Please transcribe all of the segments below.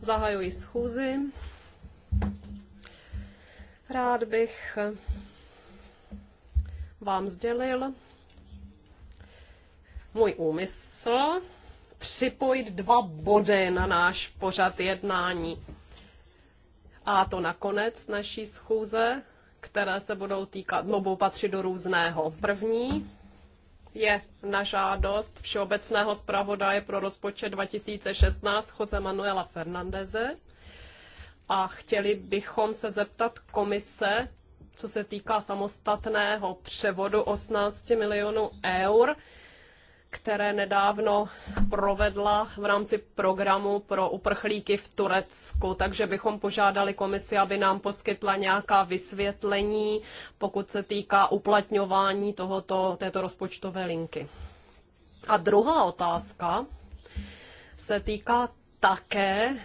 Zahajuji schůzi. Rád bych vám sdělil můj úmysl připojit dva body na náš pořad jednání. A to nakonec naší schůze, které se budou týkat, no budou patřit do různého. První je na žádost Všeobecného zpravodaje pro rozpočet 2016 Jose Manuela Fernandeze a chtěli bychom se zeptat komise, co se týká samostatného převodu 18 milionů eur, které nedávno provedla v rámci programu pro uprchlíky v Turecku. Takže bychom požádali komisi, aby nám poskytla nějaká vysvětlení, pokud se týká uplatňování tohoto, této rozpočtové linky. A druhá otázka se týká také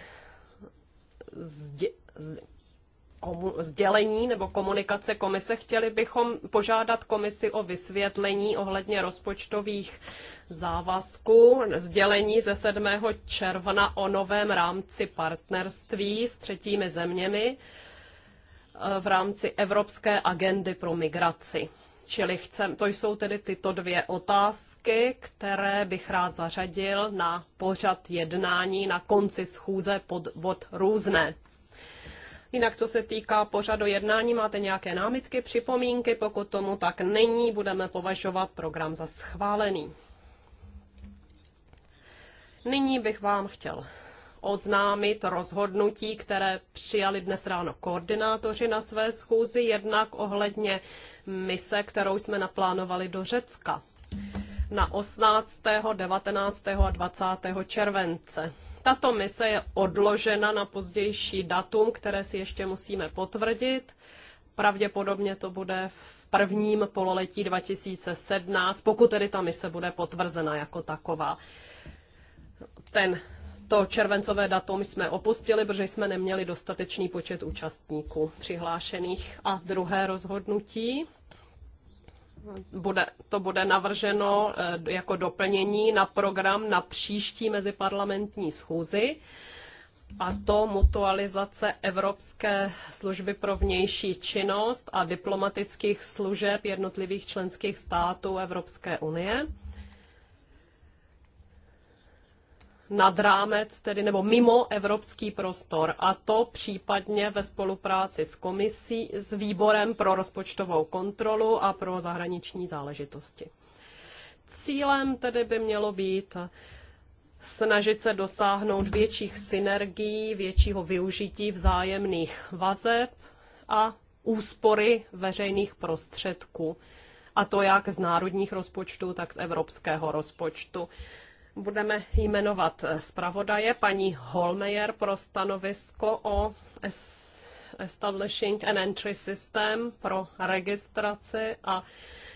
komu- sdělení nebo komunikace komise. Chtěli bychom požádat komisi o vysvětlení ohledně rozpočtových závazků, sdělení ze 7. června o novém rámci partnerství s třetími zeměmi eh, v rámci Evropské agendy pro migraci. Čili chcem, to jsou tedy tyto dvě otázky, které bych rád zařadil na pořad jednání na konci schůze pod bod různé. Jinak, co se týká pořadu jednání, máte nějaké námitky, připomínky? Pokud tomu tak není, budeme považovat program za schválený. Nyní bych vám chtěl oznámit rozhodnutí, které přijali dnes ráno koordinátoři na své schůzi, jednak ohledně mise, kterou jsme naplánovali do Řecka na 18., 19. a 20. července. Tato mise je odložena na pozdější datum, které si ještě musíme potvrdit. Pravděpodobně to bude v prvním pololetí 2017, pokud tedy ta mise bude potvrzena jako taková. Ten to červencové datum jsme opustili, protože jsme neměli dostatečný počet účastníků přihlášených. A druhé rozhodnutí bude, to bude navrženo eh, jako doplnění na program na příští meziparlamentní schůzi a to mutualizace Evropské služby pro vnější činnost a diplomatických služeb jednotlivých členských států Evropské unie. nad rámec, tedy nebo mimo evropský prostor, a to případně ve spolupráci s komisí, s výborem pro rozpočtovou kontrolu a pro zahraniční záležitosti. Cílem tedy by mělo být snažit se dosáhnout větších synergií, většího využití vzájemných vazeb a úspory veřejných prostředků. A to jak z národních rozpočtů, tak z evropského rozpočtu budeme jmenovat zpravodaje paní Holmeyer pro stanovisko o Establishing an Entry System pro registraci a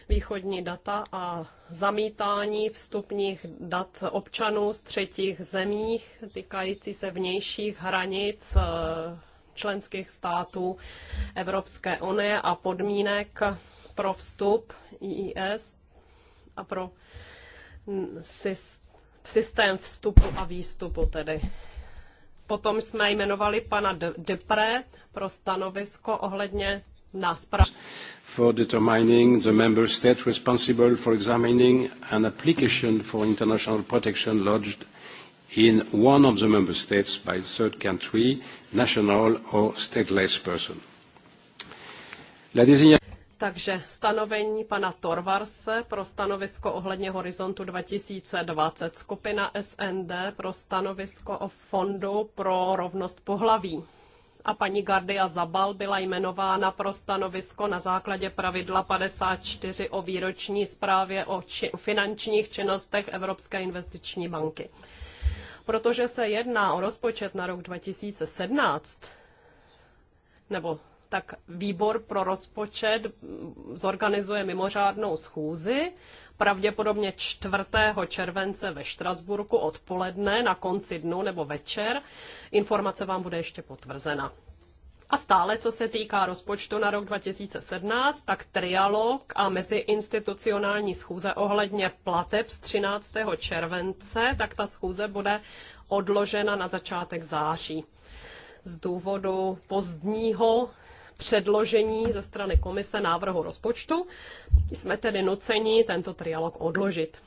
východní data a zamítání vstupních dat občanů z třetích zemích týkající se vnějších hranic eh, členských států Evropské unie a podmínek pro vstup IIS a pro systém systém vstupu a výstupu tedy. Potom jsme jmenovali pana Depre pro stanovisko ohledně nás for determining the member state responsible for examining an application for international protection lodged in one of the member states by third country, national or stateless person. La désignation takže stanovení pana Torvarse pro stanovisko ohledně horizontu 2020, skupina SND pro stanovisko o fondu pro rovnost pohlaví. A paní Gardia Zabal byla jmenována pro stanovisko na základě pravidla 54 o výroční zprávě o či- finančních činnostech Evropské investiční banky. Protože se jedná o rozpočet na rok 2017, nebo tak výbor pro rozpočet zorganizuje mimořádnou schůzi, pravděpodobně 4. července ve Štrasburku odpoledne na konci dnu nebo večer. Informace vám bude ještě potvrzena. A stále, co se týká rozpočtu na rok 2017, tak trialog a meziinstitucionální schůze ohledně plateb z 13. července, tak ta schůze bude odložena na začátek září z důvodu pozdního předložení ze strany komise návrhu rozpočtu. Jsme tedy nuceni tento trialog odložit.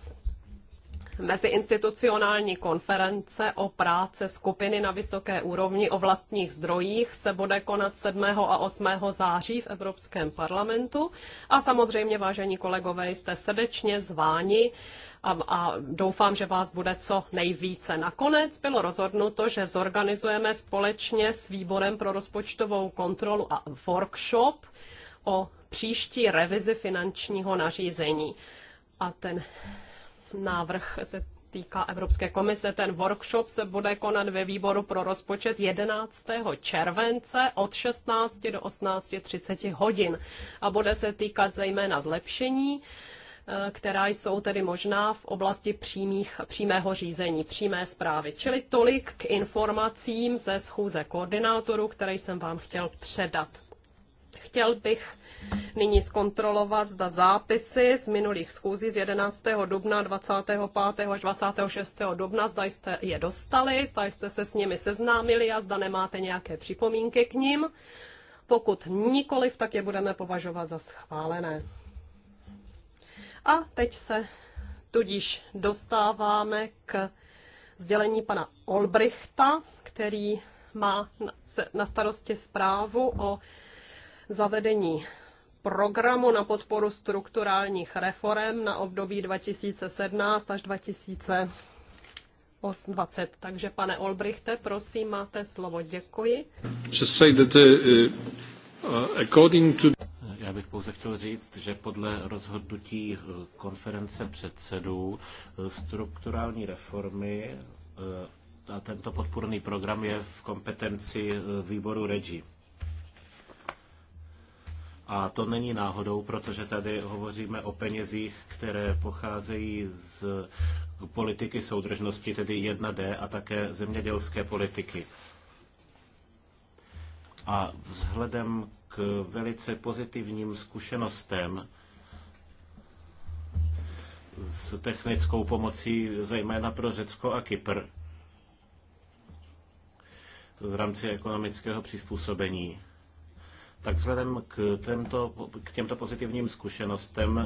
Meziinstitucionální konference o práce skupiny na vysoké úrovni o vlastních zdrojích se bude konat 7. a 8. září v Evropském parlamentu. A samozřejmě, vážení kolegové, jste srdečně zváni a, a doufám, že vás bude co nejvíce. Nakonec bylo rozhodnuto, že zorganizujeme společně s Výborem pro rozpočtovou kontrolu a workshop o příští revizi finančního nařízení. A ten návrh se týká Evropské komise. Ten workshop se bude konat ve výboru pro rozpočet 11. července od 16 do 18.30 hodin a bude se týkat zejména zlepšení eh, která jsou tedy možná v oblasti přímých, přímého řízení, přímé zprávy. Čili tolik k informacím ze schůze koordinátorů, které jsem vám chtěl předat. Chtěl bych nyní zkontrolovat, zda zápisy z minulých schůzí z 11. dubna, 25. až 26. dubna, zda jste je dostali, zda jste se s nimi seznámili a zda nemáte nějaké připomínky k nim. Pokud nikoliv, tak je budeme považovat za schválené. A teď se tudíž dostáváme k sdělení pana Olbrichta, který má na starosti zprávu o zavedení programu na podporu strukturálních reform na období 2017 až 2020. Takže pane Olbrichte, prosím, máte slovo. Děkuji. Uh, uh, Já bych pouze chtěl říct, že podle rozhodnutí uh, konference předsedů strukturální reformy a tento podpůrný program je v kompetenci výboru REGI. A to není náhodou, protože tady hovoříme o penězích, které pocházejí z politiky soudržnosti, tedy 1D a také zemědělské politiky. A vzhledem k velice pozitivním zkušenostem s technickou pomocí, zejména pro Řecko a Kypr, v rámci ekonomického přizpůsobení, tak vzhledem k, těmto, k těmto pozitivním zkušenostem eh,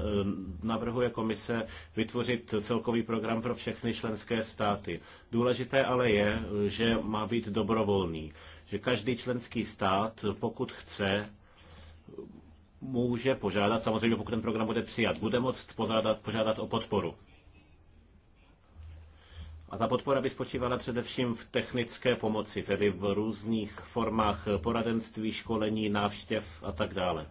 navrhuje komise vytvořit celkový program pro všechny členské státy. Důležité ale je, že má být dobrovolný, že každý členský stát, pokud chce, může požádat, samozřejmě pokud ten program bude přijat, bude moct požádat, požádat o podporu. A ta podpora by spočívala především v technické pomoci, tedy v různých formách poradenství, školení, návštěv a tak dále.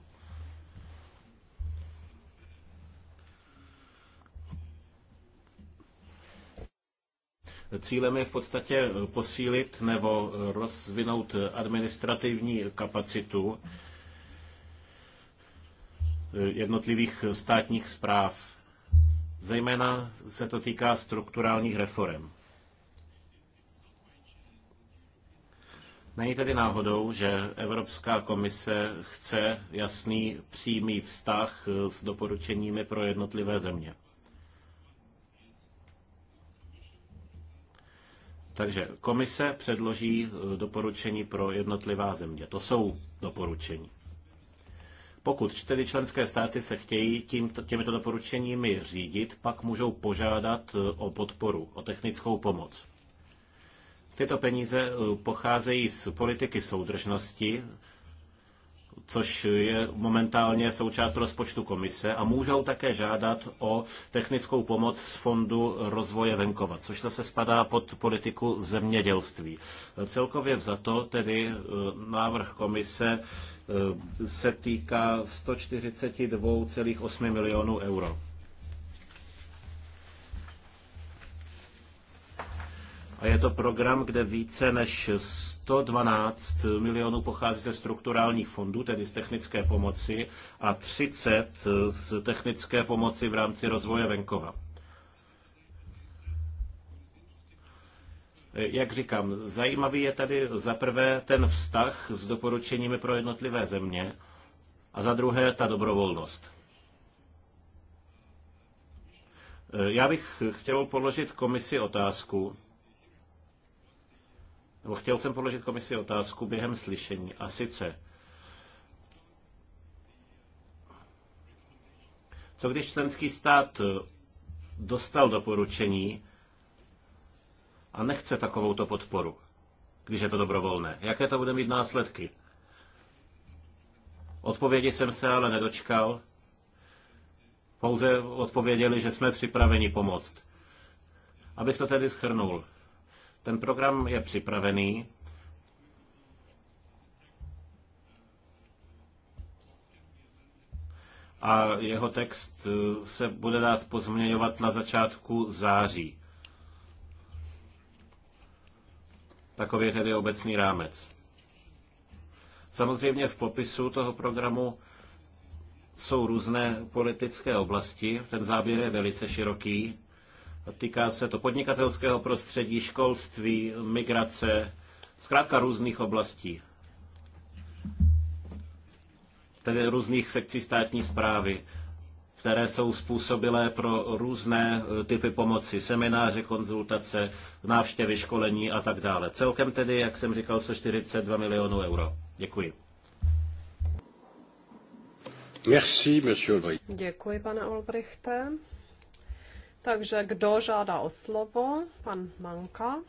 Cílem je v podstatě posílit nebo rozvinout administrativní kapacitu jednotlivých státních zpráv Zejména se to týká strukturálních reform. Není tedy náhodou, že Evropská komise chce jasný přímý vztah s doporučeními pro jednotlivé země. Takže komise předloží doporučení pro jednotlivá země. To jsou doporučení. Pokud tedy členské státy se chtějí tím, těmito doporučeními řídit, pak můžou požádat e, o podporu, o technickou pomoc. Tyto peníze e, pocházejí z politiky soudržnosti, což je momentálně součást rozpočtu komise a můžou také žádat o technickou pomoc z Fondu rozvoje venkova, což zase spadá pod politiku zemědělství. Celkově vzato tedy eh, návrh komise eh, se týká 142,8 milionů euro. A je to program, kde více než 112 milionů pochází ze strukturálních fondů, tedy z technické pomoci, a 30 z technické pomoci v rámci rozvoje venkova. Jak říkám, zajímavý je tady za prvé ten vztah s doporučeními pro jednotlivé země a za druhé ta dobrovolnost. Já bych chtěl položit komisi otázku, nebo chtěl jsem položit komisi otázku během slyšení, a sice, co když členský stát e, dostal doporučení a nechce takovouto podporu, když je to dobrovolné? Jaké to bude mít následky? Odpovědi jsem se ale nedočkal. Pouze odpověděli, že jsme připraveni pomoct. Abych to tedy schrnul. Ten program je připravený. A jeho text eh, se bude dát pozměňovat na začátku září. Takový je tedy obecný rámec. Samozřejmě v popisu toho programu jsou různé politické oblasti. Ten záběr je velice široký. Týká se to podnikatelského prostředí, školství, migrace, zkrátka různých oblastí. Tedy různých sekcí státní zprávy, které jsou způsobilé pro různé e, typy pomoci, semináře, konzultace, návštěvy, školení a tak dále. Celkem tedy, jak jsem říkal, se 42 milionů euro. Děkuji. Merci, monsieur Děkuji, pane Olbrichte. Takže kdo žádá o slovo? Pan Manka.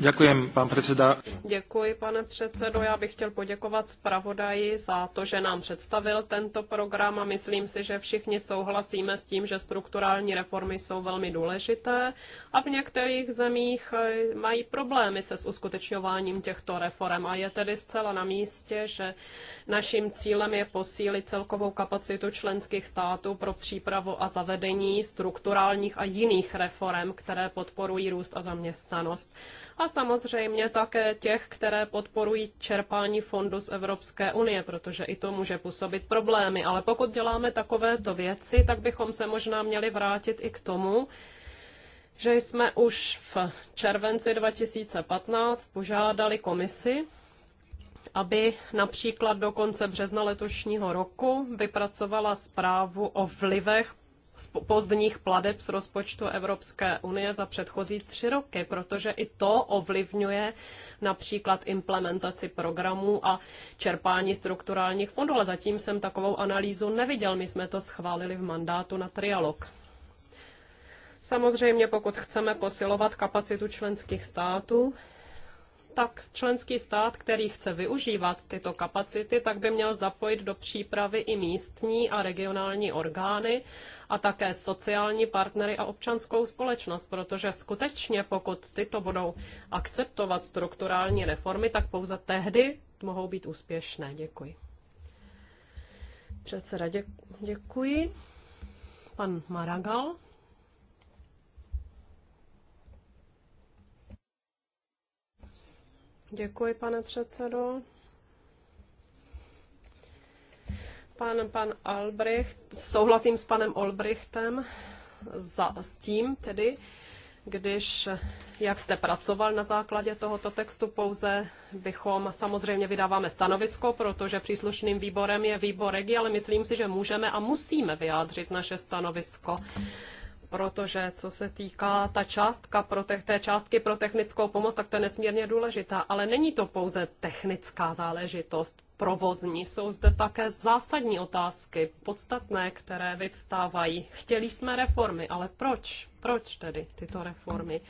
Děkuji, pan předseda. Děkuji, pane předsedo. Já bych chtěl poděkovat zpravodaji za to, že nám představil tento program a myslím si, že všichni souhlasíme s tím, že strukturální reformy jsou velmi důležité a v některých zemích eh, mají problémy se s uskutečňováním těchto reform a je tedy zcela na místě, že naším cílem je posílit celkovou kapacitu členských států pro přípravu a zavedení strukturálních a jiných reform, které podporují růst a zaměstnanost a samozřejmě také těch, které podporují čerpání fondu z Evropské unie, protože i to může působit problémy. Ale pokud děláme takovéto věci, tak bychom se možná měli vrátit i k tomu, že jsme už v červenci 2015 požádali komisi, aby například do konce března letošního roku vypracovala zprávu o vlivech pozdních pladeb z rozpočtu Evropské unie za předchozí tři roky, protože i to ovlivňuje například implementaci programů a čerpání strukturálních fondů, ale zatím jsem takovou analýzu neviděl. My jsme to schválili v mandátu na trialog. Samozřejmě, pokud chceme posilovat kapacitu členských států, tak členský stát, který chce využívat tyto kapacity, tak by měl zapojit do přípravy i místní a regionální orgány a také sociální partnery a občanskou společnost, protože skutečně pokud tyto budou akceptovat strukturální reformy, tak pouze tehdy mohou být úspěšné. Děkuji. Předseda, děkuji. Pan Maragal. Děkuji, pane předsedo. Pan, pan Albrecht, souhlasím s panem Albrechtem za, s tím tedy, když, jak jste pracoval na základě tohoto textu, pouze bychom samozřejmě vydáváme stanovisko, protože příslušným výborem je výbor regi, ale myslím si, že můžeme a musíme vyjádřit naše stanovisko protože co se týká ta částka pro te- té částky pro technickou pomoc, tak to je nesmírně důležitá. Ale není to pouze technická záležitost, provozní. Jsou zde také zásadní otázky, podstatné, které vyvstávají. Chtěli jsme reformy, ale proč? Proč tedy tyto reformy?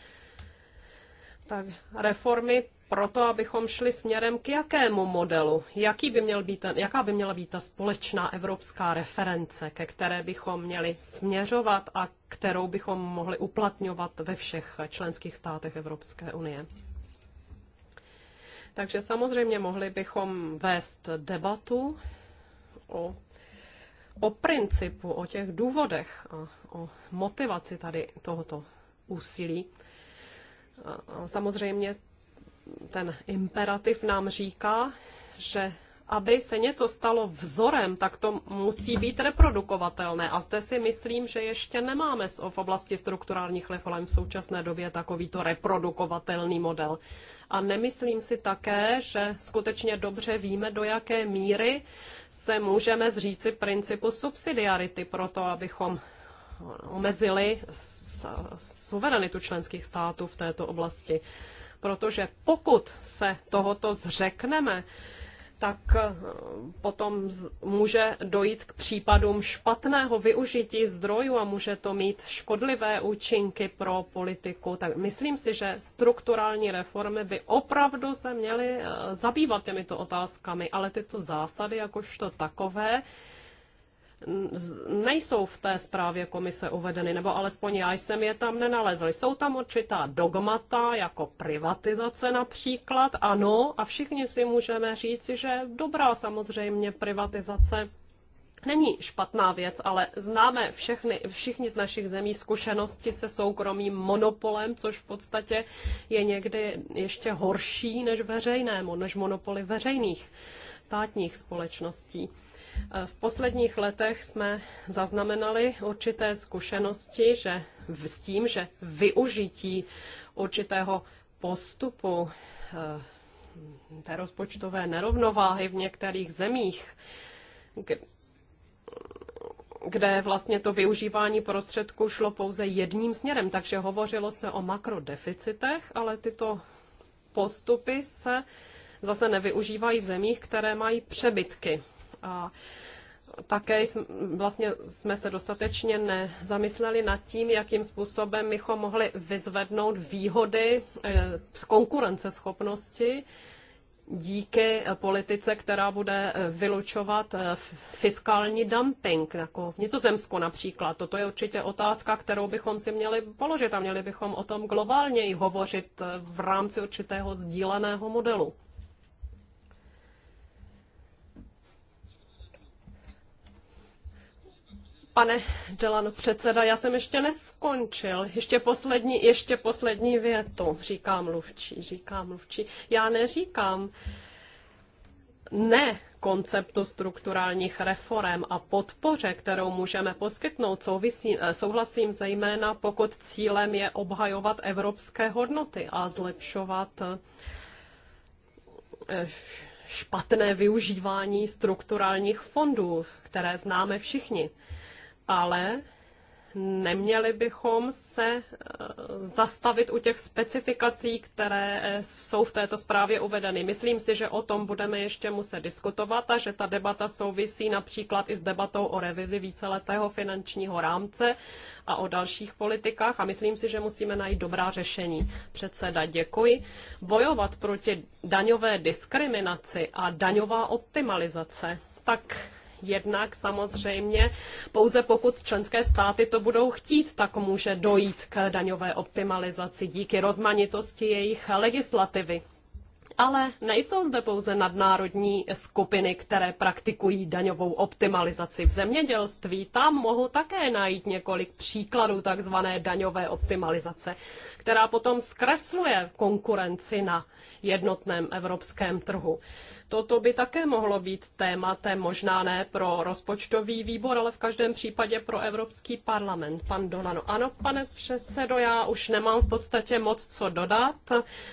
Tak reformy proto, abychom šli směrem k jakému modelu, jaký by měl být, jaká by měla být ta společná evropská reference, ke které bychom měli směřovat a kterou bychom mohli uplatňovat ve všech členských státech Evropské unie. Takže samozřejmě mohli bychom vést debatu o, o principu, o těch důvodech a o motivaci tady tohoto úsilí. A, samozřejmě ten imperativ nám říká, že aby se něco stalo vzorem, tak to musí být reprodukovatelné. A zde si myslím, že ještě nemáme v oblasti strukturálních reform v současné době takovýto reprodukovatelný model. A nemyslím si také, že skutečně dobře víme, do jaké míry se můžeme zříci principu subsidiarity pro to, abychom omezili suverenitu členských států v této oblasti. Protože pokud se tohoto zřekneme, tak eh, potom může dojít k případům špatného využití zdrojů a může to mít škodlivé účinky pro politiku. Tak myslím si, že strukturální reformy by opravdu se měly eh, zabývat těmito otázkami, ale tyto zásady jakožto takové nejsou v té zprávě komise uvedeny, nebo alespoň já jsem je tam nenalezl. Jsou tam určitá dogmata, jako privatizace například, ano, a všichni si můžeme říci, že dobrá samozřejmě privatizace není špatná věc, ale známe všechny, všichni z našich zemí zkušenosti se soukromým monopolem, což v podstatě je někdy ještě horší než veřejnému, než monopoly veřejných státních společností. Eh, v posledních letech jsme zaznamenali určité zkušenosti, že s tím, že využití určitého postupu eh, té rozpočtové nerovnováhy v některých zemích, kde vlastně to využívání prostředků šlo pouze jedním směrem, takže hovořilo se o makrodeficitech, ale tyto postupy se zase nevyužívají v zemích, které mají přebytky a také jsme, vlastně jsme se dostatečně nezamysleli nad tím, jakým způsobem bychom mohli vyzvednout výhody eh, z konkurenceschopnosti díky politice, která bude eh, vylučovat eh, fiskální dumping, jako v Nizozemsku například. Toto je určitě otázka, kterou bychom si měli položit a měli bychom o tom globálněji hovořit v rámci určitého sdíleného modelu. Pane Delano, předseda, já jsem ještě neskončil. Ještě poslední, ještě poslední větu, říká mluvčí, říká mluvčí. Já neříkám ne konceptu strukturálních reform a podpoře, kterou můžeme poskytnout, souvisí, eh, souhlasím zejména, pokud cílem je obhajovat evropské hodnoty a zlepšovat eh, špatné využívání strukturálních fondů, které známe všichni ale neměli bychom se eh, zastavit u těch specifikací, které eh, jsou v této zprávě uvedeny. Myslím si, že o tom budeme ještě muset diskutovat a že ta debata souvisí například i s debatou o revizi víceletého finančního rámce a o dalších politikách a myslím si, že musíme najít dobrá řešení. Předseda, děkuji. Bojovat proti daňové diskriminaci a daňová optimalizace, tak Jednak samozřejmě pouze pokud členské státy to budou chtít, tak může dojít k daňové optimalizaci díky rozmanitosti jejich legislativy. Ale nejsou zde pouze nadnárodní skupiny, které praktikují daňovou optimalizaci v zemědělství. Tam mohu také najít několik příkladů takzvané daňové optimalizace, která potom zkresluje konkurenci na jednotném evropském trhu. Toto by také mohlo být tématem, možná ne pro rozpočtový výbor, ale v každém případě pro Evropský parlament. Pan Donano, Ano, pane předsedo, já už nemám v podstatě moc co dodat.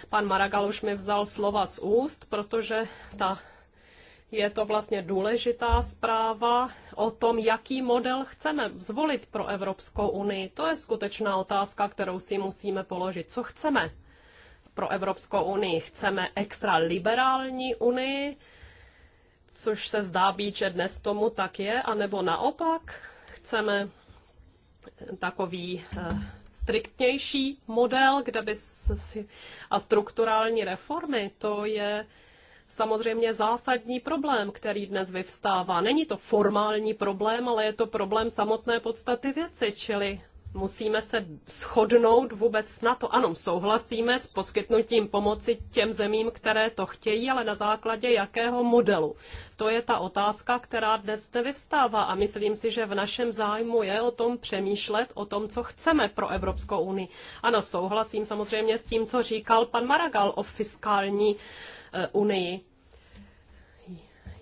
Pan Maragal už mi vzal slova z úst, protože ta je to vlastně důležitá zpráva o tom, jaký model chceme zvolit pro Evropskou unii. To je skutečná otázka, kterou si musíme položit. Co chceme? pro Evropskou unii. Chceme extra liberální unii, což se zdá být, že dnes tomu tak je, anebo naopak chceme takový eh, striktnější model, kde by si, a strukturální reformy, to je samozřejmě zásadní problém, který dnes vyvstává. Není to formální problém, ale je to problém samotné podstaty věci, čili musíme se shodnout vůbec na to. Ano, souhlasíme s poskytnutím pomoci těm zemím, které to chtějí, ale na základě jakého modelu. To je ta otázka, která dnes vyvstává a myslím si, že v našem zájmu je o tom přemýšlet, o tom, co chceme pro Evropskou unii. Ano, souhlasím samozřejmě s tím, co říkal pan Maragal o fiskální eh, unii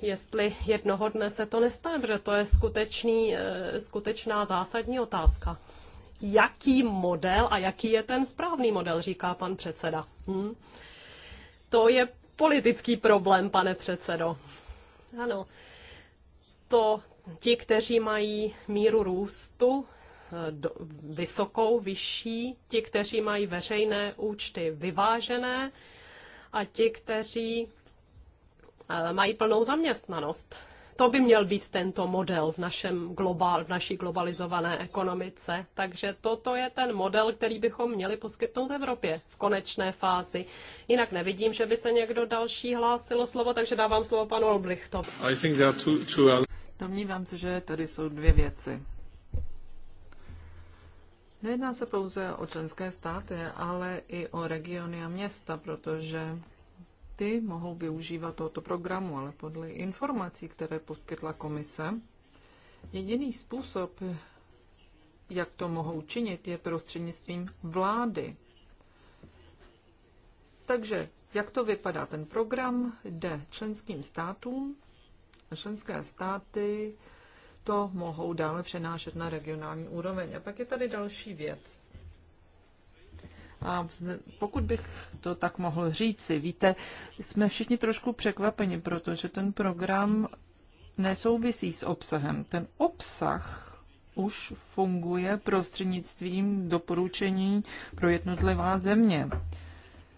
jestli jednoho dne se to nestane, protože to je skutečný, eh, skutečná zásadní otázka jaký model a jaký je ten správný model, říká pan předseda. Hm? To je politický problém, pane předsedo. Ano, to ti, kteří mají míru růstu eh, do, vysokou, vyšší, ti, kteří mají veřejné účty vyvážené a ti, kteří eh, mají plnou zaměstnanost. To by měl být tento model v, našem globál, v naší globalizované ekonomice. Takže toto je ten model, který bychom měli poskytnout Evropě v konečné fázi. Jinak nevidím, že by se někdo další hlásil slovo, takže dávám slovo panu Olbrichtovi. Domnívám se, že tady jsou dvě věci. Nejedná se pouze o členské státy, ale i o regiony a města, protože státy mohou využívat tohoto programu, ale podle informací, které poskytla komise, jediný způsob, jak to mohou činit, je prostřednictvím vlády. Takže jak to vypadá? Ten program jde členským státům a členské státy to mohou dále přenášet na regionální úroveň. A pak je tady další věc. A pokud bych to tak mohl říci, víte, jsme všichni trošku překvapeni, protože ten program nesouvisí s obsahem. Ten obsah už funguje prostřednictvím doporučení pro jednotlivá země.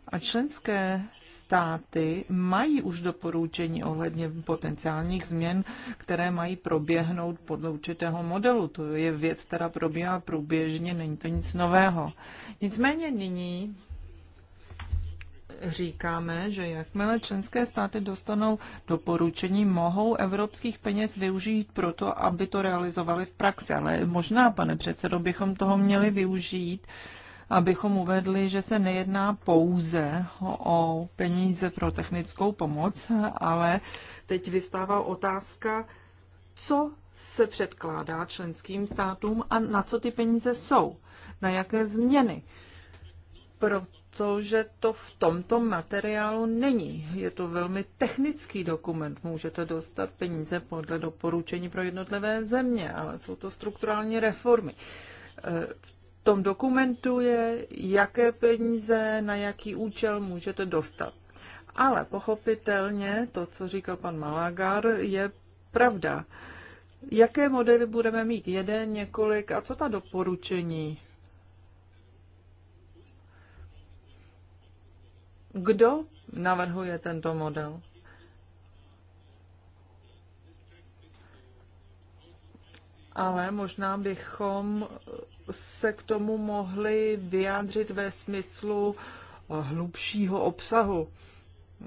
A členské státy mají už doporučení ohledně potenciálních změn, které mají proběhnout podle určitého modelu. To je věc, která probíhá průběžně, není to nic nového. Nicméně nyní říkáme, že jakmile členské státy dostanou doporučení, mohou evropských peněz využít proto, aby to realizovali v praxi. Ale možná, pane předsedo, bychom toho měli využít abychom uvedli, že se nejedná pouze o peníze pro technickou pomoc, ale teď vystává otázka, co se předkládá členským státům a na co ty peníze jsou, na jaké změny. Protože to v tomto materiálu není. Je to velmi technický dokument. Můžete dostat peníze podle doporučení pro jednotlivé země, ale jsou to strukturální reformy. V tom dokumentu je, jaké peníze na jaký účel můžete dostat. Ale pochopitelně to, co říkal pan Malagar, je pravda. Jaké modely budeme mít? Jeden, několik a co ta doporučení? Kdo navrhuje tento model? Ale možná bychom se k tomu mohli vyjádřit ve smyslu eh, hlubšího obsahu,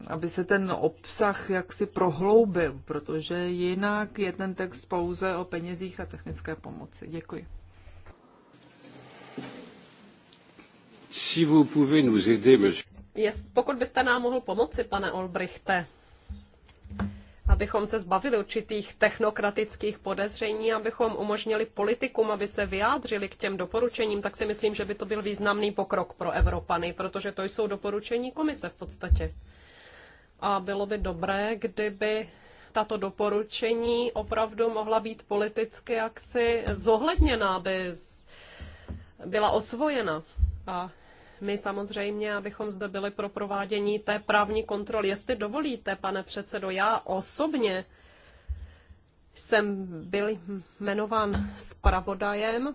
aby se ten obsah jaksi prohloubil, protože jinak je ten text pouze o penězích a technické pomoci. Děkuji. Si vous pouvez nous aider, monsieur. Jest, pokud byste nám mohl pomoci, pane Olbrichte, abychom se zbavili určitých technokratických podezření, abychom umožnili politikům, aby se vyjádřili k těm doporučením, tak si myslím, že by to byl významný pokrok pro Evropany, protože to jsou doporučení komise v podstatě. A bylo by dobré, kdyby tato doporučení opravdu mohla být politicky jaksi zohledněna, aby byla osvojena. A my samozřejmě, abychom zde byli pro provádění té právní kontroly. Jestli dovolíte, pane předsedo, já osobně jsem byl jmenován zpravodajem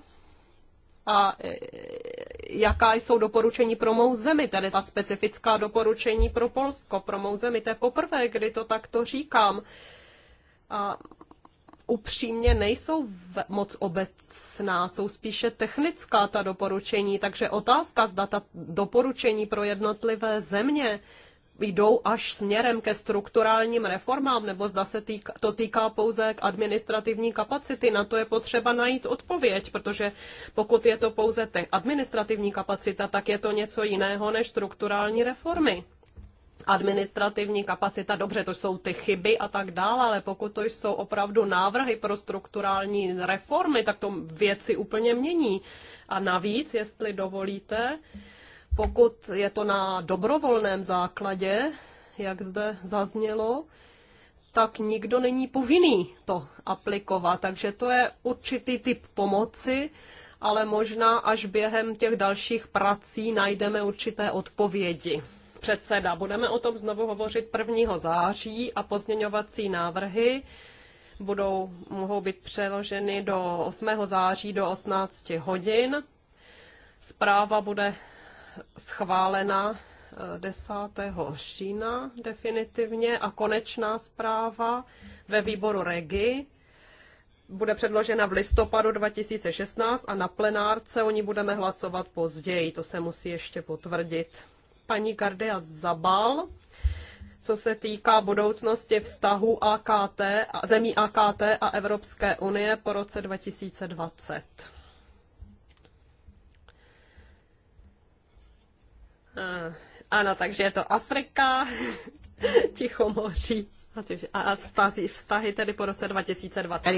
a e, jaká jsou doporučení pro mou zemi, tedy ta specifická doporučení pro Polsko, pro mou zemi. To je poprvé, kdy to takto říkám. A upřímně nejsou moc obecná, jsou spíše technická ta doporučení, takže otázka, zda ta doporučení pro jednotlivé země jdou až směrem ke strukturálním reformám, nebo zda se týk, to týká pouze k administrativní kapacity. Na to je potřeba najít odpověď, protože pokud je to pouze te administrativní kapacita, tak je to něco jiného než strukturální reformy administrativní kapacita, dobře, to jsou ty chyby a tak dále, ale pokud to jsou opravdu návrhy pro strukturální reformy, tak to věci úplně mění. A navíc, jestli dovolíte, pokud je to na dobrovolném základě, jak zde zaznělo, tak nikdo není povinný to aplikovat. Takže to je určitý typ pomoci, ale možná až během těch dalších prací najdeme určité odpovědi předseda. Budeme o tom znovu hovořit 1. září a pozměňovací návrhy budou, mohou být přeloženy do 8. září do 18 hodin. Zpráva bude schválena 10. Eh, října definitivně a konečná zpráva ve výboru REGI bude předložena v listopadu 2016 a na plenárce o ní budeme hlasovat později. To se musí ještě potvrdit paní Gardia Zabal, co se týká budoucnosti vztahu AKT, zemí AKT a Evropské unie po roce 2020. Eh, ano, takže je to Afrika, Tichomoří a vztahy, vztahy tedy po roce 2020.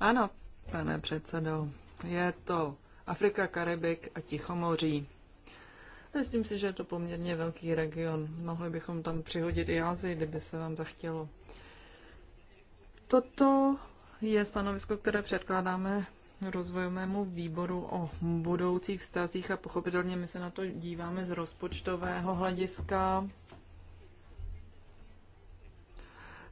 Ano, pane předsedo, je to Afrika, Karibik a Tichomoří. Myslím si, že je to poměrně velký region. Mohli bychom tam přihodit i Ázii, kdyby se vám zachtělo. Toto je stanovisko, které předkládáme rozvojovému výboru o budoucích vztazích a pochopitelně my se na to díváme z rozpočtového hlediska,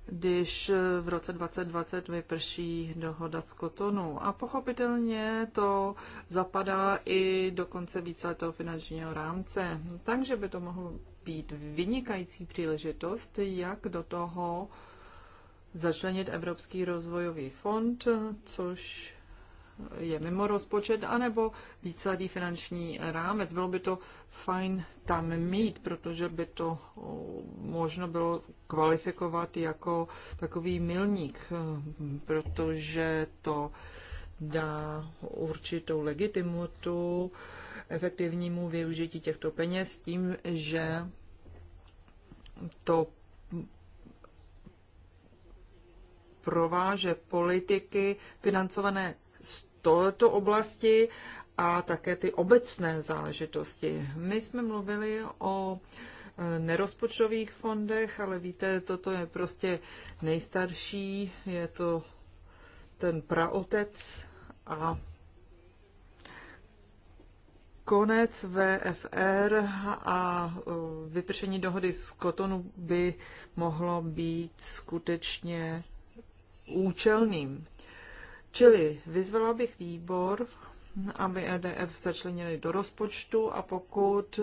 když eh, v roce 2020 vyprší dohoda z Kotonu. A pochopitelně to zapadá i do konce víceletého finančního rámce. Takže by to mohlo být vynikající příležitost, jak do toho začlenit Evropský rozvojový fond, což je mimo rozpočet, anebo výsadí finanční rámec. Bylo by to fajn tam mít, protože by to eh, možno bylo kvalifikovat jako takový milník, eh, protože to dá určitou legitimitu efektivnímu využití těchto peněz tím, že to prováže politiky financované této oblasti a také ty obecné záležitosti. My jsme mluvili o e, nerozpočtových fondech, ale víte, toto je prostě nejstarší, je to ten praotec a konec VFR a e, vypršení dohody z Kotonu by mohlo být skutečně účelným. Čili vyzvala bych výbor, aby EDF začlenili do rozpočtu a pokud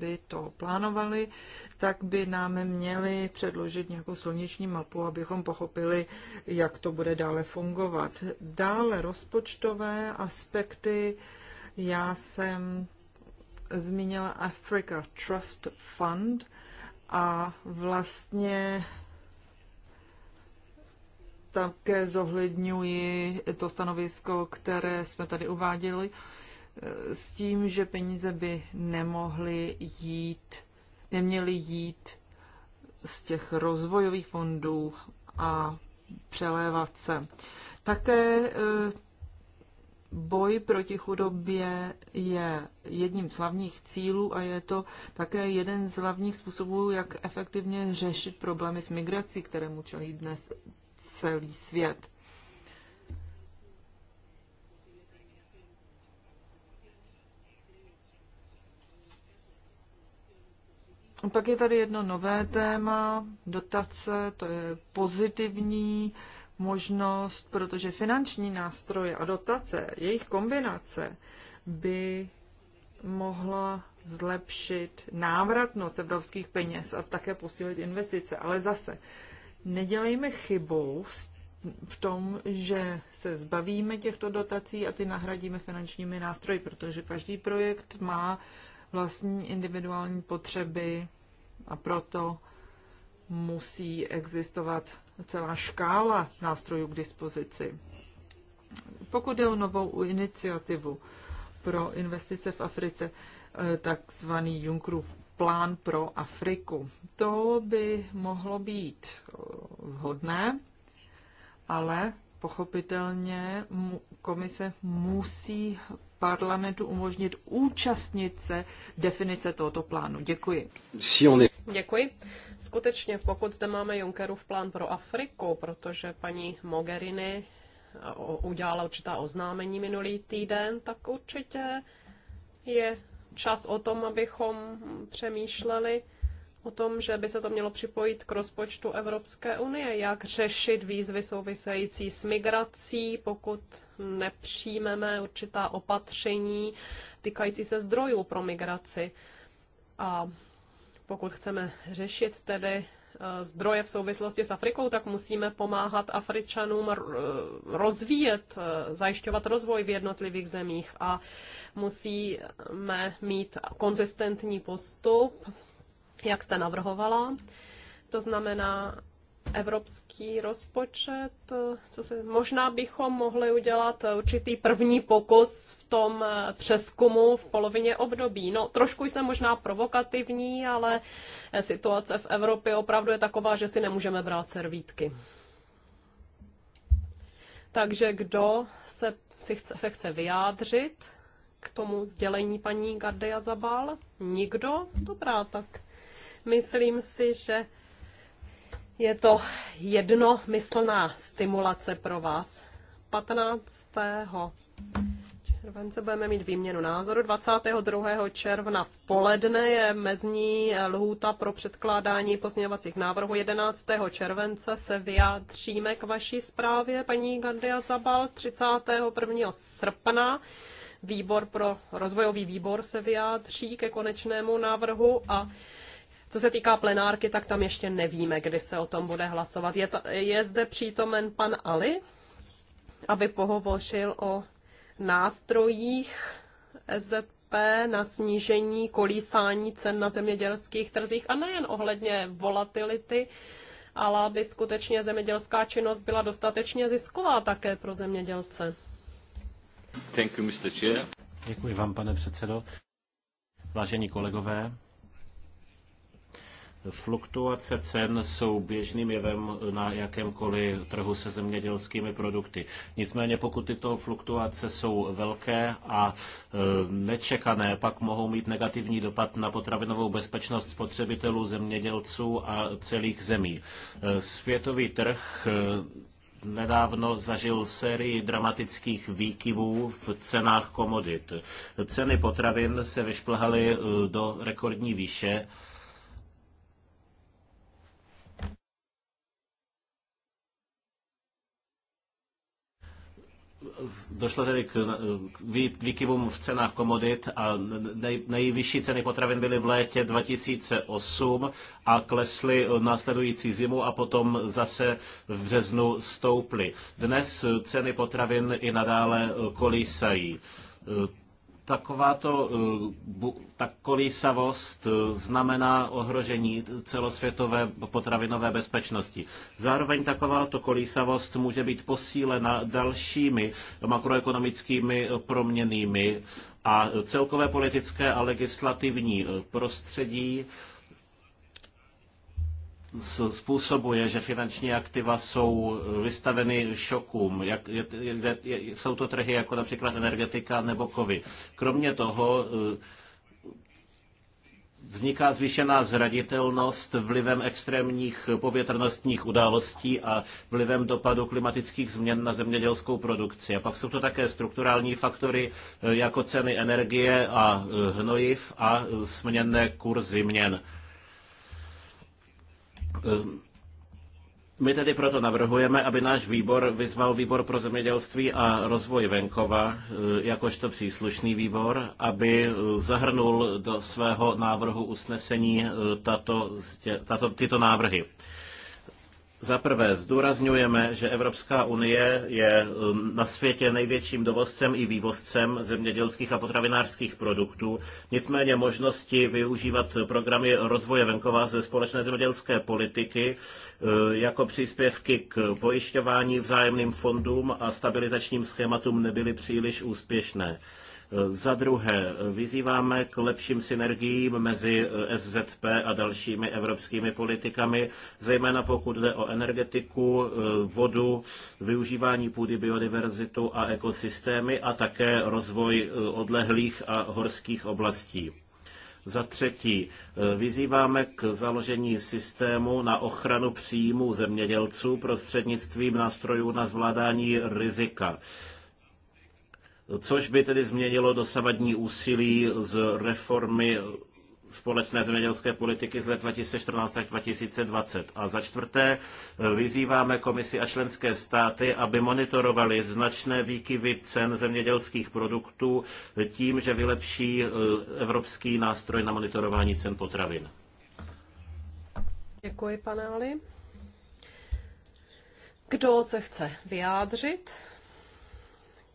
by to plánovali, tak by nám měli předložit nějakou sluneční mapu, abychom pochopili, jak to bude dále fungovat. Dále rozpočtové aspekty. Já jsem zmínila Africa Trust Fund a vlastně také zohledňuji to stanovisko, které jsme tady uváděli, eh, s tím, že peníze by nemohly jít, neměly jít z těch rozvojových fondů a přelévat se. Také eh, boj proti chudobě je jedním z hlavních cílů a je to také jeden z hlavních způsobů, jak efektivně řešit problémy s migrací, kterému čelí dnes celý svět. A pak je tady jedno nové téma, dotace, to je pozitivní možnost, protože finanční nástroje a dotace, jejich kombinace by mohla zlepšit návratnost evropských peněz a také posílit investice. Ale zase, nedělejme chybu v tom, že se zbavíme těchto dotací a ty nahradíme finančními nástroji, protože každý projekt má vlastní individuální potřeby a proto musí existovat celá škála nástrojů k dispozici. Pokud jde o novou iniciativu pro investice v Africe, eh, takzvaný Junckerův plán pro Afriku. To by mohlo být eh, vhodné, ale pochopitelně komise musí parlamentu umožnit účastnit se definice tohoto plánu. Děkuji. Děkuji. Skutečně, pokud zde máme Junckerův plán pro Afriku, protože paní Mogherini eh, udělala určitá oznámení minulý týden, tak určitě je čas o tom, abychom přemýšleli o tom, že by se to mělo připojit k rozpočtu Evropské unie, jak řešit výzvy související s migrací, pokud nepřijmeme určitá opatření týkající se zdrojů pro migraci. A pokud chceme řešit tedy Eh, zdroje v souvislosti s Afrikou, tak musíme pomáhat Afričanům rozvíjet, eh, zajišťovat rozvoj v jednotlivých zemích a musíme mít konzistentní postup, jak jste navrhovala. To znamená, evropský rozpočet, co se, možná bychom mohli udělat určitý první pokus v tom eh, přeskumu v polovině období. No, trošku jsem možná provokativní, ale eh, situace v Evropě opravdu je taková, že si nemůžeme brát servítky. Takže kdo se, si chce, se chce vyjádřit k tomu sdělení paní Gardia Zabal? Nikdo? Dobrá, tak myslím si, že je to jednomyslná stimulace pro vás. 15. července budeme mít výměnu názoru. 22. června v poledne je mezní lhůta pro předkládání pozměňovacích návrhů. 11. července se vyjádříme k vaší zprávě, paní Gandia Zabal. 31. srpna výbor pro rozvojový výbor se vyjádří ke konečnému návrhu a co se týká plenárky, tak tam ještě nevíme, kdy se o tom bude hlasovat. Je, ta, je zde přítomen pan Ali, aby pohovořil o nástrojích SZP na snížení kolísání cen na zemědělských trzích a nejen ohledně volatility, ale aby skutečně zemědělská činnost byla dostatečně zisková také pro zemědělce. Thank you, Mr. Chair. Děkuji vám, pane předsedo. Vážení kolegové, Fluktuace cen jsou běžným jevem na jakémkoliv trhu se zemědělskými produkty. Nicméně pokud tyto fluktuace jsou velké a e, nečekané, pak mohou mít negativní dopad na potravinovou bezpečnost spotřebitelů, zemědělců a celých zemí. E, světový trh e, nedávno zažil sérii dramatických výkivů v cenách komodit. Ceny potravin se vyšplhaly do rekordní výše došlo tedy k výkyvům v cenách komodit a nej, nejvyšší ceny potravin byly v létě 2008 a klesly následující zimu a potom zase v březnu stouply. Dnes ceny potravin i nadále kolísají. Takováto eh, tak kolísavost eh, znamená ohrožení celosvětové potravinové bezpečnosti. Zároveň takováto kolísavost může být posílena dalšími makroekonomickými proměnými a celkové politické a legislativní eh, prostředí způsobuje, že finanční aktiva jsou vystaveny šokům. Jak, je, je, je, jsou to trhy jako například energetika nebo kovy. Kromě toho eh, vzniká zvýšená zraditelnost vlivem extrémních povětrnostních událostí a vlivem dopadu klimatických změn na zemědělskou produkci. A pak jsou to také strukturální faktory eh, jako ceny energie a eh, hnojiv a směnné kurzy měn. Eh, my tedy proto navrhujeme, aby náš výbor vyzval výbor pro zemědělství a rozvoj venkova eh, jakožto příslušný výbor, aby eh, zahrnul do svého návrhu usnesení tato, tato, tyto návrhy. Za prvé zdůrazňujeme, že Evropská unie je um, na světě největším dovozcem i vývozcem zemědělských a potravinářských produktů. Nicméně možnosti využívat programy rozvoje venkova ze společné zemědělské politiky uh, jako příspěvky k pojišťování vzájemným fondům a stabilizačním schématům nebyly příliš úspěšné. Eh, za druhé, eh, vyzýváme k lepším synergiím mezi eh, SZP a dalšími evropskými politikami, zejména pokud jde o energetiku, vodu, využívání půdy, biodiverzitu a ekosystémy a také rozvoj odlehlých a horských oblastí. Za třetí, vyzýváme k založení systému na ochranu příjmů zemědělců prostřednictvím nástrojů na zvládání rizika což by tedy změnilo dosavadní úsilí z reformy společné zemědělské politiky z let 2014 až 2020. A za čtvrté vyzýváme komisi a členské státy, aby monitorovali značné výkyvy cen zemědělských produktů tím, že vylepší e, evropský nástroj na monitorování cen potravin. Děkuji, pane Ali. Kdo se chce vyjádřit?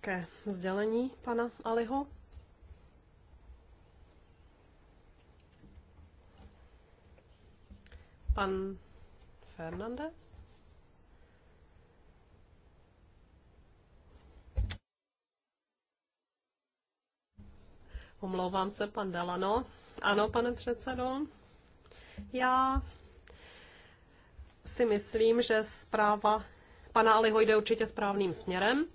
ke sdělení pana Aliho. Pan Fernandez? Omlouvám se, pan Delano. Ano, pane předsedo. Já si myslím, že zpráva pana Aliho jde určitě správným směrem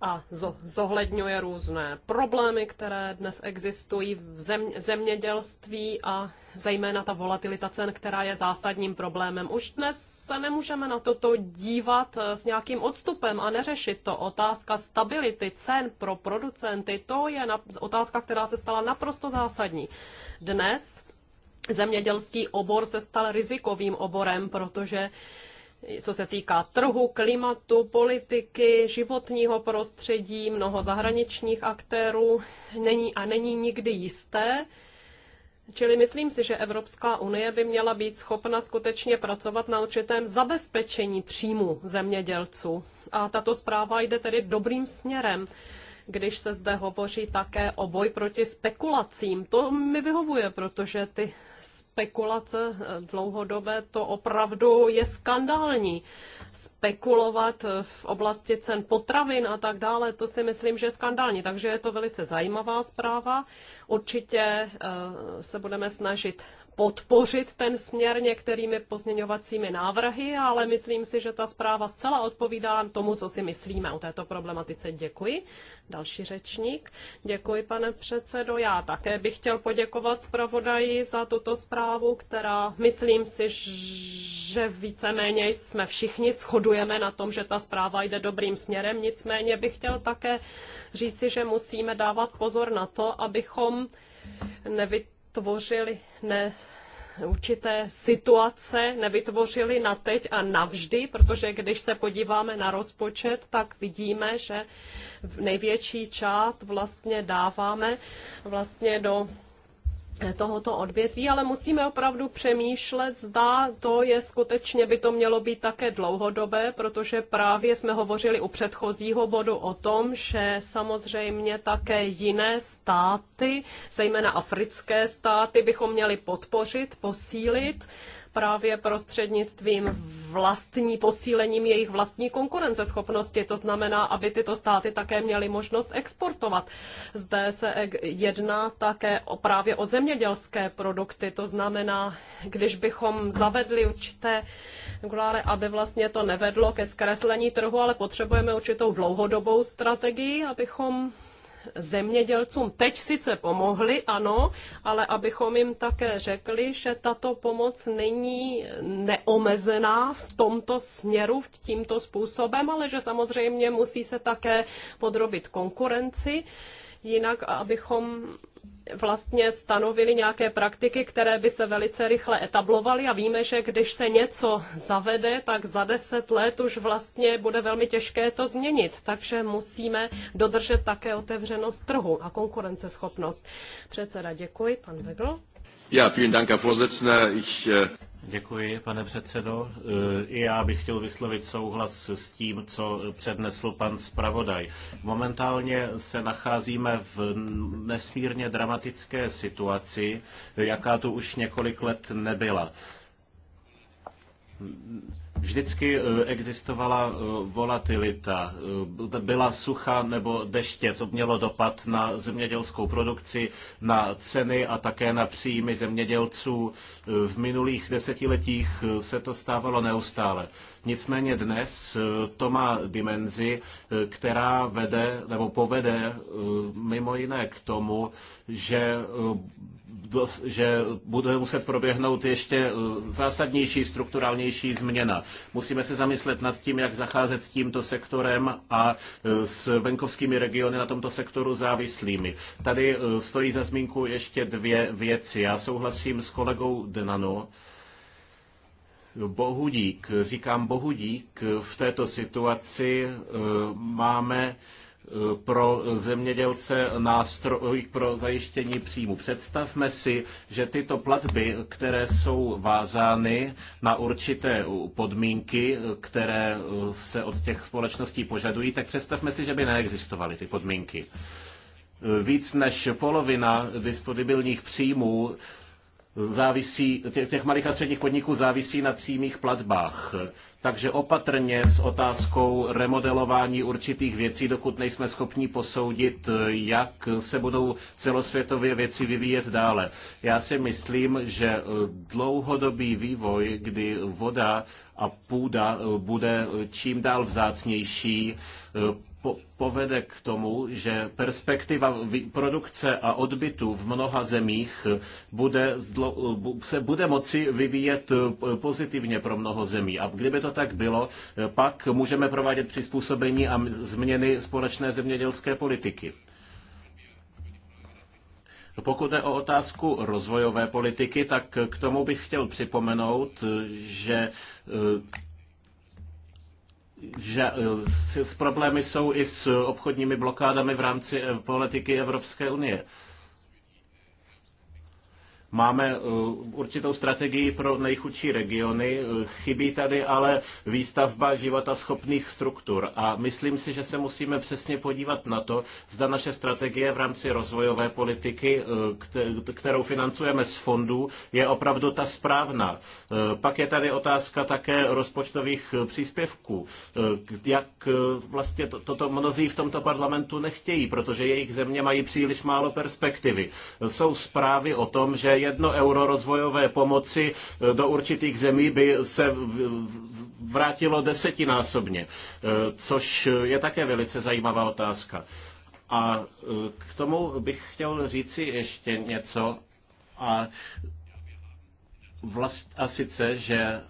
a zohledňuje různé problémy, které dnes existují v zemědělství a zejména ta volatilita cen, která je zásadním problémem. Už dnes se nemůžeme na toto dívat eh, s nějakým odstupem a neřešit to. Otázka stability cen pro producenty, to je otázka, která se stala naprosto zásadní. Dnes zemědělský obor se stal rizikovým oborem, protože co se týká trhu, klimatu, politiky, životního prostředí, mnoho zahraničních aktérů není a není nikdy jisté. Čili myslím si, že Evropská unie by měla být schopna skutečně pracovat na určitém zabezpečení příjmu zemědělců. A tato zpráva jde tedy dobrým směrem když se zde hovoří také o boj proti spekulacím. To mi vyhovuje, protože ty spekulace eh, dlouhodobé, to opravdu je skandální. Spekulovat eh, v oblasti cen potravin a tak dále, to si myslím, že je skandální. Takže je to velice zajímavá zpráva. Určitě eh, se budeme snažit podpořit ten směr některými pozměňovacími návrhy, ale myslím si, že ta zpráva zcela odpovídá tomu, co si myslíme o této problematice. Děkuji. Další řečník. Děkuji, pane předsedo. Já také bych chtěl poděkovat zpravodaji za tuto zprávu, která myslím si, že víceméně jsme všichni shodujeme na tom, že ta zpráva jde dobrým směrem. Nicméně bych chtěl také říci, že musíme dávat pozor na to, abychom nevytvořili tvořili ne, určité situace nevytvořili na teď a navždy, protože když se podíváme na rozpočet, tak vidíme, že největší část vlastně dáváme vlastně do tohoto odvětví, ale musíme opravdu přemýšlet, zda to je skutečně, by to mělo být také dlouhodobé, protože právě jsme hovořili u předchozího bodu o tom, že samozřejmě také jiné státy, zejména africké státy, bychom měli podpořit, posílit právě prostřednictvím vlastní posílením jejich vlastní konkurenceschopnosti. To znamená, aby tyto státy také měly možnost exportovat. Zde se jedná také o právě o zemědělské produkty. To znamená, když bychom zavedli určité reguláre, aby vlastně to nevedlo ke zkreslení trhu, ale potřebujeme určitou dlouhodobou strategii, abychom zemědělcům teď sice pomohli, ano, ale abychom jim také řekli, že tato pomoc není neomezená v tomto směru, tímto způsobem, ale že samozřejmě musí se také podrobit konkurenci jinak, abychom vlastně stanovili nějaké praktiky, které by se velice rychle etablovaly a víme, že když se něco zavede, tak za deset let už vlastně bude velmi těžké to změnit. Takže musíme dodržet také otevřenost trhu a konkurenceschopnost. Předseda, děkuji. Pan Vegl. Ja, vielen Dank, Herr Vorsitzender. Ich, eh, Děkuji, pane předsedo. E, I já bych chtěl vyslovit souhlas s tím, co přednesl pan zpravodaj. Momentálně se nacházíme v nesmírně dramatické situaci, jaká tu už několik let nebyla Vždycky eh, existovala eh, volatilita, eh, byla sucha nebo deště, to mělo dopad na zemědělskou produkci, na ceny a také na příjmy zemědělců. V minulých desetiletích se to stávalo neustále. Nicméně dnes to má dimenzi, která vede nebo povede mimo jiné k tomu, že že bude muset proběhnout ještě eh, zásadnější, strukturálnější změna. Musíme se zamyslet nad tím, jak zacházet s tímto sektorem a eh, s venkovskými regiony na tomto sektoru závislými. Tady eh, stojí za zmínku ještě dvě věci. Já souhlasím s kolegou Denano. Bohudík, říkám bohudík, v této situaci máme pro zemědělce nástroj pro zajištění příjmu. Představme si, že tyto platby, které jsou vázány na určité podmínky, které se od těch společností požadují, tak představme si, že by neexistovaly ty podmínky. Víc než polovina disponibilních příjmů závisí, těch malých a středních podniků závisí na přímých platbách. Takže opatrně s otázkou remodelování určitých věcí, dokud nejsme schopni posoudit, jak se budou celosvětově věci vyvíjet dále. Já si myslím, že e, dlouhodobý vývoj, kdy voda a půda e, bude e, čím dál vzácnější, po- povede k tomu, že perspektiva produkce a odbytu v mnoha zemích bude se bude moci vyvíjet eh, pozitivně pro mnoho zemí. A kdyby to tak bylo, eh, pak můžeme provádět přizpůsobení a změny společné zemědělské politiky. Pokud jde o otázku rozvojové politiky, tak k tomu bych chtěl připomenout, eh, že že eh, problémy jsou i s obchodními blokádami v rámci eh, politiky Evropské unie. Máme eh, určitou strategii pro nejchudší regiony, eh, chybí tady ale výstavba života schopných struktur a myslím si, že se musíme přesně podívat na to, zda naše strategie v rámci rozvojové politiky, eh, kterou financujeme z fondů, je opravdu ta správná. Pak je tady otázka také rozpočtových příspěvků. Jak vlastně to, toto mnozí v tomto parlamentu nechtějí, protože jejich země mají příliš málo perspektivy. Jsou zprávy o tom, že jedno euro rozvojové pomoci e, do určitých zemí by se vrátilo desetinásobně, e, což je také velice zajímavá otázka. A e, k tomu bych chtěl říci ještě něco. A, vlast, a sice, že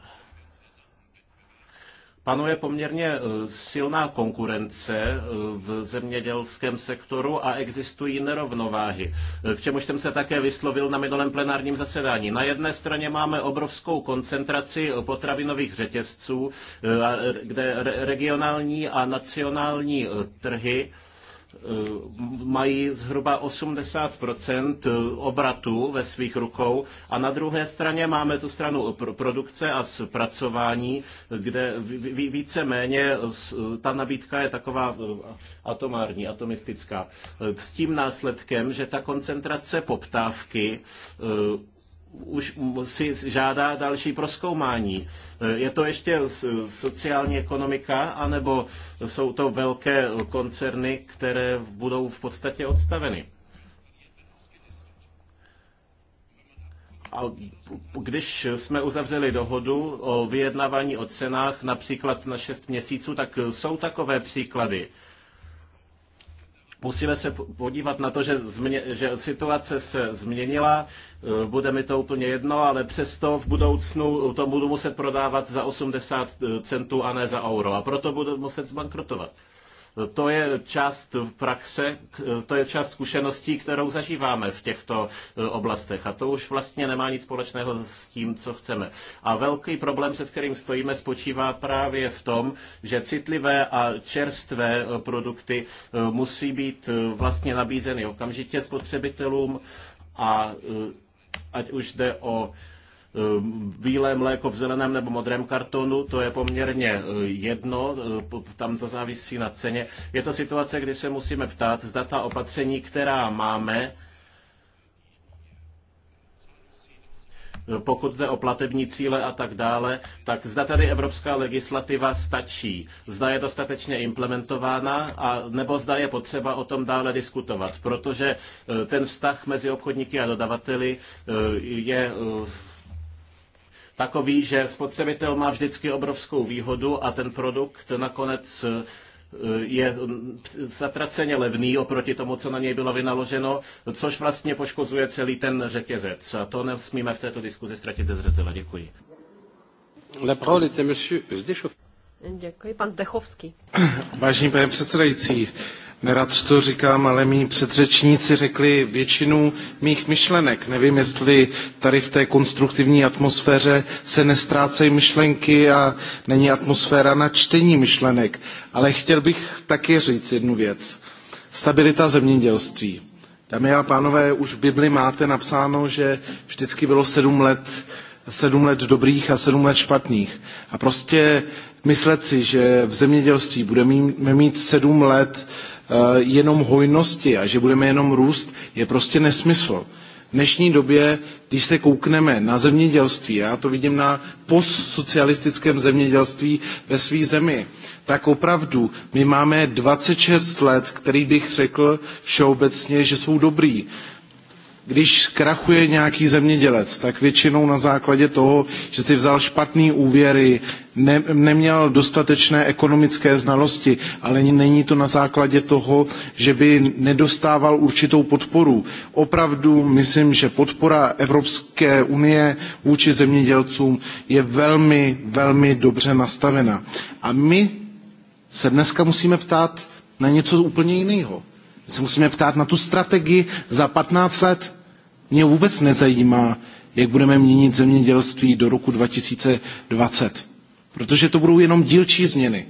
Panuje poměrně e, silná konkurence e, v zemědělském sektoru a existují nerovnováhy, e, k čemuž jsem se také vyslovil na minulém plenárním zasedání. Na jedné straně máme obrovskou koncentraci potravinových řetězců, kde regionální a nacionální trhy Eh, mají zhruba 80 eh, obratu ve svých rukou a na druhé straně máme tu stranu produkce a zpracování, kde více méně eh, ta nabídka je taková atomární, atomistická. S tím následkem, že ta koncentrace poptávky už si žádá další proskoumání. Je to ještě sociální ekonomika, anebo jsou to velké koncerny, které budou v podstatě odstaveny? A když jsme uzavřeli dohodu o vyjednávání o cenách například na 6 měsíců, tak jsou takové příklady Musíme se podívat na to, že, změ, že situace se změnila, eh, bude mi to úplně jedno, ale přesto v budoucnu to budu muset prodávat za 80 eh, centů a ne za euro. A proto budu muset zbankrotovat. To je část praxe, to je část zkušeností, kterou zažíváme v těchto e, oblastech. A to už vlastně nemá nic společného s tím, co chceme. A velký problém, před kterým stojíme, spočívá právě v tom, že citlivé a čerstvé e, produkty e, musí být vlastně nabízeny okamžitě spotřebitelům a ať už jde o Eh, bílé mléko v zeleném nebo modrém kartonu, to je poměrně eh, jedno, eh, tam to závisí na ceně. Je to situace, kdy se musíme ptát, zda ta opatření, která máme, pokud jde o platební cíle a tak dále, tak zda tady evropská legislativa stačí, zda je dostatečně implementována, a nebo zda je potřeba o tom dále diskutovat, protože ten vztah mezi obchodníky a dodavateli je takový, že spotřebitel má vždycky obrovskou výhodu a ten produkt nakonec eh, je zatraceně levný oproti tomu, co na něj bylo vynaloženo, což vlastně poškozuje celý ten řetězec. A to nesmíme v této diskuzi ztratit ze zřetele. Děkuji. La parole est à monsieur Děkuji, pan Zdechovský. Vážený pane předsedající, Nerad to říkám, ale mý předřečníci řekli většinu mých myšlenek. Nevím, jestli tady v té konstruktivní atmosféře se nestrácejí myšlenky a není atmosféra na čtení myšlenek. Ale chtěl bych taky říct jednu věc. Stabilita zemědělství. Dámy a pánové, už v Bibli máte napsáno, že vždycky bylo sedm let, sedm let dobrých a sedm let špatných. A prostě myslet si, že v zemědělství budeme mít sedm let Eh, jenom hojnosti a že budeme jenom růst, je prostě nesmysl. V dnešní době, když se koukneme na zemědělství, já to vidím na postsocialistickém zemědělství ve své zemi, tak opravdu my máme 26 let, který bych řekl všeobecně, že jsou dobrý když krachuje nějaký zemědělec, tak většinou na základě toho, že si vzal špatný úvěry, ne, neměl dostatečné ekonomické znalosti, ale není to na základě toho, že by nedostával určitou podporu. Opravdu myslím, že podpora Evropské unie vůči zemědělcům je velmi, velmi dobře nastavena. A my se dneska musíme ptát na něco úplně jiného. My se musíme ptát na tu strategii za 15 let, mě vůbec nezajímá, jak budeme měnit zemědělství do roku 2020, protože to budou jenom dílčí změny.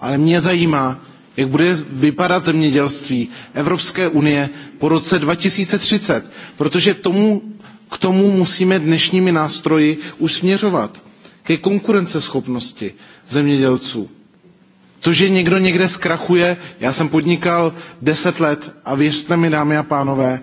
Ale mě zajímá, jak bude vypadat zemědělství Evropské unie po roce 2030, protože tomu, k tomu musíme dnešními nástroji už směřovat, ke konkurenceschopnosti zemědělců. To, že někdo někde zkrachuje, já jsem podnikal deset let a věřte mi, dámy a pánové,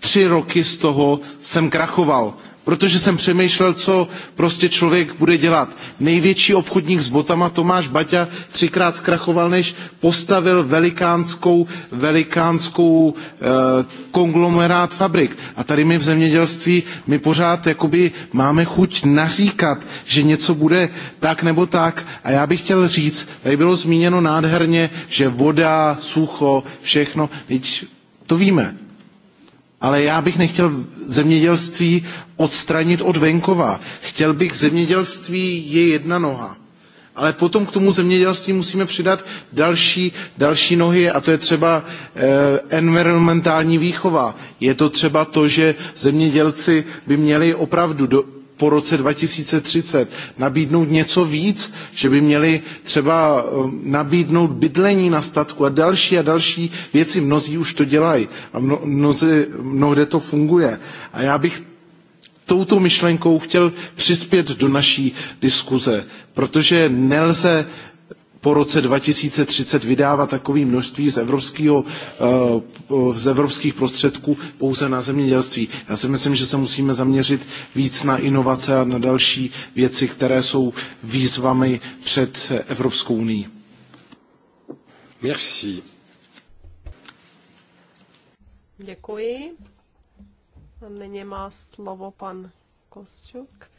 tři roky z toho jsem krachoval, protože jsem přemýšlel, co prostě člověk bude dělat. Největší obchodník s botama Tomáš Baťa třikrát zkrachoval, než postavil velikánskou, velikánskou eh, konglomerát fabrik. A tady my v zemědělství, my pořád jakoby máme chuť naříkat, že něco bude tak nebo tak. A já bych chtěl říct, tady bylo zmíněno nádherně, že voda, sucho, všechno, teď to víme ale já bych nechtěl zemědělství odstranit od venkova. Chtěl bych zemědělství je jedna noha. Ale potom k tomu zemědělství musíme přidat další, další nohy a to je třeba eh, environmentální výchova. Je to třeba to, že zemědělci by měli opravdu do, po roce 2030 nabídnout něco víc, že by měli třeba um, nabídnout bydlení na statku a další a další věci. Mnozí už to dělají a mno, mnozí, mnohde to funguje. A já bych touto myšlenkou chtěl přispět do naší diskuze, protože nelze po roce 2030 vydávat takové množství z, evropského, eh, z evropských prostředků pouze na zemědělství. Já si myslím, že se musíme zaměřit víc na inovace a na další věci, které jsou výzvami před Evropskou unii. Merci. Děkuji. A nyní má slovo pan Kosčuk.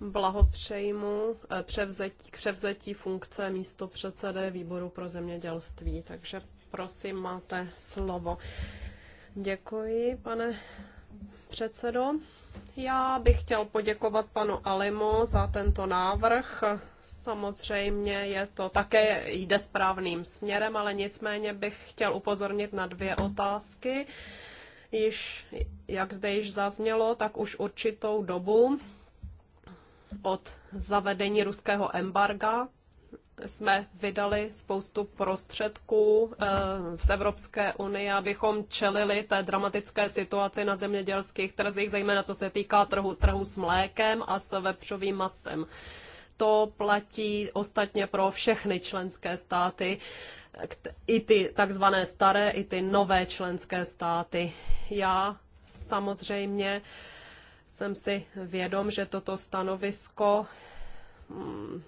Blahopřeji mu eh, převzetí, k převzetí funkce místo předsedy výboru pro zemědělství. Takže prosím, máte slovo. Děkuji, pane předsedo. Já bych chtěl poděkovat panu Alimu za tento návrh. Samozřejmě je to také jde správným směrem, ale nicméně bych chtěl upozornit na dvě otázky. Již, jak zde již zaznělo, tak už určitou dobu od zavedení ruského embarga jsme vydali spoustu prostředků eh, z Evropské unie, abychom čelili té dramatické situaci na zemědělských trzích, zejména co se týká trhu, trhu s mlékem a s vepřovým masem. To platí ostatně pro všechny členské státy, i ty takzvané staré, i ty nové členské státy. Já samozřejmě jsem si vědom, že toto stanovisko mm,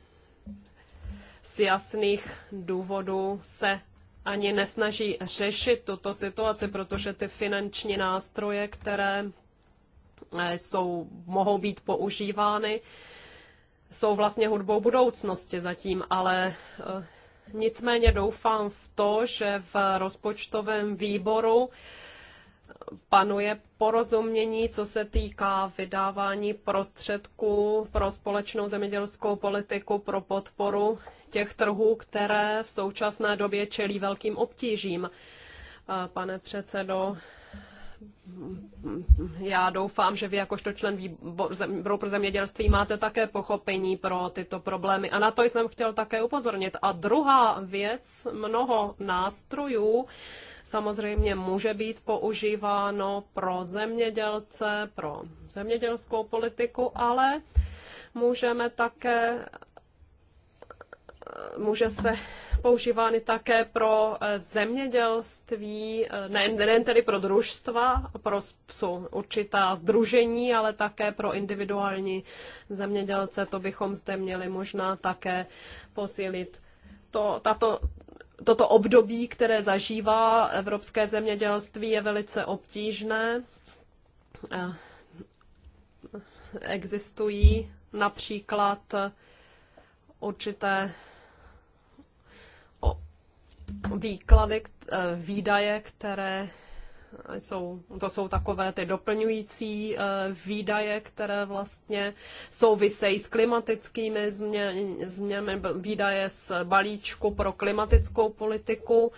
z jasných důvodů se ani nesnaží řešit tuto situaci, protože ty finanční nástroje, které eh, jsou, mohou být používány, jsou vlastně hudbou budoucnosti zatím, ale eh, nicméně doufám v to, že v rozpočtovém výboru panuje porozumění, co se týká vydávání prostředků pro společnou zemědělskou politiku, pro podporu těch trhů, které v současné době čelí velkým obtížím. Pane předsedo, já doufám, že vy jakožto člen výboru pro zemědělství máte také pochopení pro tyto problémy. A na to jsem chtěl také upozornit. A druhá věc, mnoho nástrojů samozřejmě může být používáno pro zemědělce, pro zemědělskou politiku, ale můžeme také, může se používány také pro eh, zemědělství, eh, nejen ne tedy pro družstva, pro jsou určitá združení, ale také pro individuální zemědělce. To bychom zde měli možná také posílit. To, tato, toto období, které zažívá evropské zemědělství, je velice obtížné. Eh, existují například určité výklady, eh, výdaje, které jsou, to jsou takové ty doplňující eh, výdaje, které vlastně souvisejí s klimatickými změnami, výdaje z balíčku pro klimatickou politiku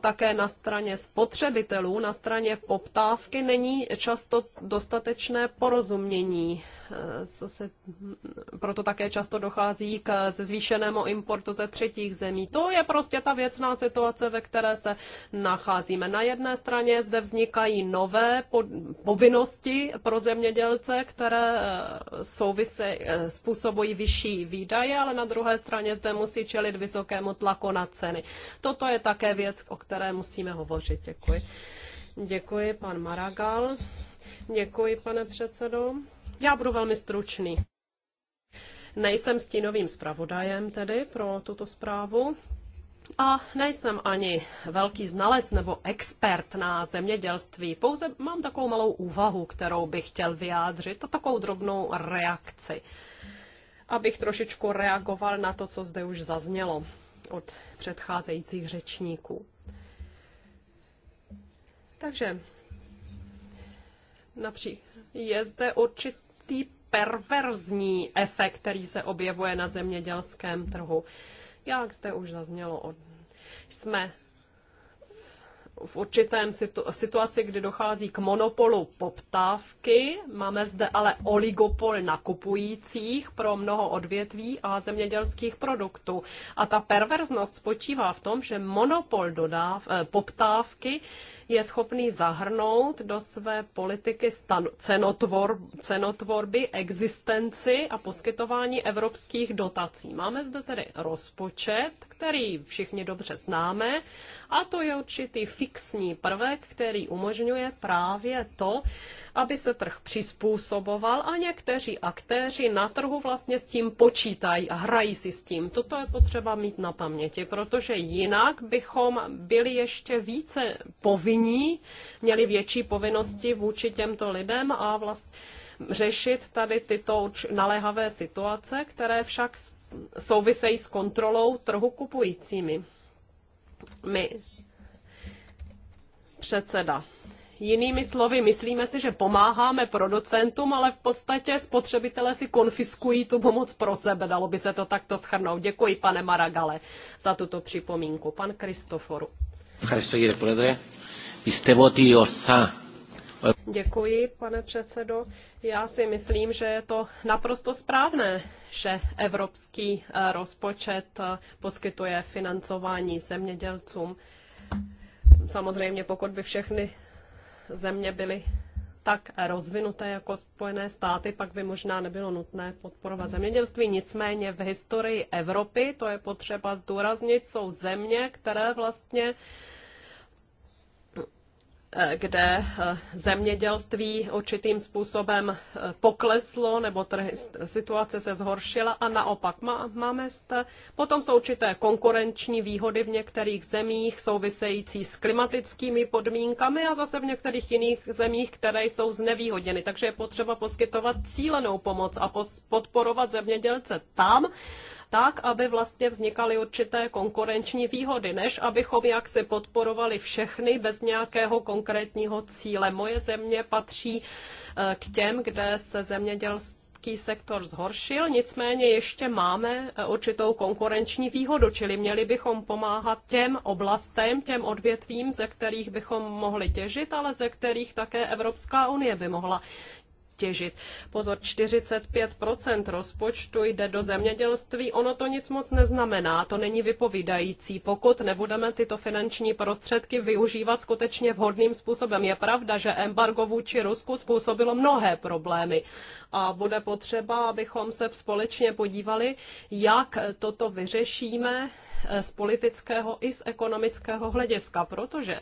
také na straně spotřebitelů, na straně poptávky není často dostatečné porozumění. Eh, co se, hm, proto také často dochází k zvýšenému importu ze třetích zemí. To je prostě ta věcná situace, ve které se nacházíme. Na jedné straně zde vznikají nové povinnosti pro zemědělce, které eh, souvisí, eh, způsobují vyšší výdaje, ale na druhé straně zde musí čelit vysokému tlaku na ceny. Toto je také věc, o které musíme hovořit. Děkuji. Děkuji, pan Maragal. Děkuji, pane předsedo. Já budu velmi stručný. Nejsem stínovým zpravodajem tedy pro tuto zprávu. A nejsem ani velký znalec nebo expert na zemědělství, pouze mám takovou malou úvahu, kterou bych chtěl vyjádřit a takovou drobnou reakci, abych trošičku reagoval na to, co zde už zaznělo od předcházejících řečníků. Takže například je zde určitý perverzní efekt, který se objevuje na zemědělském trhu. Jak zde už zaznělo, jsme v určitém situaci, kdy dochází k monopolu poptávky, máme zde ale oligopol nakupujících pro mnoho odvětví a zemědělských produktů. A ta perverznost spočívá v tom, že monopol dodáv, eh, poptávky je schopný zahrnout do své politiky stan- cenotvor- cenotvorby, existenci a poskytování evropských dotací. Máme zde tedy rozpočet, který všichni dobře známe, a to je určitý fixní prvek, který umožňuje právě to, aby se trh přizpůsoboval a někteří aktéři na trhu vlastně s tím počítají a hrají si s tím. Toto je potřeba mít na paměti, protože jinak bychom byli ještě více povinní, měli větší povinnosti vůči těmto lidem a vlastně řešit tady tyto naléhavé situace, které však souvisejí s kontrolou trhu kupujícími. My, předseda, Jinými slovy, myslíme si, že pomáháme producentům, ale v podstatě spotřebitelé si konfiskují tu pomoc pro sebe. Dalo by se to takto schrnout. Děkuji, pane Maragale, za tuto připomínku. Pan Kristoforu. Vy jste Πρόεδρε. Πιστεύω Děkuji, pane předsedo. Já si myslím, že je to naprosto správné, že evropský eh, rozpočet eh, poskytuje financování zemědělcům. Samozřejmě, pokud by všechny země byly tak rozvinuté jako Spojené státy, pak by možná nebylo nutné podporovat zemědělství. Nicméně v historii Evropy, to je potřeba zdůraznit, jsou země, které vlastně kde eh, zemědělství určitým způsobem eh, pokleslo nebo trhy, situace se zhoršila a naopak má, máme st- potom jsou určité konkurenční výhody v některých zemích související s klimatickými podmínkami a zase v některých jiných zemích, které jsou znevýhodněny. Takže je potřeba poskytovat cílenou pomoc a podporovat zemědělce tam, tak, aby vlastně vznikaly určité konkurenční výhody, než abychom jaksi podporovali všechny bez nějakého konkrétního cíle. Moje země patří eh, k těm, kde se zemědělství sektor zhoršil, nicméně ještě máme eh, určitou konkurenční výhodu, čili měli bychom pomáhat těm oblastem, těm odvětvím, ze kterých bychom mohli těžit, ale ze kterých také Evropská unie by mohla těžit. Pozor, 45% rozpočtu jde do zemědělství, ono to nic moc neznamená, to není vypovídající, pokud nebudeme tyto finanční prostředky využívat skutečně vhodným způsobem. Je pravda, že embargo vůči Rusku způsobilo mnohé problémy a bude potřeba, abychom se společně podívali, jak toto vyřešíme eh, z politického i z ekonomického hlediska, protože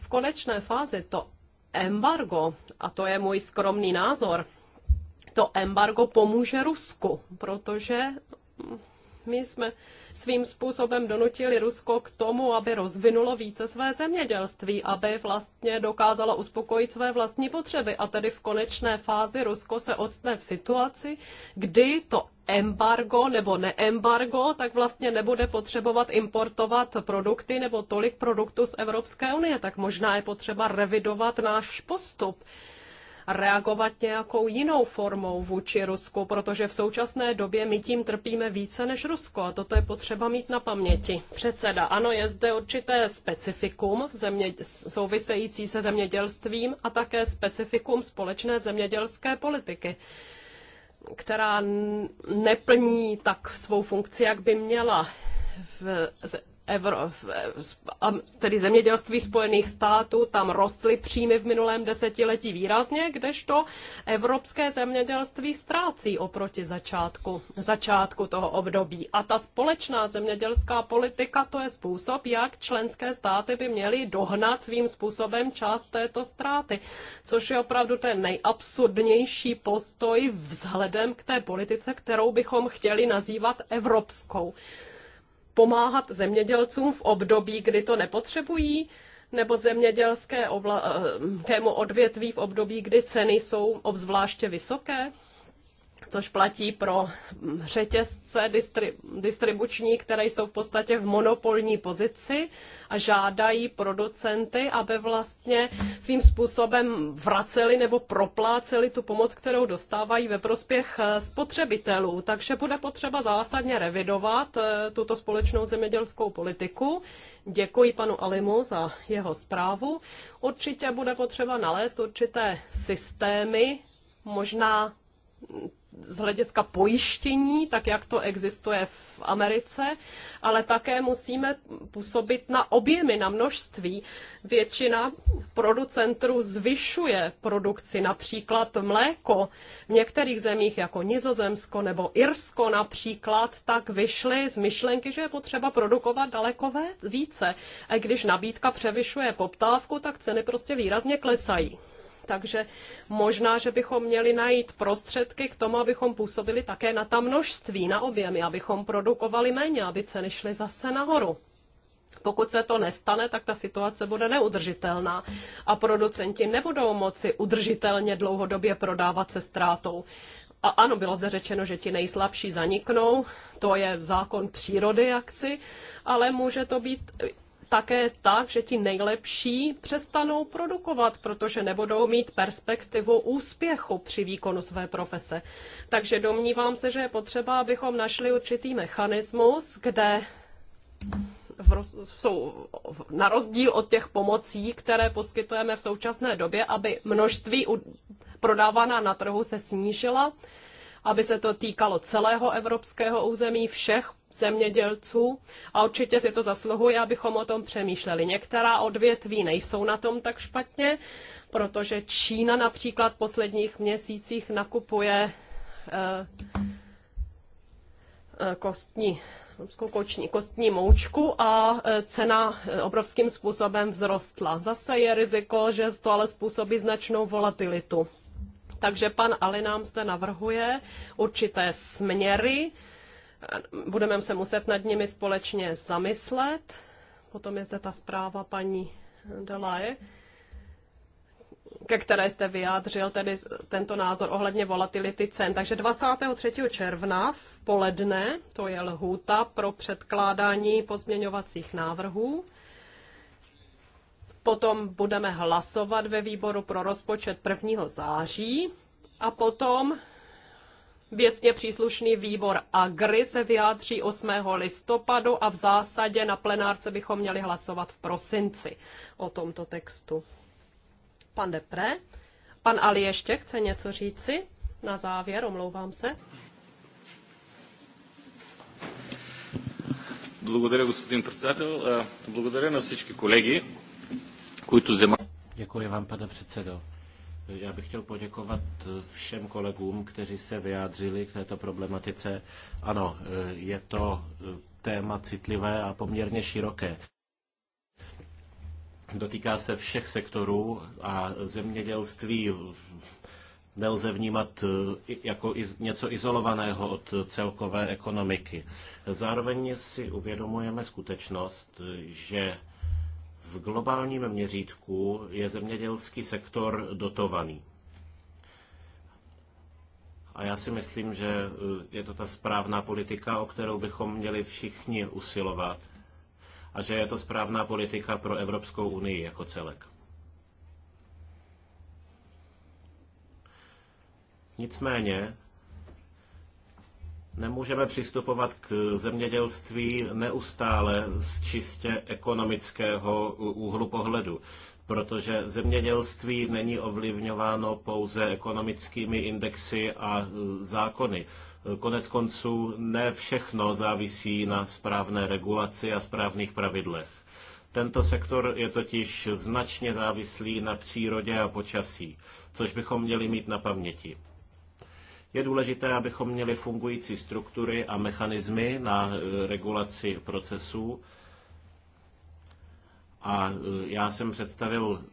v konečné fázi to embargo, a to je můj skromný názor, to embargo pomůže Rusku, protože my jsme svým způsobem donutili Rusko k tomu, aby rozvinulo více své zemědělství, aby vlastně dokázalo uspokojit své vlastní potřeby. A tedy v konečné fázi Rusko se odstne v situaci, kdy to embargo nebo neembargo, tak vlastně nebude potřebovat importovat produkty nebo tolik produktů z Evropské unie. Tak možná je potřeba revidovat náš postup reagovat nějakou jinou formou vůči Rusku, protože v současné době my tím trpíme více než Rusko a toto je potřeba mít na paměti. Předseda, ano, je zde určité specifikum v země, související se zemědělstvím a také specifikum společné zemědělské politiky která neplní tak svou funkci, jak by měla v Evro, eh, tedy zemědělství Spojených států, tam rostly příjmy v minulém desetiletí výrazně, kdežto evropské zemědělství ztrácí oproti začátku, začátku toho období. A ta společná zemědělská politika, to je způsob, jak členské státy by měly dohnat svým způsobem část této ztráty, což je opravdu ten nejabsurdnější postoj vzhledem k té politice, kterou bychom chtěli nazývat evropskou pomáhat zemědělcům v období, kdy to nepotřebují, nebo zemědělskému eh, hm, odvětví v období, kdy ceny jsou obzvláště vysoké? což platí pro řetězce distri- distribuční, které jsou v podstatě v monopolní pozici a žádají producenty, aby vlastně svým způsobem vraceli nebo propláceli tu pomoc, kterou dostávají ve prospěch eh, spotřebitelů. Takže bude potřeba zásadně revidovat eh, tuto společnou zemědělskou politiku. Děkuji panu Alimu za jeho zprávu. Určitě bude potřeba nalézt určité systémy, možná z hlediska pojištění, tak jak to existuje v Americe, ale také musíme působit na objemy, na množství. Většina producentů zvyšuje produkci, například mléko. V některých zemích, jako Nizozemsko nebo Irsko například, tak vyšly z myšlenky, že je potřeba produkovat daleko více. A když nabídka převyšuje poptávku, tak ceny prostě výrazně klesají takže možná, že bychom měli najít prostředky k tomu, abychom působili také na ta množství, na objemy, abychom produkovali méně, aby ceny šly zase nahoru. Pokud se to nestane, tak ta situace bude neudržitelná a producenti nebudou moci udržitelně dlouhodobě prodávat se ztrátou. A ano, bylo zde řečeno, že ti nejslabší zaniknou, to je zákon přírody jaksi, ale může to být také tak, že ti nejlepší přestanou produkovat, protože nebudou mít perspektivu úspěchu při výkonu své profese. Takže domnívám se, že je potřeba, abychom našli určitý mechanismus, kde v roz, jsou na rozdíl od těch pomocí, které poskytujeme v současné době, aby množství prodávaná na trhu se snížila aby se to týkalo celého evropského území, všech zemědělců a určitě si to zasluhuje, abychom o tom přemýšleli. Některá odvětví nejsou na tom tak špatně, protože Čína například v posledních měsících nakupuje eh, eh, kostní koční, kostní moučku a eh, cena obrovským způsobem vzrostla. Zase je riziko, že to ale způsobí značnou volatilitu takže pan Ali nám zde navrhuje určité směry, budeme se muset nad nimi společně zamyslet. Potom je zde ta zpráva paní Delaje, ke které jste vyjádřil tedy tento názor ohledně volatility cen. Takže 23. června v poledne, to je lhůta pro předkládání pozměňovacích návrhů. Potom budeme hlasovat ve výboru pro rozpočet 1. září a potom Věcně příslušný výbor AGRI se vyjádří 8. listopadu a v zásadě na plenárce bychom měli hlasovat v prosinci o tomto textu. Pan Depre, pan Ali ještě chce něco říci? Na závěr, omlouvám se. Благодаря, господин председател. Благодаря на всички колеги. Děkuji vám, pane předsedo. Já bych chtěl poděkovat všem kolegům, kteří se vyjádřili k této problematice. Ano, je to téma citlivé a poměrně široké. Dotýká se všech sektorů a zemědělství nelze vnímat jako něco izolovaného od celkové ekonomiky. Zároveň si uvědomujeme skutečnost, že v globálním měřítku je zemědělský sektor dotovaný. A já si myslím, že eh, je to ta správná politika, o kterou bychom měli všichni usilovat. A že je to správná politika pro Evropskou unii jako celek. Nicméně Nemůžeme přistupovat k zemědělství neustále z čistě ekonomického úhlu pohledu, protože zemědělství není ovlivňováno pouze ekonomickými indexy a zákony. Konec konců ne všechno závisí na správné regulaci a správných pravidlech. Tento sektor je totiž značně závislý na přírodě a počasí, což bychom měli mít na paměti. Je důležité, abychom měli fungující struktury a mechanismy na e, regulaci procesů. A e, já jsem představil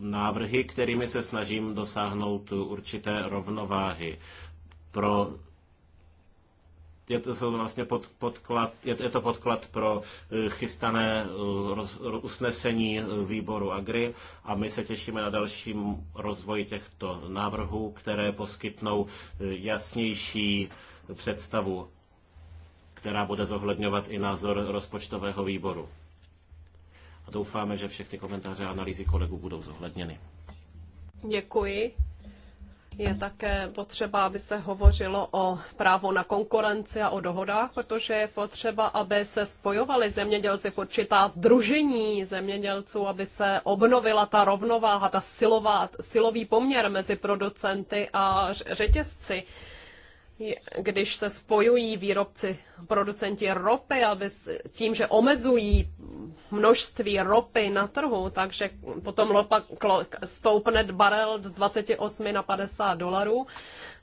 návrhy, kterými se snažím dosáhnout určité rovnováhy pro je to jsou vlastně pod, podklad, je, je to podklad pro eh, chystané eh, roz, usnesení eh, výboru Agri a my se těšíme na dalším rozvoji těchto návrhů, které poskytnou jasnější představu, která bude zohledňovat i názor rozpočtového výboru. A doufáme, že všechny komentáře a analýzy kolegů budou zohledněny. Děkuji. Je také potřeba, aby se hovořilo o právu na konkurenci a o dohodách, protože je potřeba, aby se spojovali zemědělci v určitá združení zemědělců, aby se obnovila ta rovnováha, ta silová, silový poměr mezi producenty a řetězci když se spojují výrobci, producenti ropy, aby s, tím, že omezují množství ropy na trhu, takže potom lopak stoupne barel z 28 na 50 dolarů,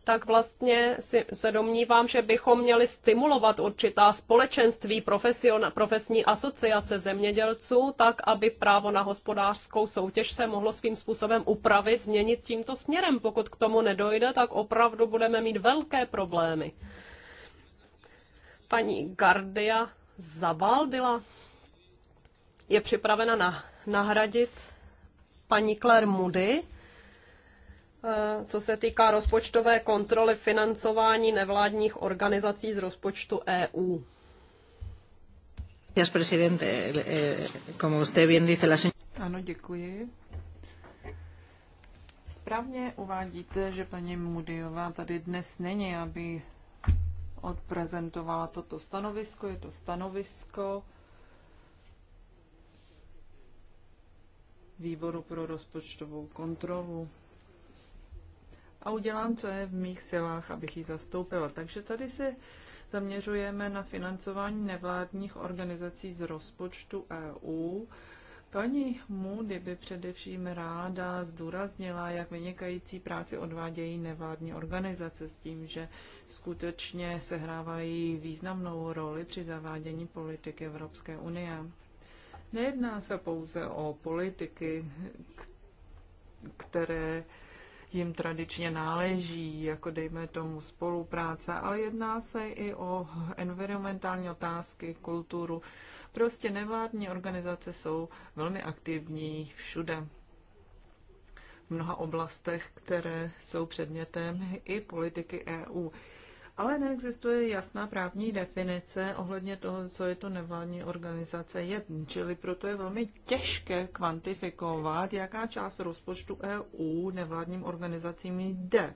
tak vlastně si, se domnívám, že bychom měli stimulovat určitá společenství, profesion, profesní asociace zemědělců, tak aby právo na hospodářskou soutěž se mohlo svým způsobem upravit, změnit tímto směrem. Pokud k tomu nedojde, tak opravdu budeme mít velké problémy. Paní Gardia Zabal byla, je připravena na, nahradit paní Claire Moody Eh, co se týká rozpočtové kontroly financování nevládních organizací z rozpočtu EU. Eh, eh, ano, děkuji. Správně uvádíte, že paní Mudiová tady dnes není, aby odprezentovala toto stanovisko. Je to stanovisko výboru pro rozpočtovou kontrolu a udělám, co je v mých silách, abych ji zastoupila. Takže tady se zaměřujeme na financování nevládních organizací z rozpočtu EU. Paní Moody by především ráda zdůraznila, jak vynikající práci odvádějí nevládní organizace s tím, že skutečně sehrávají významnou roli při zavádění politik Evropské unie. Nejedná se pouze o politiky, které jim tradičně náleží, jako dejme tomu spolupráce, ale jedná se i o environmentální otázky, kulturu. Prostě nevládní organizace jsou velmi aktivní všude v mnoha oblastech, které jsou předmětem i politiky EU ale neexistuje jasná právní definice ohledně toho, co je to nevládní organizace jedn, čili proto je velmi těžké kvantifikovat, jaká část rozpočtu EU nevládním organizacím jde.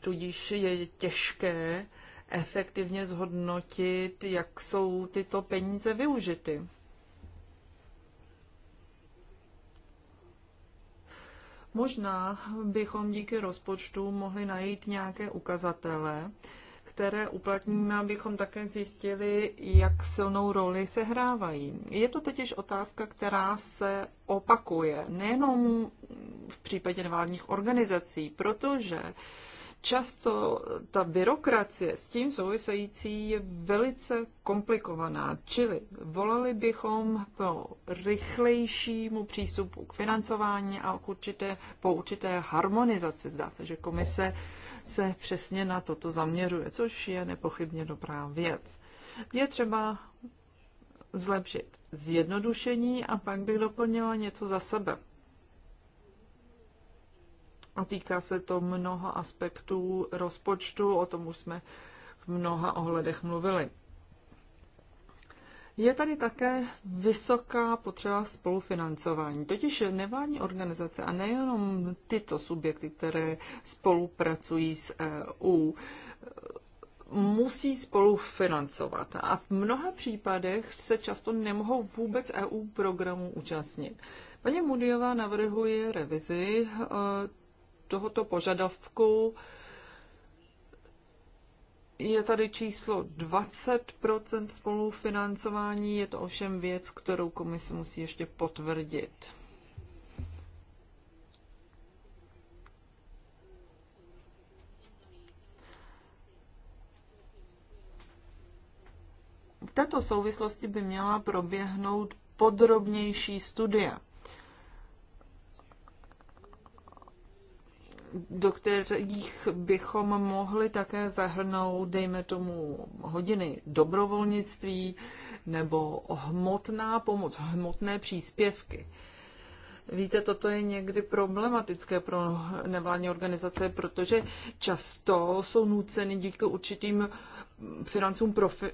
Tudíž je těžké efektivně zhodnotit, jak jsou tyto peníze využity. Možná bychom díky rozpočtu mohli najít nějaké ukazatele, které uplatníme, abychom také zjistili, jak silnou roli se hrávají. Je to totiž otázka, která se opakuje nejenom v případě nevládních organizací, protože často ta byrokracie s tím související je velice komplikovaná, čili volali bychom po rychlejšímu přístupu k financování a k určité, po určité harmonizaci. Zdá se, že komise se přesně na toto zaměřuje, což je nepochybně dobrá věc. Je třeba zlepšit zjednodušení a pak bych doplnila něco za sebe. A týká se to mnoha aspektů rozpočtu, o tom už jsme v mnoha ohledech mluvili. Je tady také vysoká potřeba spolufinancování, totiž nevládní organizace a nejenom tyto subjekty, které spolupracují s EU, musí spolufinancovat a v mnoha případech se často nemohou vůbec EU programu účastnit. Paní Mudiová navrhuje revizi e, tohoto požadavku je tady číslo 20% spolufinancování, je to ovšem věc, kterou komise musí ještě potvrdit. V této souvislosti by měla proběhnout podrobnější studie do kterých bychom mohli také zahrnout, dejme tomu, hodiny dobrovolnictví nebo hmotná pomoc, hmotné příspěvky. Víte, toto je někdy problematické pro nevládní organizace, protože často jsou nuceny díky určitým financům profi, eh,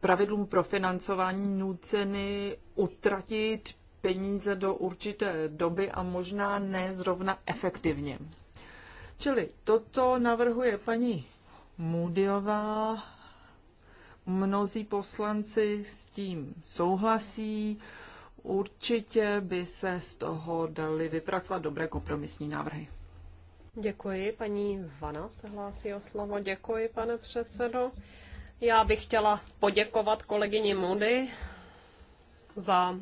pravidlům pro financování nuceny utratit peníze do určité doby a možná ne zrovna efektivně. Čili toto navrhuje paní Můdiová. Mnozí poslanci s tím souhlasí. Určitě by se z toho dali vypracovat dobré kompromisní návrhy. Děkuji, paní Vana se hlásí o slovo. Děkuji, pane předsedo. Já bych chtěla poděkovat kolegyni Mudy za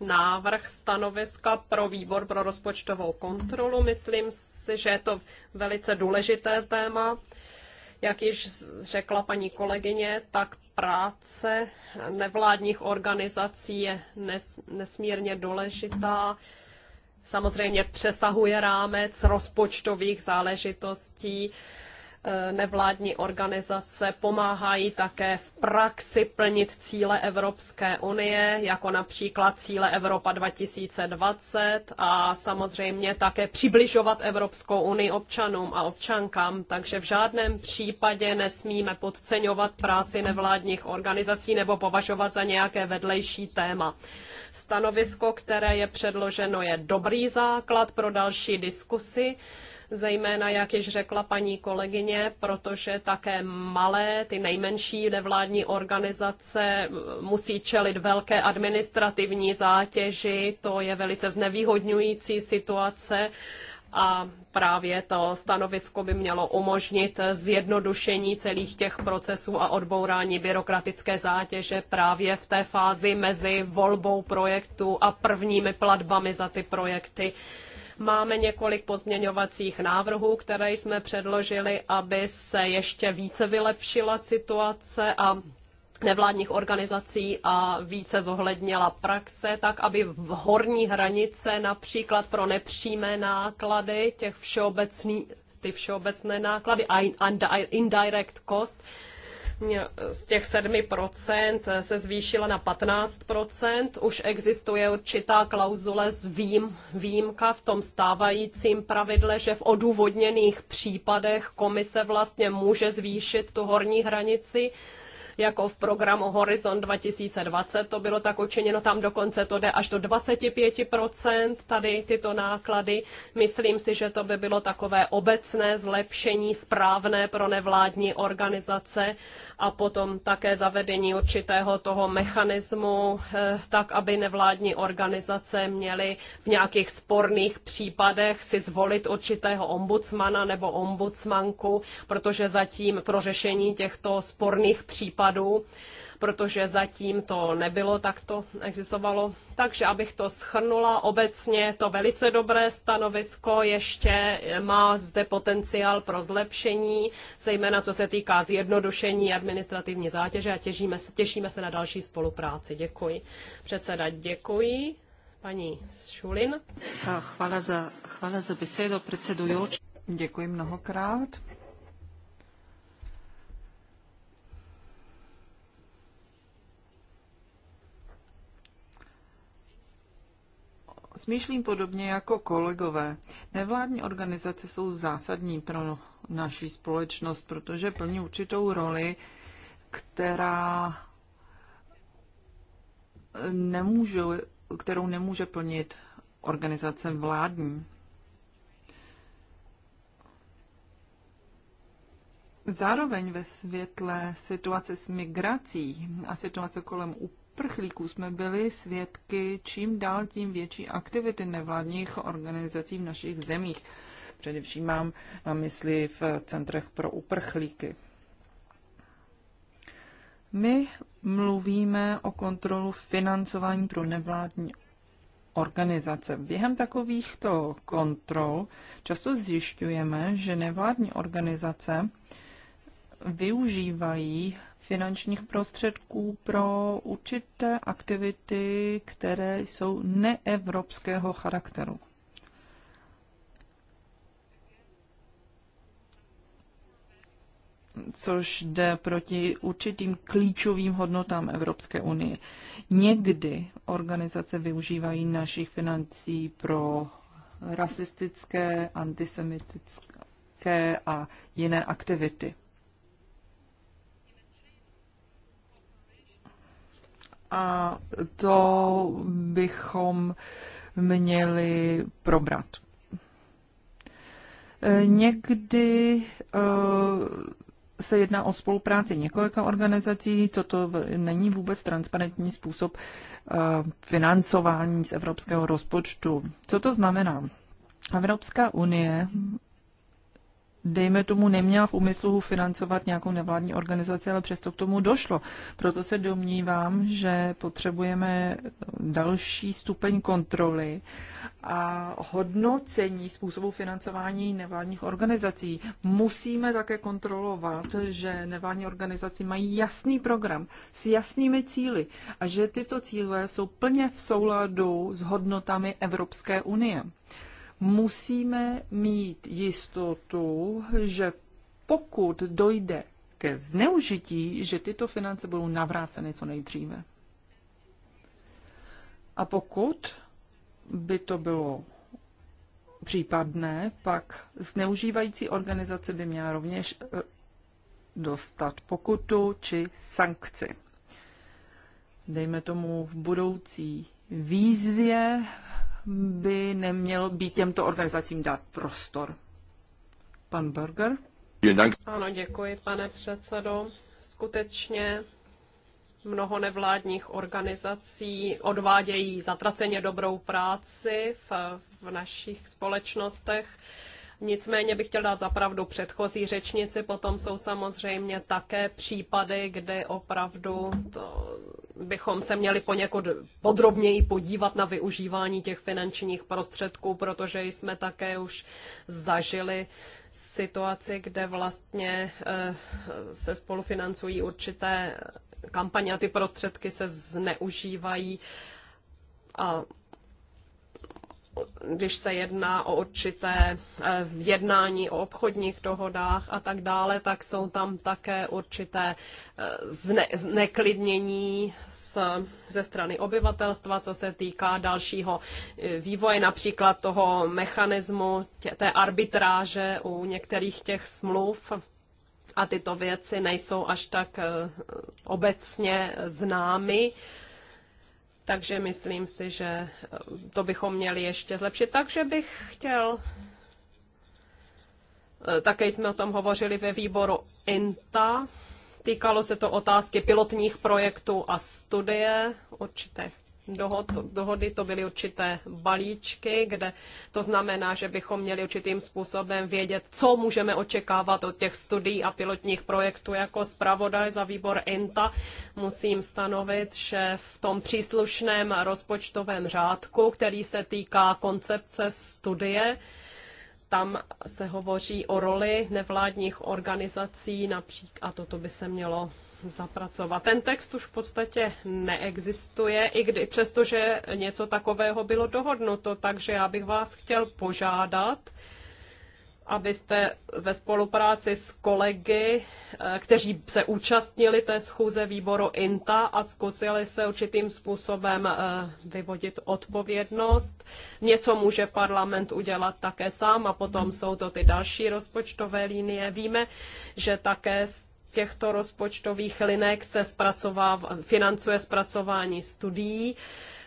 návrh stanoviska pro výbor pro rozpočtovou kontrolu. Myslím si, že je to velice důležité téma. Jak již řekla paní kolegyně, tak práce nevládních organizací je nesmírně důležitá. Samozřejmě přesahuje rámec rozpočtových záležitostí Eh, nevládní organizace pomáhají také v praxi plnit cíle Evropské unie, jako například cíle Evropa 2020 a samozřejmě také přibližovat Evropskou unii občanům a občankám. Takže v žádném případě nesmíme podceňovat práci nevládních organizací nebo považovat za nějaké vedlejší téma. Stanovisko, které je předloženo, je dobrý základ pro další diskusy zejména, jak již řekla paní kolegyně, protože také malé, ty nejmenší nevládní organizace musí čelit velké administrativní zátěži, to je velice znevýhodňující situace a právě to stanovisko by mělo umožnit zjednodušení celých těch procesů a odbourání byrokratické zátěže právě v té fázi mezi volbou projektu a prvními platbami za ty projekty. Máme několik pozměňovacích návrhů, které jsme předložili, aby se ještě více vylepšila situace a nevládních organizací a více zohlednila praxe, tak aby v horní hranice například pro nepřímé náklady těch všeobecných ty všeobecné náklady a indirect cost, z těch 7% se zvýšila na 15%. Už existuje určitá klauzule s vým, výjimka v tom stávajícím pravidle, že v odůvodněných případech komise vlastně může zvýšit tu horní hranici jako v programu Horizon 2020 to bylo tak učiněno, tam dokonce to jde až do 25% tady tyto náklady. Myslím si, že to by bylo takové obecné zlepšení správné pro nevládní organizace a potom také zavedení určitého toho mechanismu, eh, tak aby nevládní organizace měly v nějakých sporných případech si zvolit určitého ombudsmana nebo ombudsmanku, protože zatím pro řešení těchto sporných případů příkladů, protože zatím to nebylo, tak to existovalo. Takže abych to schrnula, obecně to velice dobré stanovisko ještě má zde potenciál pro zlepšení, zejména co se týká zjednodušení administrativní zátěže a těžíme, těšíme se na další spolupráci. Děkuji. Předseda, děkuji. Paní Šulin. Chvála za, chvála za besedo, předsedujoč. Děkuji mnohokrát. Smýšlím podobně jako kolegové. Nevládní organizace jsou zásadní pro naší společnost, protože plní určitou roli, která nemůže, kterou nemůže plnit organizace vládní. Zároveň ve světle situace s migrací a situace kolem uprchlíků jsme byli svědky čím dál tím větší aktivity nevládních organizací v našich zemích. Především mám na mysli v centrech pro uprchlíky. My mluvíme o kontrolu financování pro nevládní organizace. Během takovýchto kontrol často zjišťujeme, že nevládní organizace využívají finančních prostředků pro určité aktivity, které jsou neevropského charakteru. což jde proti určitým klíčovým hodnotám Evropské unie. Někdy organizace využívají našich financí pro rasistické, antisemitické a jiné aktivity. a to bychom měli probrat. E, někdy e, se jedná o spolupráci několika organizací, toto není vůbec transparentní způsob e, financování z evropského rozpočtu. Co to znamená? Evropská unie dejme tomu, neměl v úmyslu financovat nějakou nevládní organizaci, ale přesto k tomu došlo. Proto se domnívám, že potřebujeme další stupeň kontroly a hodnocení způsobu financování nevládních organizací. Musíme také kontrolovat, že nevládní organizace mají jasný program s jasnými cíly a že tyto cíle jsou plně v souladu s hodnotami Evropské unie musíme mít jistotu, že pokud dojde ke zneužití, že tyto finance budou navráceny co nejdříve. A pokud by to bylo případné, pak zneužívající organizace by měla rovněž eh, dostat pokutu či sankci. Dejme tomu v budoucí výzvě by neměl být těmto organizacím dát prostor. Pan Berger. Ano, děkuji, pane předsedo. Skutečně mnoho nevládních organizací odvádějí zatraceně dobrou práci v, v našich společnostech. Nicméně bych chtěl dát zapravdu předchozí řečnici, potom jsou samozřejmě také případy, kdy opravdu to bychom se měli poněkud podrobněji podívat na využívání těch finančních prostředků, protože jsme také už zažili situaci, kde vlastně eh, se spolufinancují určité kampaně a ty prostředky se zneužívají a když se jedná o určité eh, jednání o obchodních dohodách a tak dále, tak jsou tam také určité eh, zne, zneklidnění z, ze strany obyvatelstva, co se týká dalšího eh, vývoje, například toho mechanismu, tě, té arbitráže u některých těch smluv. A tyto věci nejsou až tak obecně známy. Takže myslím si, že eh, to bychom měli ještě zlepšit. Takže bych chtěl eh, také jsme o tom hovořili ve výboru INTA. Týkalo se to otázky pilotních projektů a studie určitých dohod, dohody, to byly určité balíčky, kde to znamená, že bychom měli určitým způsobem vědět, co můžeme očekávat od těch studií a pilotních projektů. Jako zpravodaj za výbor INTA musím stanovit, že v tom příslušném rozpočtovém řádku, který se týká koncepce studie, tam se hovoří o roli nevládních organizací například, a toto by se mělo zapracovat. Ten text už v podstatě neexistuje, i kdy, přestože něco takového bylo dohodnuto, takže já bych vás chtěl požádat, abyste ve spolupráci s kolegy, eh, kteří se účastnili té schůze výboru INTA a zkusili se určitým způsobem eh, vyvodit odpovědnost. Něco může parlament udělat také sám a potom jsou to ty další rozpočtové linie. Víme, že také těchto rozpočtových linek se zpracová, financuje zpracování studií,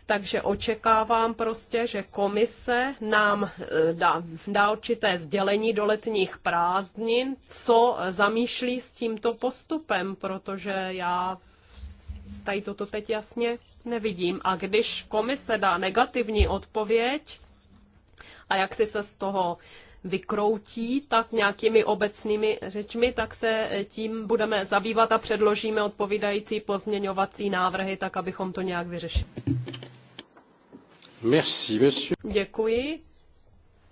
takže očekávám prostě, že komise nám eh, dá, dá určité sdělení do letních prázdnin, co zamýšlí s tímto postupem, protože já tady toto teď jasně nevidím. A když komise dá negativní odpověď, a jak si se z toho vykroutí, tak nějakými obecnými řečmi, tak se eh, tím budeme zabývat a předložíme odpovídající pozměňovací návrhy, tak abychom to nějak vyřešili. Merci, monsieur. Děkuji.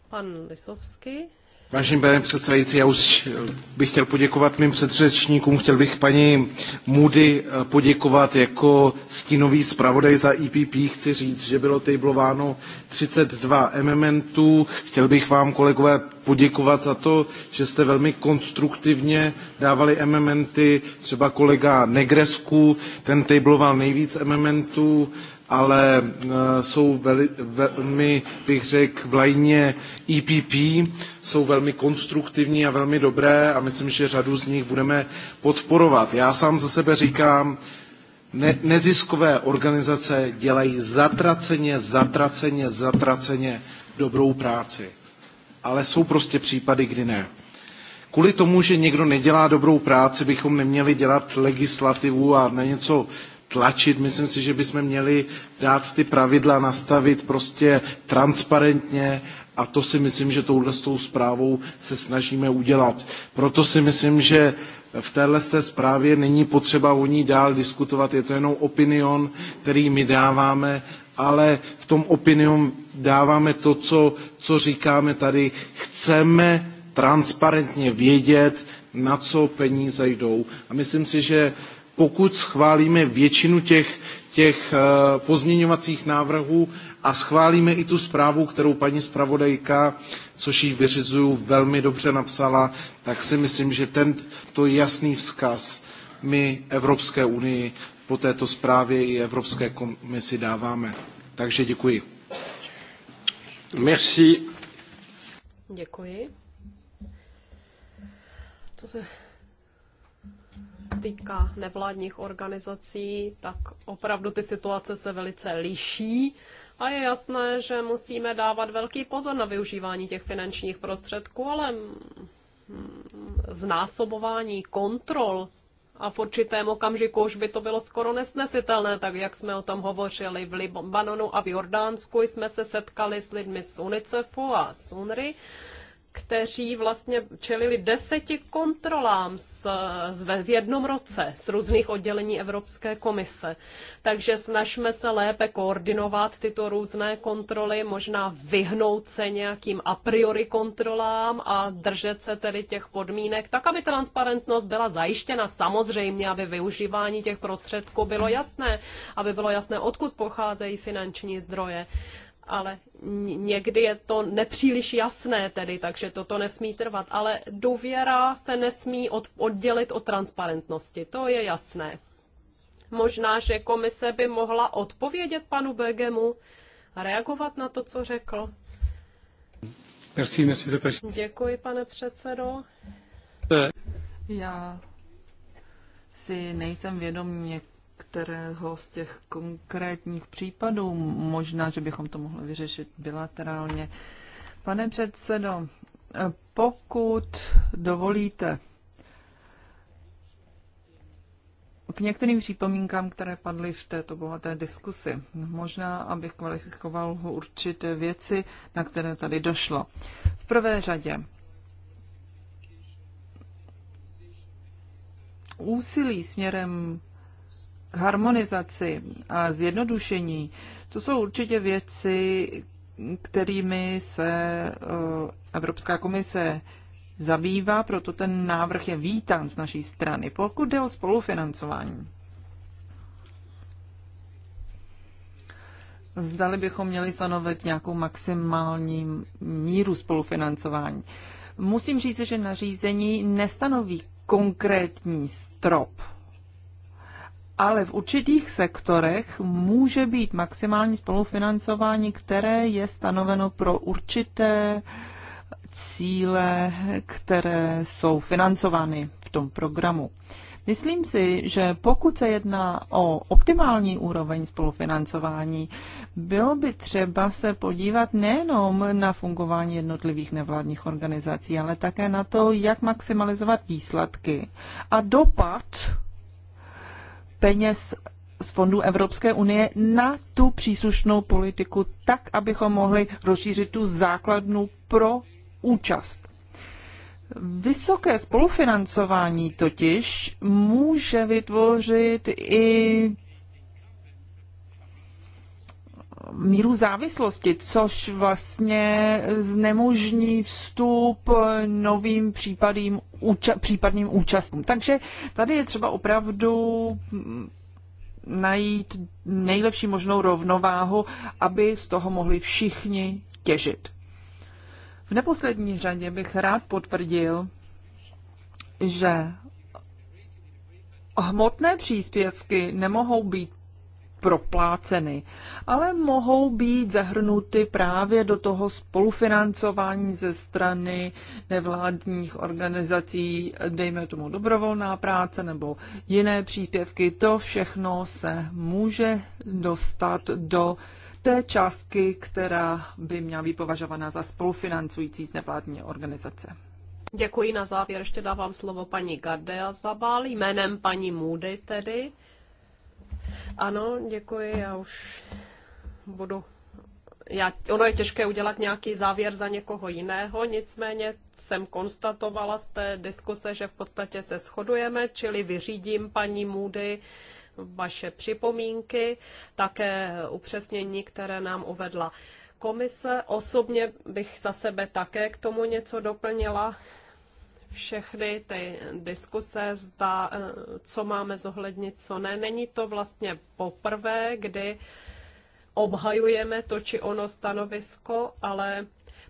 Pan Lisovský. Vážený pane předsedající, já už eh, bych chtěl poděkovat mým předřečníkům. Chtěl bych paní Moody eh, poděkovat jako stínový zpravodaj za EPP. Chci říct, že bylo tablováno 32 elementů. Chtěl bych vám, kolegové, poděkovat za to, že jste velmi konstruktivně dávali emementy. Třeba kolega Negresku, ten tabloval nejvíc emementů ale e, jsou veli, velmi, bych řekl, v lajně EPP, jsou velmi konstruktivní a velmi dobré a myslím, že řadu z nich budeme podporovat. Já sám za sebe říkám, ne, neziskové organizace dělají zatraceně, zatraceně, zatraceně dobrou práci. Ale jsou prostě případy, kdy ne. Kvůli tomu, že někdo nedělá dobrou práci, bychom neměli dělat legislativu a na něco tlačit. Myslím si, že bychom měli dát ty pravidla, nastavit prostě transparentně a to si myslím, že touhle s tou zprávou se snažíme udělat. Proto si myslím, že v téhle té zprávě není potřeba o ní dál diskutovat, je to jenom opinion, který my dáváme, ale v tom opinion dáváme to, co, co říkáme tady. Chceme transparentně vědět, na co peníze jdou. A myslím si, že pokud schválíme většinu těch, těch eh, pozměňovacích návrhů a schválíme i tu zprávu, kterou paní zpravodajka, což jí vyřizuju, velmi dobře napsala, tak si myslím, že tento jasný vzkaz my Evropské unii po této zprávě i Evropské komisi dáváme. Takže děkuji. Merci. Děkuji. To se týká nevládních organizací, tak opravdu ty situace se velice liší a je jasné, že musíme dávat velký pozor na využívání těch finančních prostředků, ale mm, znásobování kontrol a v určitém okamžiku už by to bylo skoro nesnesitelné, tak jak jsme o tom hovořili v Libanonu a v Jordánsku, jsme se setkali s lidmi z UNICEFu a z kteří vlastně čelili deseti kontrolám v jednom roce z různých oddělení Evropské komise. Takže snažme se lépe koordinovat tyto různé kontroly, možná vyhnout se nějakým a priori kontrolám a držet se tedy těch podmínek, tak aby transparentnost byla zajištěna samozřejmě, aby využívání těch prostředků bylo jasné, aby bylo jasné, odkud pocházejí finanční zdroje ale někdy je to nepříliš jasné tedy, takže toto nesmí trvat. Ale důvěra se nesmí od, oddělit od transparentnosti, to je jasné. Možná, že komise by mohla odpovědět panu Begemu a reagovat na to, co řekl. Merci, Děkuji, pane předsedo. Já si nejsem vědom něk- kterého z těch konkrétních případů. Možná, že bychom to mohli vyřešit bilaterálně. Pane předsedo, pokud dovolíte, k některým připomínkám, které padly v této bohaté diskusi. Možná, abych kvalifikoval určité věci, na které tady došlo. V prvé řadě úsilí směrem harmonizaci a zjednodušení, to jsou určitě věci, kterými se eh, Evropská komise zabývá, proto ten návrh je vítán z naší strany. Pokud jde o spolufinancování, zdali bychom měli stanovit nějakou maximální míru spolufinancování. Musím říct, že nařízení nestanoví konkrétní strop ale v určitých sektorech může být maximální spolufinancování, které je stanoveno pro určité cíle, které jsou financovány v tom programu. Myslím si, že pokud se jedná o optimální úroveň spolufinancování, bylo by třeba se podívat nejenom na fungování jednotlivých nevládních organizací, ale také na to, jak maximalizovat výsledky a dopad peněz z fondů Evropské unie na tu příslušnou politiku, tak, abychom mohli rozšířit tu základnu pro účast. Vysoké spolufinancování totiž může vytvořit i míru závislosti, což vlastně znemožní vstup novým případným, úča- případným účastům. Takže tady je třeba opravdu najít nejlepší možnou rovnováhu, aby z toho mohli všichni těžit. V neposlední řadě bych rád potvrdil, že hmotné příspěvky nemohou být propláceny, ale mohou být zahrnuty právě do toho spolufinancování ze strany nevládních organizací, dejme tomu dobrovolná práce nebo jiné příspěvky. To všechno se může dostat do té částky, která by měla být považovaná za spolufinancující z nevládní organizace. Děkuji. Na závěr ještě dávám slovo paní Gardea Zabal, jménem paní Můdy tedy. Ano, děkuji, já už budu já, ono je těžké udělat nějaký závěr za někoho jiného, nicméně jsem konstatovala z té diskuse, že v podstatě se shodujeme, čili vyřídím paní Moody vaše připomínky, také upřesnění, které nám uvedla komise. Osobně bych za sebe také k tomu něco doplnila všechny ty diskuse, zda, eh, co máme zohlednit, co ne. Není to vlastně poprvé, kdy obhajujeme to či ono stanovisko, ale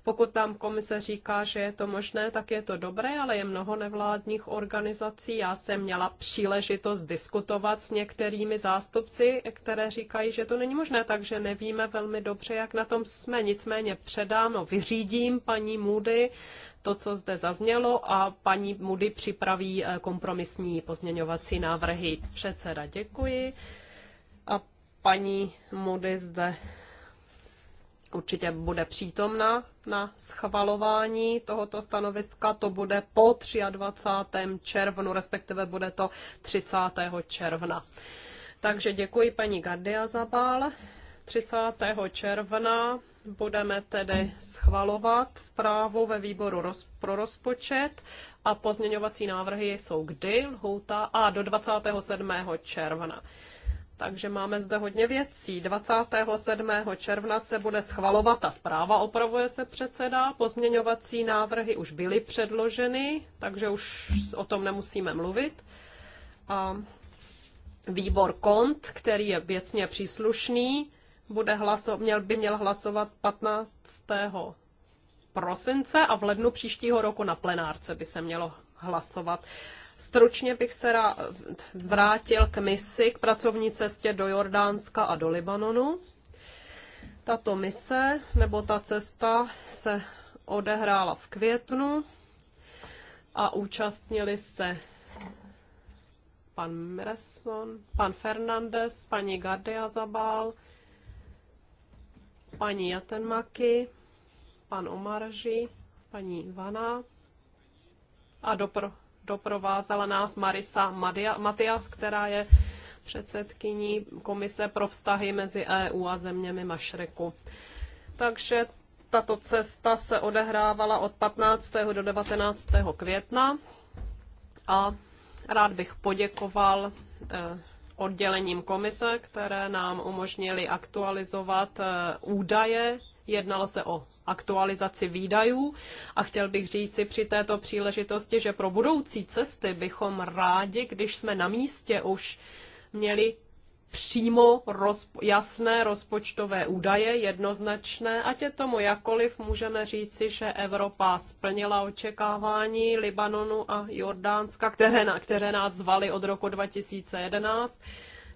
pokud tam komise říká, že je to možné, tak je to dobré, ale je mnoho nevládních organizací. Já jsem měla příležitost diskutovat s některými zástupci, které říkají, že to není možné, takže nevíme velmi dobře, jak na tom jsme. Nicméně předám, vyřídím paní Moody to, co zde zaznělo a paní Moody připraví eh, kompromisní pozměňovací návrhy. Předseda, děkuji. A paní Moody zde určitě bude přítomna na schvalování tohoto stanoviska. To bude po 23. červnu, respektive bude to 30. června. Takže děkuji paní Gardia Zabal. 30. června budeme tedy schvalovat zprávu ve výboru roz, pro rozpočet a pozměňovací návrhy jsou kdy, lhouta a do 27. června. Takže máme zde hodně věcí. 27. června se bude schvalovat ta zpráva, opravuje se předseda. Pozměňovací návrhy už byly předloženy, takže už o tom nemusíme mluvit. A výbor KONT, který je věcně příslušný, bude hlaso- měl, by měl hlasovat 15. prosince a v lednu příštího roku na plenárce by se mělo hlasovat. Stručně bych se vrátil k misi, k pracovní cestě do Jordánska a do Libanonu. Tato mise nebo ta cesta se odehrála v květnu a účastnili se pan Mreson, pan Fernandez, paní Gardia Zabal, paní Jatenmaky, pan Omarži, paní Ivana a dopro, doprovázela nás Marisa Matias, která je předsedkyní Komise pro vztahy mezi EU a zeměmi Mašreku. Takže tato cesta se odehrávala od 15. do 19. května a rád bych poděkoval eh, oddělením komise, které nám umožnili aktualizovat eh, údaje Jednalo se o aktualizaci výdajů a chtěl bych říci při této příležitosti, že pro budoucí cesty bychom rádi, když jsme na místě už měli přímo rozpo- jasné rozpočtové údaje, jednoznačné, ať je tomu jakoliv, můžeme říci, že Evropa splnila očekávání Libanonu a Jordánska, které, na, které nás zvali od roku 2011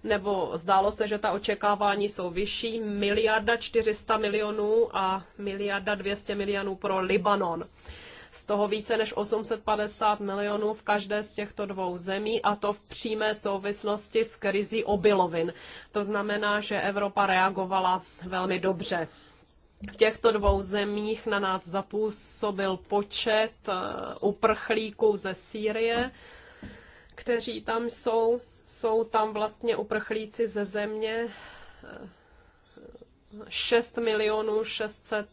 nebo zdálo se, že ta očekávání jsou vyšší, miliarda 400 milionů a miliarda 200 milionů pro Libanon z toho více než 850 milionů v každé z těchto dvou zemí a to v přímé souvislosti s krizí obilovin. To znamená, že Evropa reagovala velmi dobře. V těchto dvou zemích na nás zapůsobil počet eh, uprchlíků ze Sýrie, kteří tam jsou jsou tam vlastně uprchlíci ze země 6 eh, milionů 600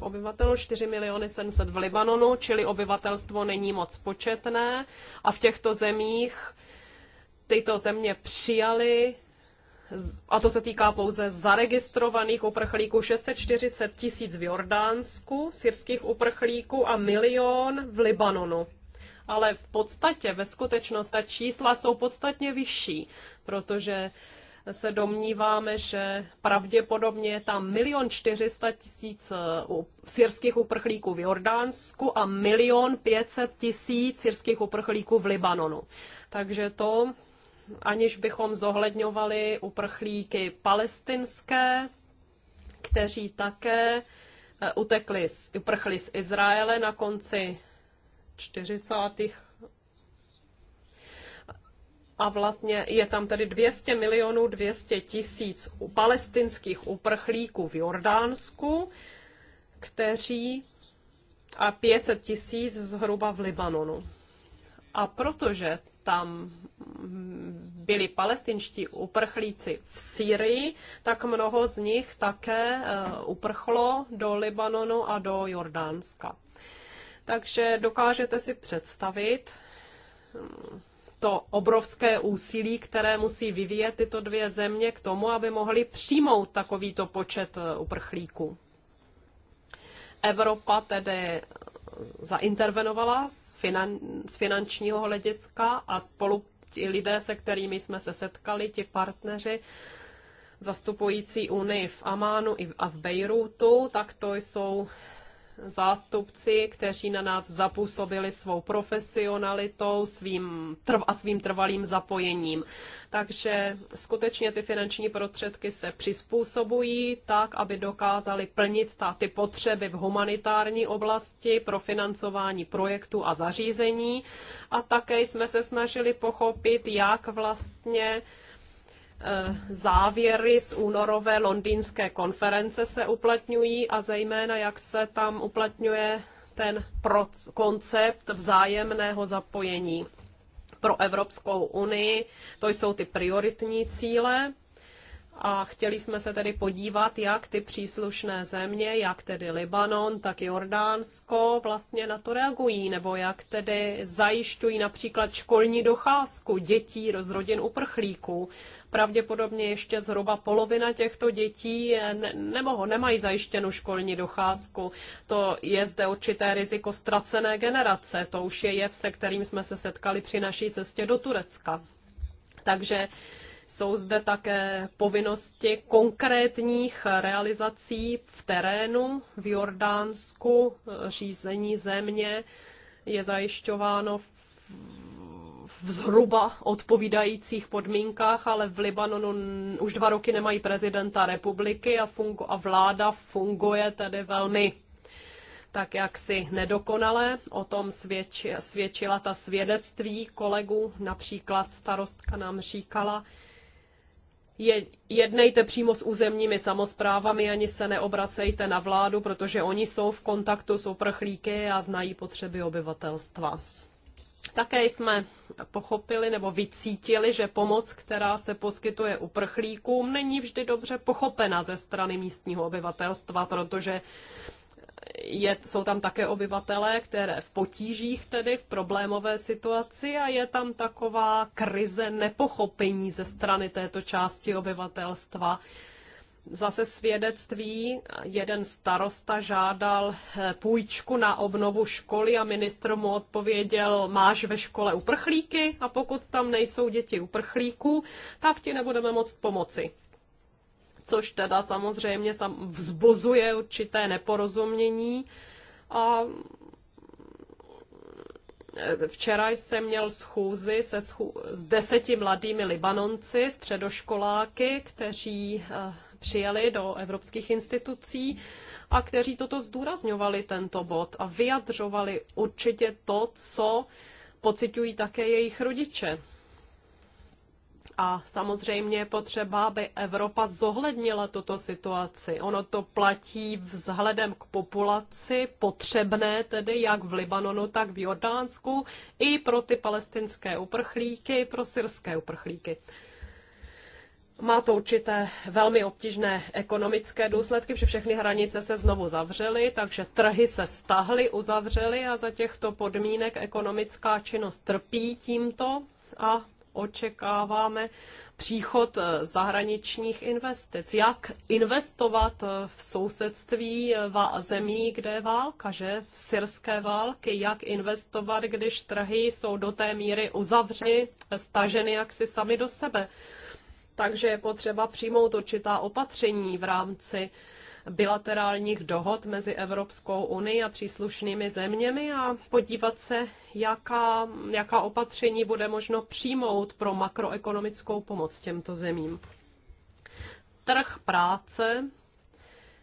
obyvatelů, 4 miliony 700 v Libanonu, čili obyvatelstvo není moc početné a v těchto zemích tyto země přijali a to se týká pouze zaregistrovaných uprchlíků 640 tisíc v Jordánsku, syrských uprchlíků a milion v Libanonu ale v podstatě, ve skutečnosti ta čísla jsou podstatně vyšší, protože se domníváme, že pravděpodobně je tam milion 400 tisíc uh, syrských uprchlíků v Jordánsku a milion 500 tisíc syrských uprchlíků v Libanonu. Takže to, aniž bychom zohledňovali uprchlíky palestinské, kteří také uh, utekli, uprchli z Izraele na konci 40. A vlastně je tam tedy 200 milionů 200 tisíc palestinských uprchlíků v Jordánsku, kteří a 500 tisíc zhruba v Libanonu. A protože tam byli palestinští uprchlíci v Syrii, tak mnoho z nich také eh, uprchlo do Libanonu a do Jordánska. Takže dokážete si představit hm, to obrovské úsilí, které musí vyvíjet tyto dvě země k tomu, aby mohly přijmout takovýto počet eh, uprchlíků. Evropa tedy eh, zaintervenovala z, finan, z finančního hlediska a spolu ti lidé, se kterými jsme se setkali, ti partneři zastupující Unii v Amánu a v Bejrútu, tak to jsou zástupci, kteří na nás zapůsobili svou profesionalitou svým trv a svým trvalým zapojením. Takže skutečně ty finanční prostředky se přizpůsobují tak, aby dokázali plnit ta, ty potřeby v humanitární oblasti pro financování projektu a zařízení. A také jsme se snažili pochopit, jak vlastně Eh, závěry z únorové londýnské konference se uplatňují a zejména jak se tam uplatňuje ten koncept vzájemného zapojení pro Evropskou unii. To jsou ty prioritní cíle a chtěli jsme se tedy podívat, jak ty příslušné země, jak tedy Libanon, tak Jordánsko vlastně na to reagují, nebo jak tedy zajišťují například školní docházku dětí z rodin uprchlíků. Pravděpodobně ještě zhruba polovina těchto dětí ne- nemoho, nemají zajištěnu školní docházku. To je zde určité riziko ztracené generace. To už je jev, se kterým jsme se setkali při naší cestě do Turecka. Takže jsou zde také povinnosti konkrétních realizací v terénu v Jordánsku. Řízení země je zajišťováno v zhruba odpovídajících podmínkách, ale v Libanonu už dva roky nemají prezidenta republiky a, fungu- a vláda funguje tedy velmi tak jaksi nedokonale. O tom svědči, svědčila ta svědectví kolegů. Například starostka nám říkala, jednejte přímo s územními samozprávami, ani se neobracejte na vládu, protože oni jsou v kontaktu s uprchlíky a znají potřeby obyvatelstva. Také jsme pochopili nebo vycítili, že pomoc, která se poskytuje uprchlíkům, není vždy dobře pochopena ze strany místního obyvatelstva, protože je, jsou tam také obyvatelé, které v potížích tedy, v problémové situaci a je tam taková krize nepochopení ze strany této části obyvatelstva. Zase svědectví, jeden starosta žádal eh, půjčku na obnovu školy a ministr mu odpověděl, máš ve škole uprchlíky a pokud tam nejsou děti uprchlíků, tak ti nebudeme moct pomoci což teda samozřejmě vzbuzuje určité neporozumění. A eh, včera jsem měl schůzi se schů- s deseti mladými Libanonci, středoškoláky, kteří eh, přijeli do evropských institucí a kteří toto zdůrazňovali, tento bod, a vyjadřovali určitě to, co pocitují také jejich rodiče. A samozřejmě je potřeba, aby Evropa zohlednila tuto situaci. Ono to platí vzhledem k populaci potřebné, tedy jak v Libanonu, tak v Jordánsku, i pro ty palestinské uprchlíky, i pro syrské uprchlíky. Má to určité velmi obtížné ekonomické důsledky, protože všechny hranice se znovu zavřely, takže trhy se stahly, uzavřely a za těchto podmínek ekonomická činnost trpí tímto a očekáváme příchod eh, zahraničních investic. Jak investovat eh, v sousedství eh, zemí, kde je válka, že v syrské války, jak investovat, když trhy jsou do té míry uzavřeny, staženy jaksi sami do sebe. Takže je potřeba přijmout určitá opatření v rámci bilaterálních dohod mezi Evropskou unii a příslušnými zeměmi a podívat se, jaká, jaká opatření bude možno přijmout pro makroekonomickou pomoc těmto zemím. Trh práce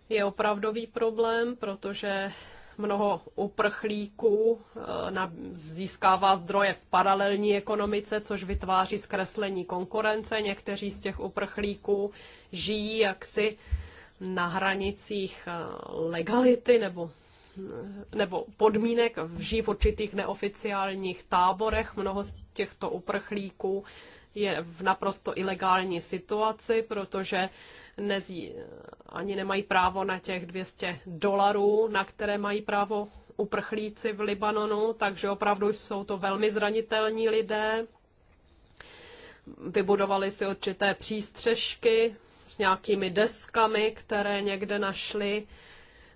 je opravdový problém, protože mnoho uprchlíků eh, získává zdroje v paralelní ekonomice, což vytváří zkreslení konkurence. Někteří z těch uprchlíků žijí jaksi na hranicích eh, legality nebo eh, nebo podmínek, žijí v určitých neoficiálních táborech. Mnoho z těchto uprchlíků je v naprosto ilegální situaci, protože nezí, ani nemají právo na těch 200 dolarů, na které mají právo uprchlíci v Libanonu, takže opravdu jsou to velmi zranitelní lidé. Vybudovali si určité přístřežky, s nějakými deskami, které někde našli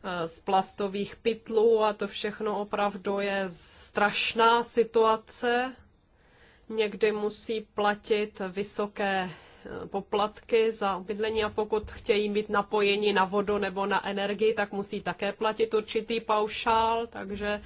eh, z plastových pytlů a to všechno opravdu je strašná situace. Někdy musí platit vysoké eh, poplatky za obydlení a pokud chtějí být napojeni na vodu nebo na energii, tak musí také platit určitý paušál, takže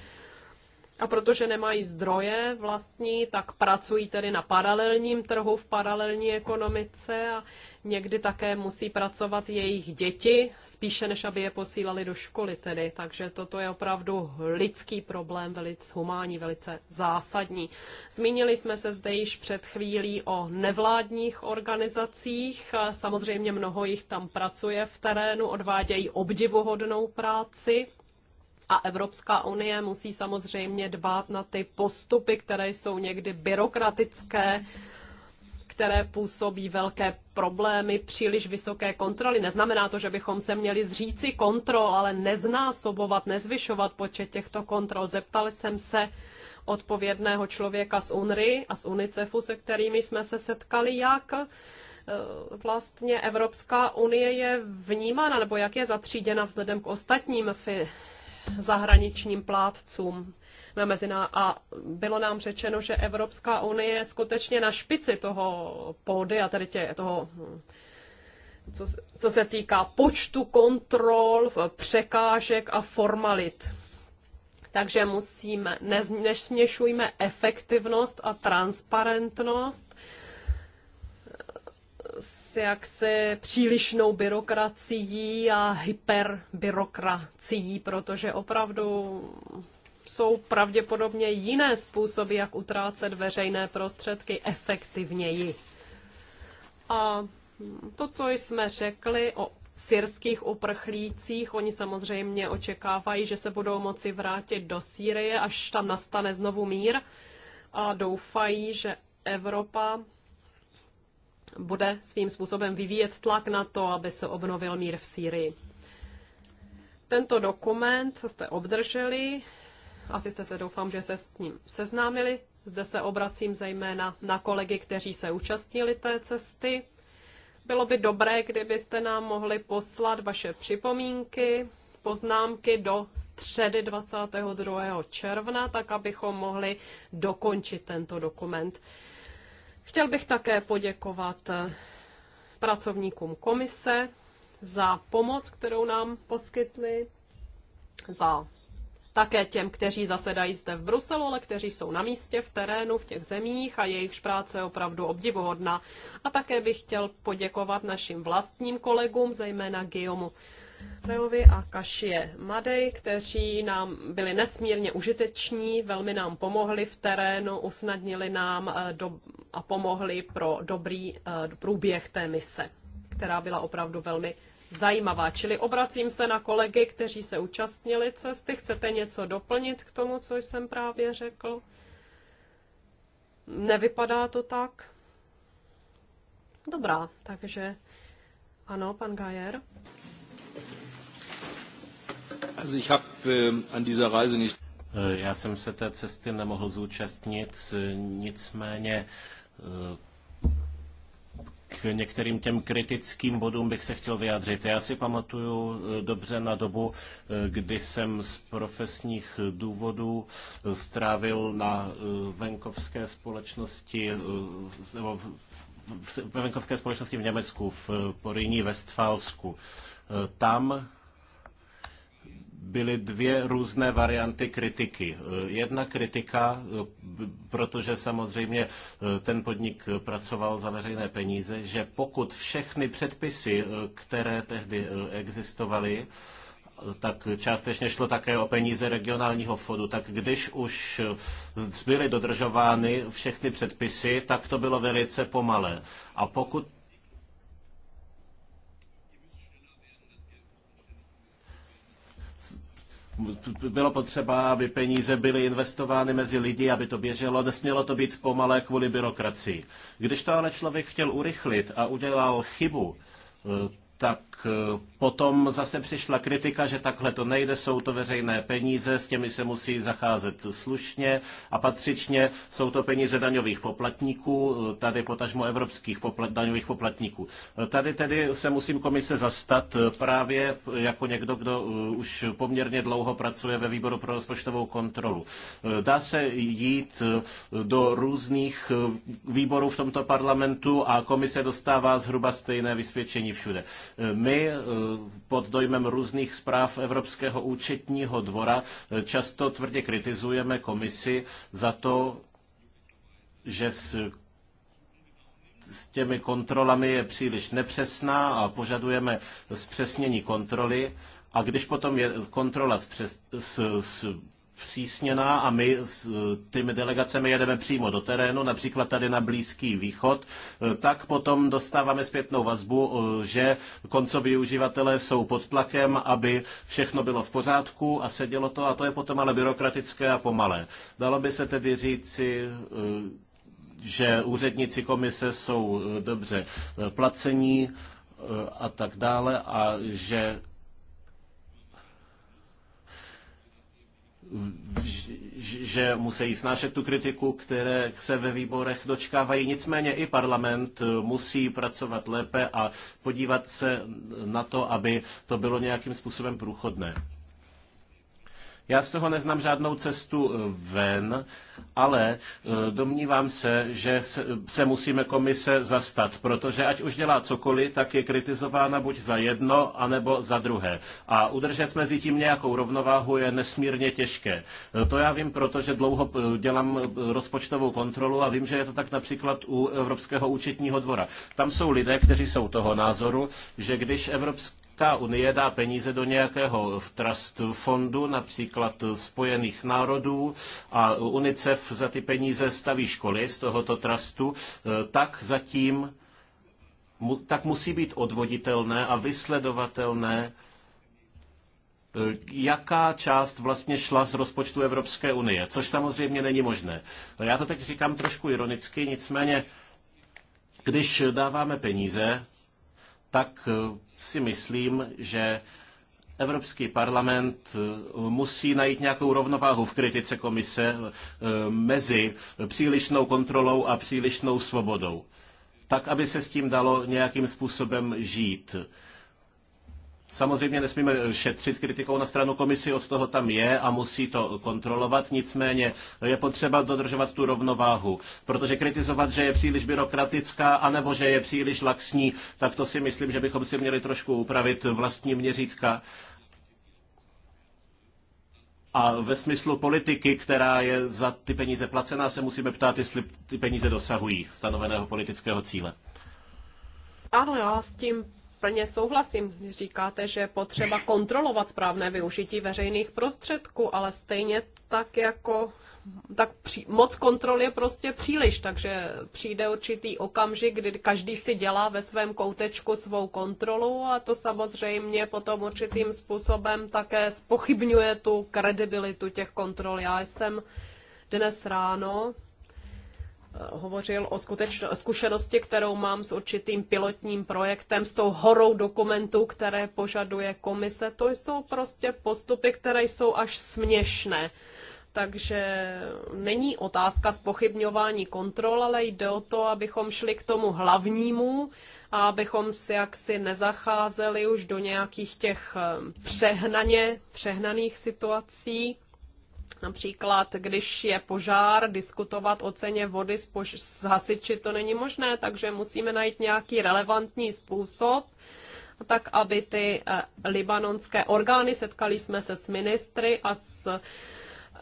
a protože nemají zdroje vlastní, tak pracují tedy na paralelním trhu, v paralelní ekonomice a někdy také musí pracovat jejich děti, spíše než aby je posílali do školy tedy. Takže toto je opravdu lidský problém, velice humánní, velice zásadní. Zmínili jsme se zde již před chvílí o nevládních organizacích. Samozřejmě mnoho jich tam pracuje v terénu, odvádějí obdivuhodnou práci a Evropská unie musí samozřejmě dbát na ty postupy, které jsou někdy byrokratické, které působí velké problémy, příliš vysoké kontroly. Neznamená to, že bychom se měli zříci kontrol, ale neznásobovat, nezvyšovat počet těchto kontrol. Zeptal jsem se odpovědného člověka z UNRY a z UNICEFu, se kterými jsme se setkali, jak eh, vlastně Evropská unie je vnímána, nebo jak je zatříděna vzhledem k ostatním zahraničním plátcům. Na mezina a bylo nám řečeno, že Evropská unie je skutečně na špici toho pódy a tedy tě, toho co, co se týká počtu kontrol, překážek a formalit. Takže musíme, nesměšujme efektivnost a transparentnost s jaksi přílišnou byrokracií a hyperbyrokracií, protože opravdu jsou pravděpodobně jiné způsoby, jak utrácet veřejné prostředky efektivněji. A to, co jsme řekli o syrských uprchlících. Oni samozřejmě očekávají, že se budou moci vrátit do Sýrie, až tam nastane znovu mír a doufají, že Evropa bude svým způsobem vyvíjet tlak na to, aby se obnovil mír v Sýrii. Tento dokument jste obdrželi, asi jste se doufám, že se s ním seznámili. Zde se obracím zejména na kolegy, kteří se účastnili té cesty. Bylo by dobré, kdybyste nám mohli poslat vaše připomínky, poznámky do středy 22. června, tak abychom mohli dokončit tento dokument. Chtěl bych také poděkovat eh, pracovníkům komise za pomoc, kterou nám poskytli, za také těm, kteří zasedají zde v Bruselu, ale kteří jsou na místě, v terénu, v těch zemích a jejichž práce je opravdu obdivuhodná. A také bych chtěl poděkovat našim vlastním kolegům, zejména Guillaumu Rajovi a Kašie Madej, kteří nám byli nesmírně užiteční, velmi nám pomohli v terénu, usnadnili nám eh, do, a pomohli pro dobrý eh, průběh té mise, která byla opravdu velmi zajímavá. Čili obracím se na kolegy, kteří se účastnili cesty. Chcete něco doplnit k tomu, co jsem právě řekl? Nevypadá to tak? Dobrá, takže ano, pan Gajer. Also ich ähm, an dieser Reise nicht äh, já jsem se té cesty nemohl zúčastnit, e, nicméně e, k některým těm kritickým bodům bych se chtěl vyjádřit. Já si pamatuju e, dobře na dobu, kdy jsem z profesních důvodů strávil na venkovské společnosti nebo ve venkovské společnosti v Německu, v Poryní Westfalsku. Tam byly dvě různé varianty kritiky. Jedna kritika, protože samozřejmě eh, ten podnik pracoval za veřejné peníze, že pokud všechny předpisy, eh, které tehdy eh, existovaly, tak částečně šlo také o peníze regionálního fondu. Tak když už byly dodržovány všechny předpisy, tak to bylo velice pomalé. A pokud bylo potřeba, aby peníze byly investovány mezi lidi, aby to běželo, nesmělo to být pomalé kvůli byrokracii. Když to ale člověk chtěl urychlit a udělal chybu, eh, tak Eh, potom zase přišla kritika, že takhle to nejde, jsou to veřejné peníze, s těmi se musí zacházet slušně a patřičně, jsou to peníze daňových poplatníků, eh, tady potažmo evropských poplat, daňových poplatníků. Eh, tady tedy se musím komise zastat právě jako někdo, kdo už poměrně dlouho pracuje ve výboru pro rozpočtovou kontrolu. Dá se jít do různých výborů v tomto parlamentu a komise dostává zhruba stejné vysvědčení všude my eh, pod dojmem různých zpráv Evropského účetního dvora eh, často tvrdě kritizujeme komisi za to, že s s těmi kontrolami je příliš nepřesná a požadujeme zpřesnění kontroly. A když potom je kontrola zpřes, s, s zpřísněná a my s e, těmi delegacemi jedeme přímo do terénu, například tady na Blízký východ, e, tak potom dostáváme zpětnou vazbu, e, že koncoví uživatelé jsou pod tlakem, aby všechno bylo v pořádku a sedělo to a to je potom ale byrokratické a pomalé. Dalo by se tedy říci, že úředníci komise jsou dobře placení a tak dále a že že musí snášet tu kritiku, které se ve výborech dočkávají. Nicméně i parlament eh, musí pracovat lépe a podívat se na to, aby to bylo nějakým způsobem průchodné. Já z toho neznám žádnou cestu eh, ven, ale eh, domnívám se, že se musíme komise zastat, protože ať už dělá cokoliv, tak je kritizována buď za jedno, anebo za druhé. A udržet mezi tím nějakou rovnováhu je nesmírně těžké. Eh, to já vím, protože dlouho dělám rozpočtovou kontrolu a vím, že je to tak například u Evropského účetního dvora. Tam jsou lidé, kteří jsou toho názoru, že když Evropský Evropská unie dá peníze do nějakého trust fondu, například Spojených národů a UNICEF za ty peníze staví školy z tohoto trustu, eh, tak zatím tak musí být odvoditelné a vysledovatelné, eh, jaká část vlastně šla z rozpočtu Evropské unie, což samozřejmě není možné. Já to teď říkám trošku ironicky, nicméně, když dáváme peníze, tak eh, si myslím, že Evropský parlament eh, musí najít nějakou rovnováhu v kritice komise eh, mezi přílišnou kontrolou a přílišnou svobodou, tak aby se s tím dalo nějakým způsobem žít. Samozřejmě nesmíme šetřit kritikou na stranu komisi, od toho tam je a musí to kontrolovat, nicméně je potřeba dodržovat tu rovnováhu, protože kritizovat, že je příliš byrokratická anebo že je příliš laxní, tak to si myslím, že bychom si měli trošku upravit vlastní měřítka. A ve smyslu politiky, která je za ty peníze placená, se musíme ptát, jestli ty peníze dosahují stanoveného politického cíle. Ano, já s tím plně souhlasím. Říkáte, že je potřeba kontrolovat správné využití veřejných prostředků, ale stejně tak jako tak při, moc kontrol je prostě příliš, takže přijde určitý okamžik, kdy každý si dělá ve svém koutečku svou kontrolu a to samozřejmě potom určitým způsobem také spochybňuje tu kredibilitu těch kontrol. Já jsem dnes ráno hovořil o skutečno, zkušenosti, kterou mám s určitým pilotním projektem, s tou horou dokumentů, které požaduje komise. To jsou prostě postupy, které jsou až směšné. Takže není otázka zpochybňování kontrol, ale jde o to, abychom šli k tomu hlavnímu a abychom si jaksi nezacházeli už do nějakých těch eh, přehnaně, přehnaných situací Například, když je požár, diskutovat o ceně vody s, pož- s hasiči, to není možné, takže musíme najít nějaký relevantní způsob, tak aby ty eh, libanonské orgány, setkali jsme se s ministry a s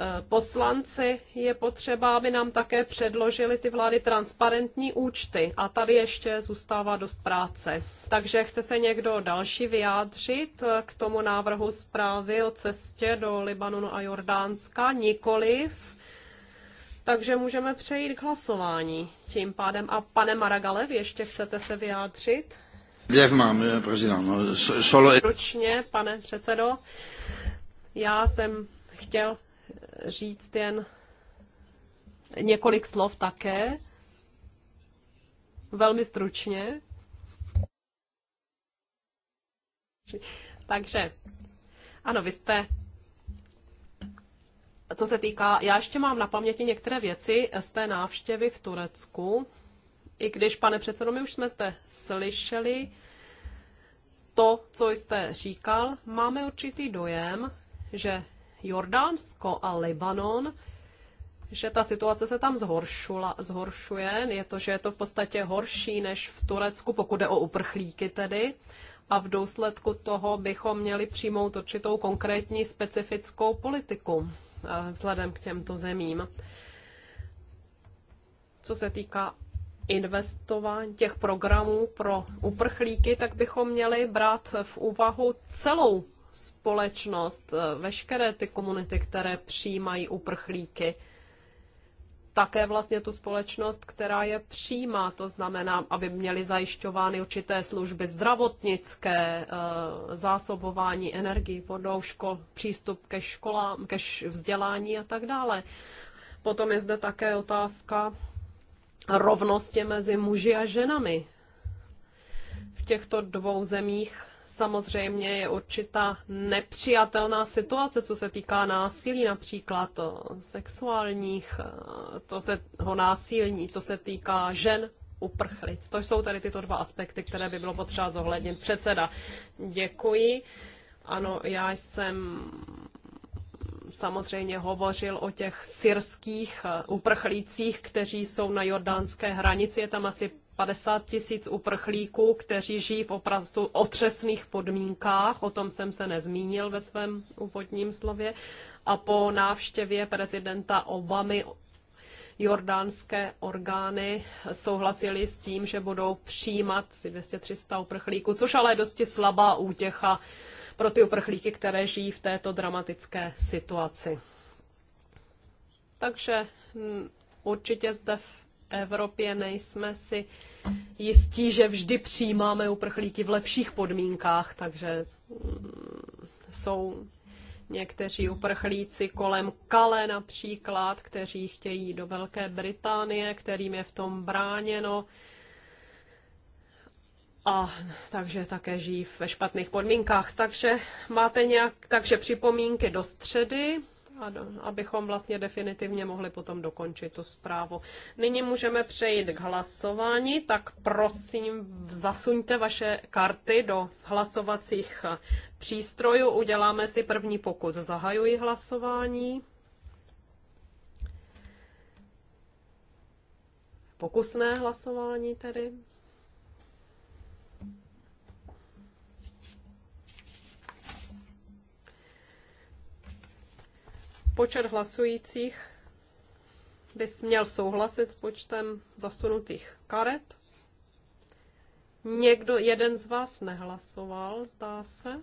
Eh, poslanci je potřeba, aby nám také předložili ty vlády transparentní účty a tady ještě zůstává dost práce. Takže chce se někdo další vyjádřit eh, k tomu návrhu zprávy o cestě do Libanonu a Jordánska? Nikoliv. Takže můžeme přejít k hlasování tím pádem. A pane Maragalev, ještě chcete se vyjádřit? Jak mám, eh, prosím. No, solo... Ručně, pane předsedo. Já jsem chtěl říct jen několik slov také, velmi stručně. Takže, ano, vy jste co se týká, já ještě mám na paměti některé věci z té návštěvy v Turecku, i když, pane předsedo, my už jsme zde slyšeli to, co jste říkal, máme určitý dojem, že Jordánsko a Libanon, že ta situace se tam zhoršula, zhoršuje. Je to, že je to v podstatě horší než v Turecku, pokud jde o uprchlíky tedy. A v důsledku toho bychom měli přijmout určitou konkrétní specifickou politiku eh, vzhledem k těmto zemím. Co se týká investování těch programů pro uprchlíky, tak bychom měli brát v úvahu celou společnost, eh, veškeré ty komunity, které přijímají uprchlíky, také vlastně tu společnost, která je přijímá, to znamená, aby měly zajišťovány určité služby zdravotnické, eh, zásobování energií, vodou, škol, přístup ke školám, ke vzdělání a tak dále. Potom je zde také otázka rovnosti mezi muži a ženami. V těchto dvou zemích samozřejmě je určitá nepřijatelná situace, co se týká násilí, například eh, sexuálních, eh, to se, ho násilní, to se týká žen, uprchlic. To jsou tady tyto dva aspekty, které by bylo potřeba zohlednit. Předseda, děkuji. Ano, já jsem samozřejmě hovořil o těch syrských eh, uprchlících, kteří jsou na jordánské hranici. Je tam asi 50 tisíc uprchlíků, kteří žijí v opravdu otřesných podmínkách, o tom jsem se nezmínil ve svém úvodním slově, a po návštěvě prezidenta Obamy jordánské orgány souhlasili s tím, že budou přijímat si 200-300 uprchlíků, což ale je dosti slabá útěcha pro ty uprchlíky, které žijí v této dramatické situaci. Takže hm, určitě zde v Evropě nejsme si jistí, že vždy přijímáme uprchlíky v lepších podmínkách, takže mm, jsou někteří uprchlíci kolem Kale například, kteří chtějí do Velké Británie, kterým je v tom bráněno. A takže také žijí ve špatných podmínkách. Takže máte nějak, takže připomínky do středy. Ano, abychom vlastně definitivně mohli potom dokončit tu zprávu. Nyní můžeme přejít k hlasování, tak prosím, zasuňte vaše karty do hlasovacích přístrojů. Uděláme si první pokus. Zahajuji hlasování. Pokusné hlasování tedy. počet hlasujících by měl souhlasit s počtem zasunutých karet. Někdo, jeden z vás nehlasoval, zdá se.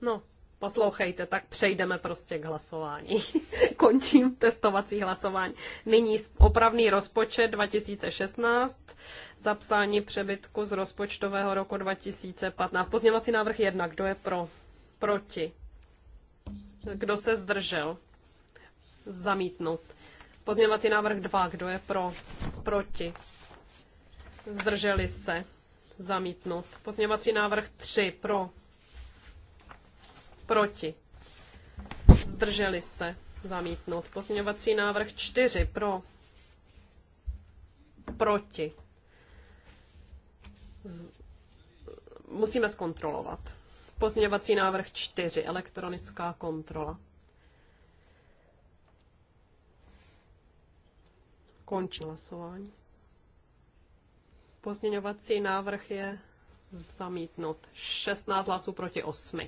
No, poslouchejte, tak přejdeme prostě k hlasování. Končím testovací hlasování. Nyní opravný rozpočet 2016, zapsání přebytku z rozpočtového roku 2015. Pozměňovací návrh jedna, kdo je pro? Proti? Kdo se zdržel? Zamítnout. Pozměňovací návrh 2. Kdo je pro? Proti. Zdrželi se. Zamítnout. Pozměňovací návrh 3. Pro. Proti. Zdrželi se. Zamítnout. Pozměňovací návrh 4. Pro. Proti. Z... Musíme zkontrolovat. Pozměňovací návrh 4. Elektronická kontrola. Končí hlasování. Pozměňovací návrh je zamítnut. 16 hlasů proti 8.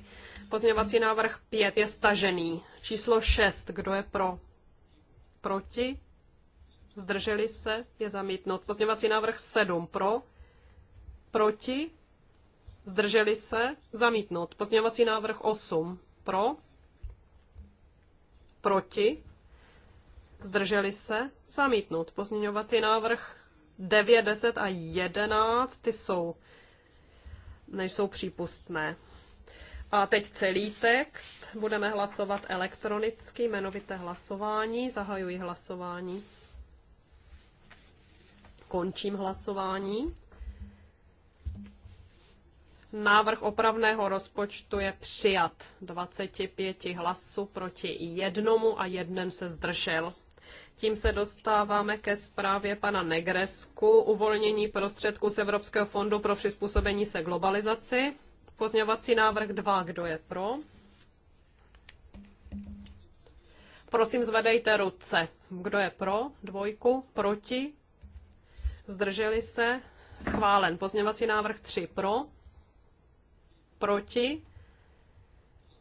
Pozměňovací návrh 5 je stažený. Číslo 6. Kdo je pro? Proti? Zdrželi se? Je zamítnut. Pozměňovací návrh 7 pro? Proti? Zdrželi se? Zamítnout. Pozměňovací návrh 8. Pro? Proti? Zdrželi se? Zamítnout. Pozměňovací návrh 9, 10 a 11, ty jsou, nejsou přípustné. A teď celý text. Budeme hlasovat elektronicky, jmenovité hlasování. Zahajuji hlasování. Končím hlasování. Návrh opravného rozpočtu je přijat 25 hlasů proti jednomu a jeden se zdržel. Tím se dostáváme ke zprávě pana Negresku, uvolnění prostředků z Evropského fondu pro přizpůsobení se globalizaci. Pozměňovací návrh 2, kdo je pro? Prosím, zvedejte ruce. Kdo je pro? Dvojku. Proti? Zdrželi se? Schválen. Pozměňovací návrh 3 pro proti,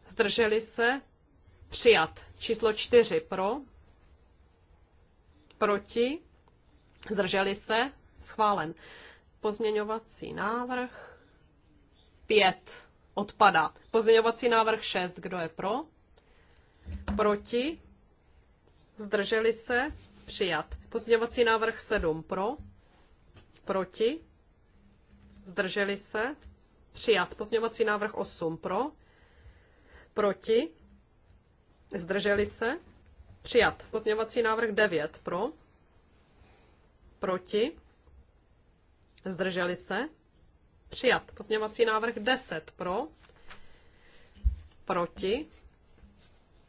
zdrželi se, přijat. Číslo čtyři pro, proti, zdrželi se, schválen. Pozměňovací návrh pět odpada. Pozměňovací návrh šest kdo je pro? Proti, zdrželi se, přijat. Pozměňovací návrh sedm pro, proti, zdrželi se, Přijat. Pozměňovací návrh 8 pro. Proti. Zdrželi se. Přijat. Pozměňovací návrh 9 pro. Proti. Zdrželi se. Přijat. Pozměňovací návrh 10 pro. Proti.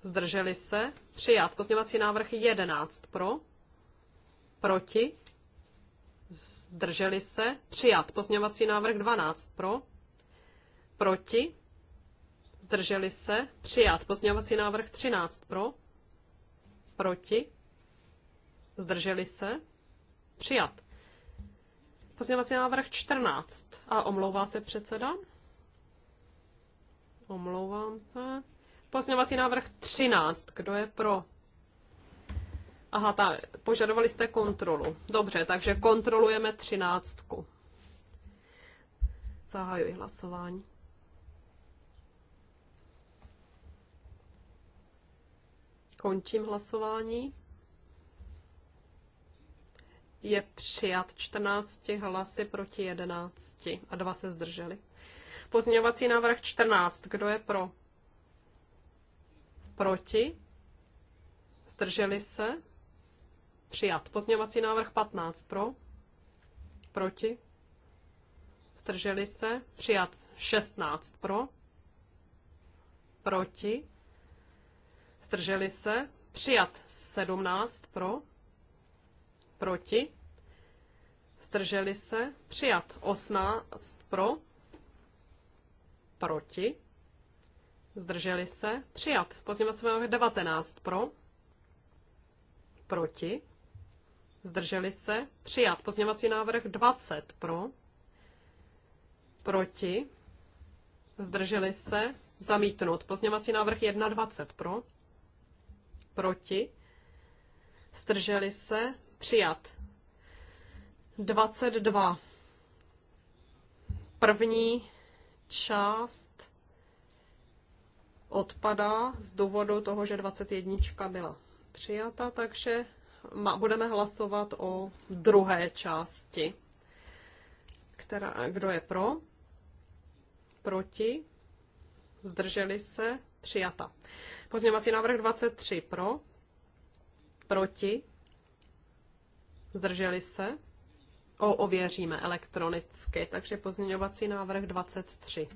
Zdrželi se. Přijat. Pozměňovací návrh 11 pro. Proti. Zdrželi se. Přijat. Pozměňovací návrh 12 pro proti, zdrželi se, přijat. Pozměňovací návrh 13 pro, proti, zdrželi se, přijat. Pozměňovací návrh 14. A omlouvá se předseda? Omlouvám se. Pozměňovací návrh 13. Kdo je pro? Aha, ta, požadovali jste kontrolu. Dobře, takže kontrolujeme třináctku. Zahajuji hlasování. Končím hlasování. Je přijat 14 hlasy proti 11 a dva se zdrželi. Pozměňovací návrh 14. Kdo je pro? Proti? Zdrželi se? Přijat. Pozměňovací návrh 15. Pro? Proti? Zdrželi se? Přijat. 16. Pro? Proti? Zdrželi se? Přijat 17 pro. Proti. Zdrželi se? Přijat 18 pro. Proti. Zdrželi se? Přijat. Pozměňovací návrh 19 pro. Proti. Zdrželi se? Přijat. Pozměňovací návrh 20 pro. Proti. Zdrželi se? Zamítnut. Pozměňovací návrh 21 pro proti, zdrželi se, přijat. 22. První část odpadá z důvodu toho, že 21 byla přijata, takže budeme hlasovat o druhé části. Která, kdo je pro? Proti? Zdrželi se? Přijata. Pozměňovací návrh 23 pro, proti, zdrželi se, o, ověříme elektronicky, takže pozměňovací návrh 23.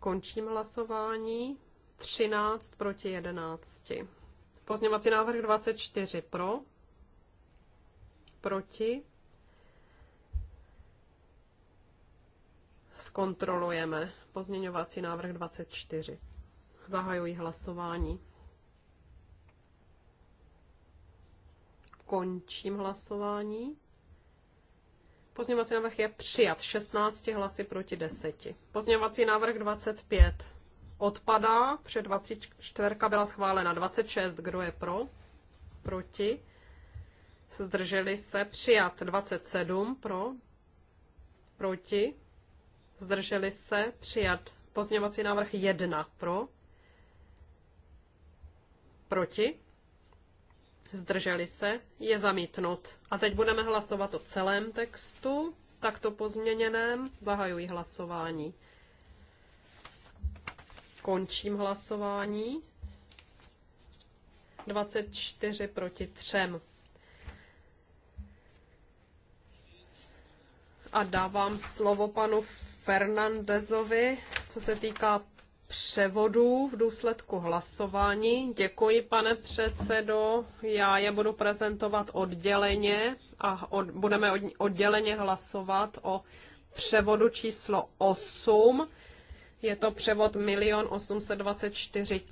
Končím hlasování. 13 proti 11. Pozměňovací návrh 24 pro, proti, Zkontrolujeme pozměňovací návrh 24. Zahajuji hlasování. Končím hlasování. Pozměňovací návrh je přijat 16 hlasy proti 10. Pozměňovací návrh 25 odpadá, před 24 byla schválena 26, kdo je pro, proti, zdrželi se, přijat 27 pro, proti, zdrželi se, přijat. Pozměňovací návrh 1 pro, proti, zdrželi se, je zamítnut. A teď budeme hlasovat o celém textu, takto pozměněném. Zahajuji hlasování. Končím hlasování. 24 proti 3. a dávám slovo panu Fernandezovi, co se týká převodů v důsledku hlasování. Děkuji, pane předsedo. Já je budu prezentovat odděleně a od, budeme od, odděleně hlasovat o převodu číslo 8. Je to převod 1 824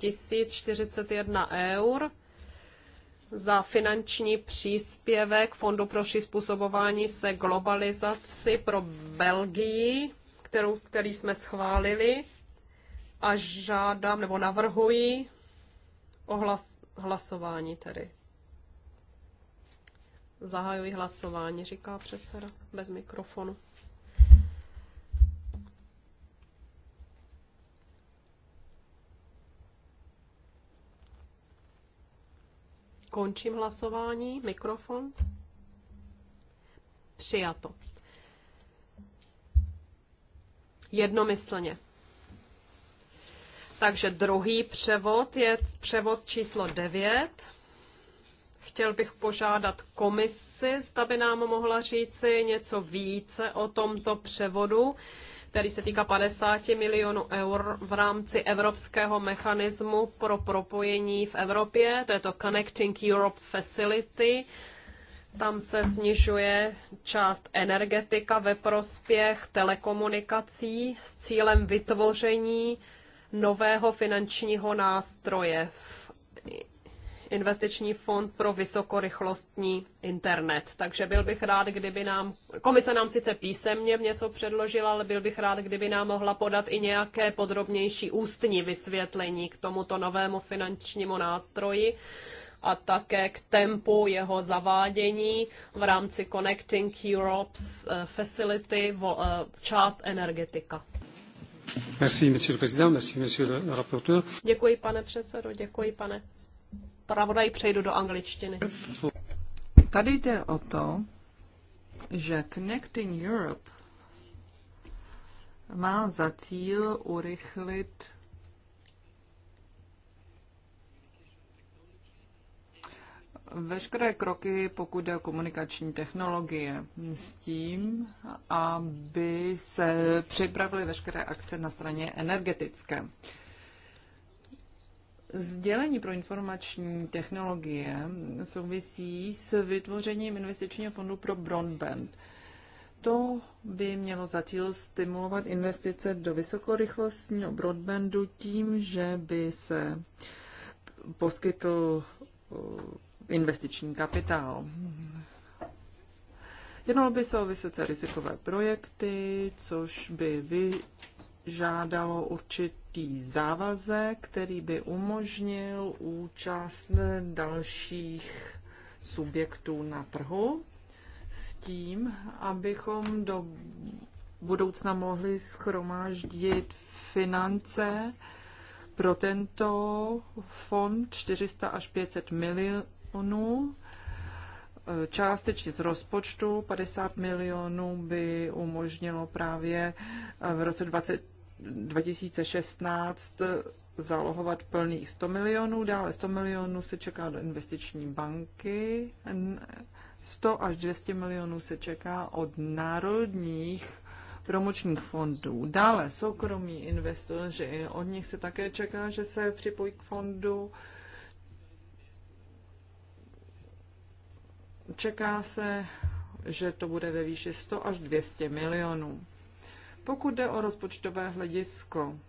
041 eur za finanční příspěvek Fondu pro přizpůsobování se globalizaci pro Belgii, kterou, který jsme schválili a žádám nebo navrhuji o hlas, hlasování tedy. Zahajuji hlasování, říká předseda bez mikrofonu. Končím hlasování. Mikrofon. Přijato. Jednomyslně. Takže druhý převod je převod číslo 9. Chtěl bych požádat komisi, zda by nám mohla říci něco více o tomto převodu který se týká 50 milionů eur v rámci evropského mechanismu pro propojení v Evropě, to je to Connecting Europe Facility. Tam se snižuje část energetika ve prospěch telekomunikací s cílem vytvoření nového finančního nástroje investiční fond pro vysokorychlostní internet. Takže byl bych rád, kdyby nám, komise nám sice písemně něco předložila, ale byl bych rád, kdyby nám mohla podat i nějaké podrobnější ústní vysvětlení k tomuto novému finančnímu nástroji a také k tempu jeho zavádění v rámci Connecting Europe's eh, Facility eh, část energetika. Merci, monsieur le président, merci, monsieur le rapporteur. Děkuji, pane předsedo, děkuji, pane zpravodaj přejdu do angličtiny. Tady jde o to, že Connecting Europe má za cíl urychlit veškeré kroky, pokud jde o komunikační technologie, s tím, aby se připravily veškeré akce na straně energetické. Sdělení pro informační technologie souvisí s vytvořením investičního fondu pro broadband. To by mělo zatím stimulovat investice do vysokorychlostního broadbandu tím, že by se poskytl uh, investiční kapitál. Jednalo by se o vysoce rizikové projekty, což by vyžádalo určitě nějaký závazek, který by umožnil účast dalších subjektů na trhu s tím, abychom do budoucna mohli schromáždit finance pro tento fond 400 až 500 milionů. Částečně z rozpočtu 50 milionů by umožnilo právě v roce 20 2016 zálohovat plných 100 milionů, dále 100 milionů se čeká do investiční banky, 100 až 200 milionů se čeká od národních promočních fondů. Dále soukromí investoři, od nich se také čeká, že se připojí k fondu. Čeká se, že to bude ve výši 100 až 200 milionů. Pokud jde o rozpočtové hledisko,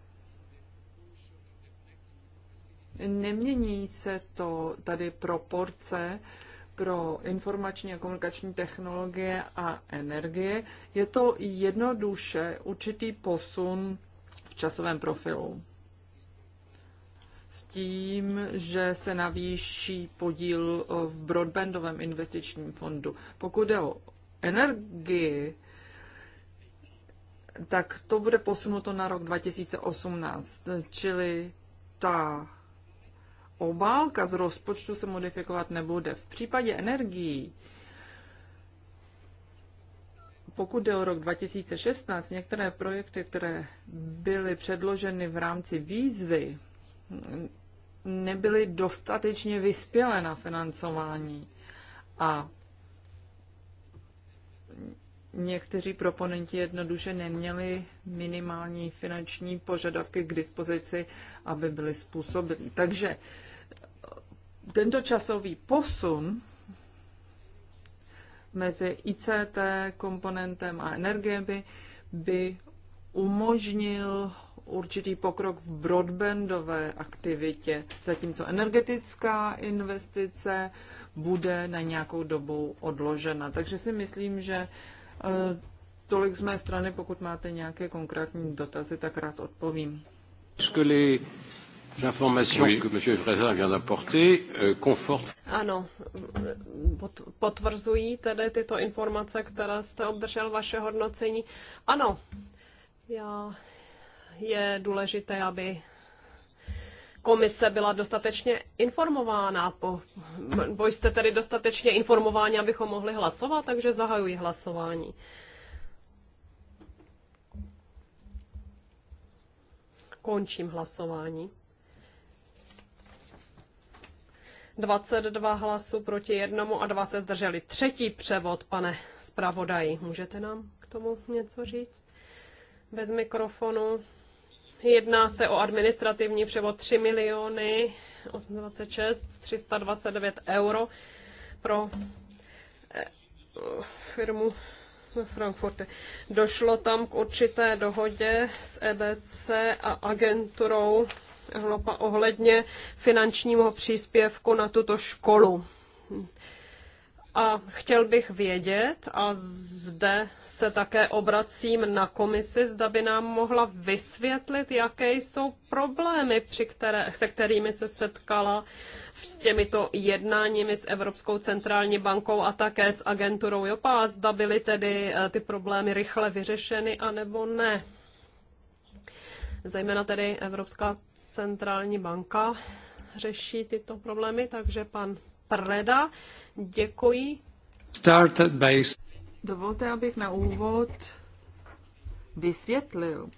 nemění se to tady proporce pro informační a komunikační technologie a energie. Je to jednoduše určitý posun v časovém profilu. S tím, že se navýší podíl v broadbandovém investičním fondu. Pokud jde o energii, tak to bude posunuto na rok 2018, čili ta obálka z rozpočtu se modifikovat nebude. V případě energií, pokud jde o rok 2016, některé projekty, které byly předloženy v rámci výzvy, nebyly dostatečně vyspělé na financování. A někteří proponenti jednoduše neměli minimální finanční požadavky k dispozici, aby byly způsobili. Takže tento časový posun mezi ICT komponentem a energiemi by umožnil určitý pokrok v broadbandové aktivitě, zatímco energetická investice bude na nějakou dobu odložena. Takže si myslím, že E, tolik z mé strany, pokud máte nějaké konkrétní dotazy, tak rád odpovím. Euh, ano, potvrzují tedy tyto informace, které jste obdržel vaše hodnocení. Ano, já, je důležité, aby komise byla dostatečně informována. Po, bo jste tedy dostatečně informováni, abychom mohli hlasovat, takže zahajuji hlasování. Končím hlasování. 22 hlasů proti jednomu a dva se zdrželi. Třetí převod, pane zpravodaji. Můžete nám k tomu něco říct? Bez mikrofonu. Jedná se o administrativní převod 3 miliony 826 329 euro pro eh, firmu ve Frankfurte. Došlo tam k určité dohodě s EBC a agenturou Evropa ohledně finančního příspěvku na tuto školu. A chtěl bych vědět, a zde se také obracím na komisi, zda by nám mohla vysvětlit, jaké jsou problémy, při které, se kterými se setkala s těmito jednáními s Evropskou centrální bankou a také s agenturou JOPA, zda byly tedy eh, ty problémy rychle vyřešeny, anebo ne. Zejména tedy Evropská centrální banka řeší tyto problémy, takže pan Preda. Děkuji. base. Dovolte, abych na úvod vysvětlil,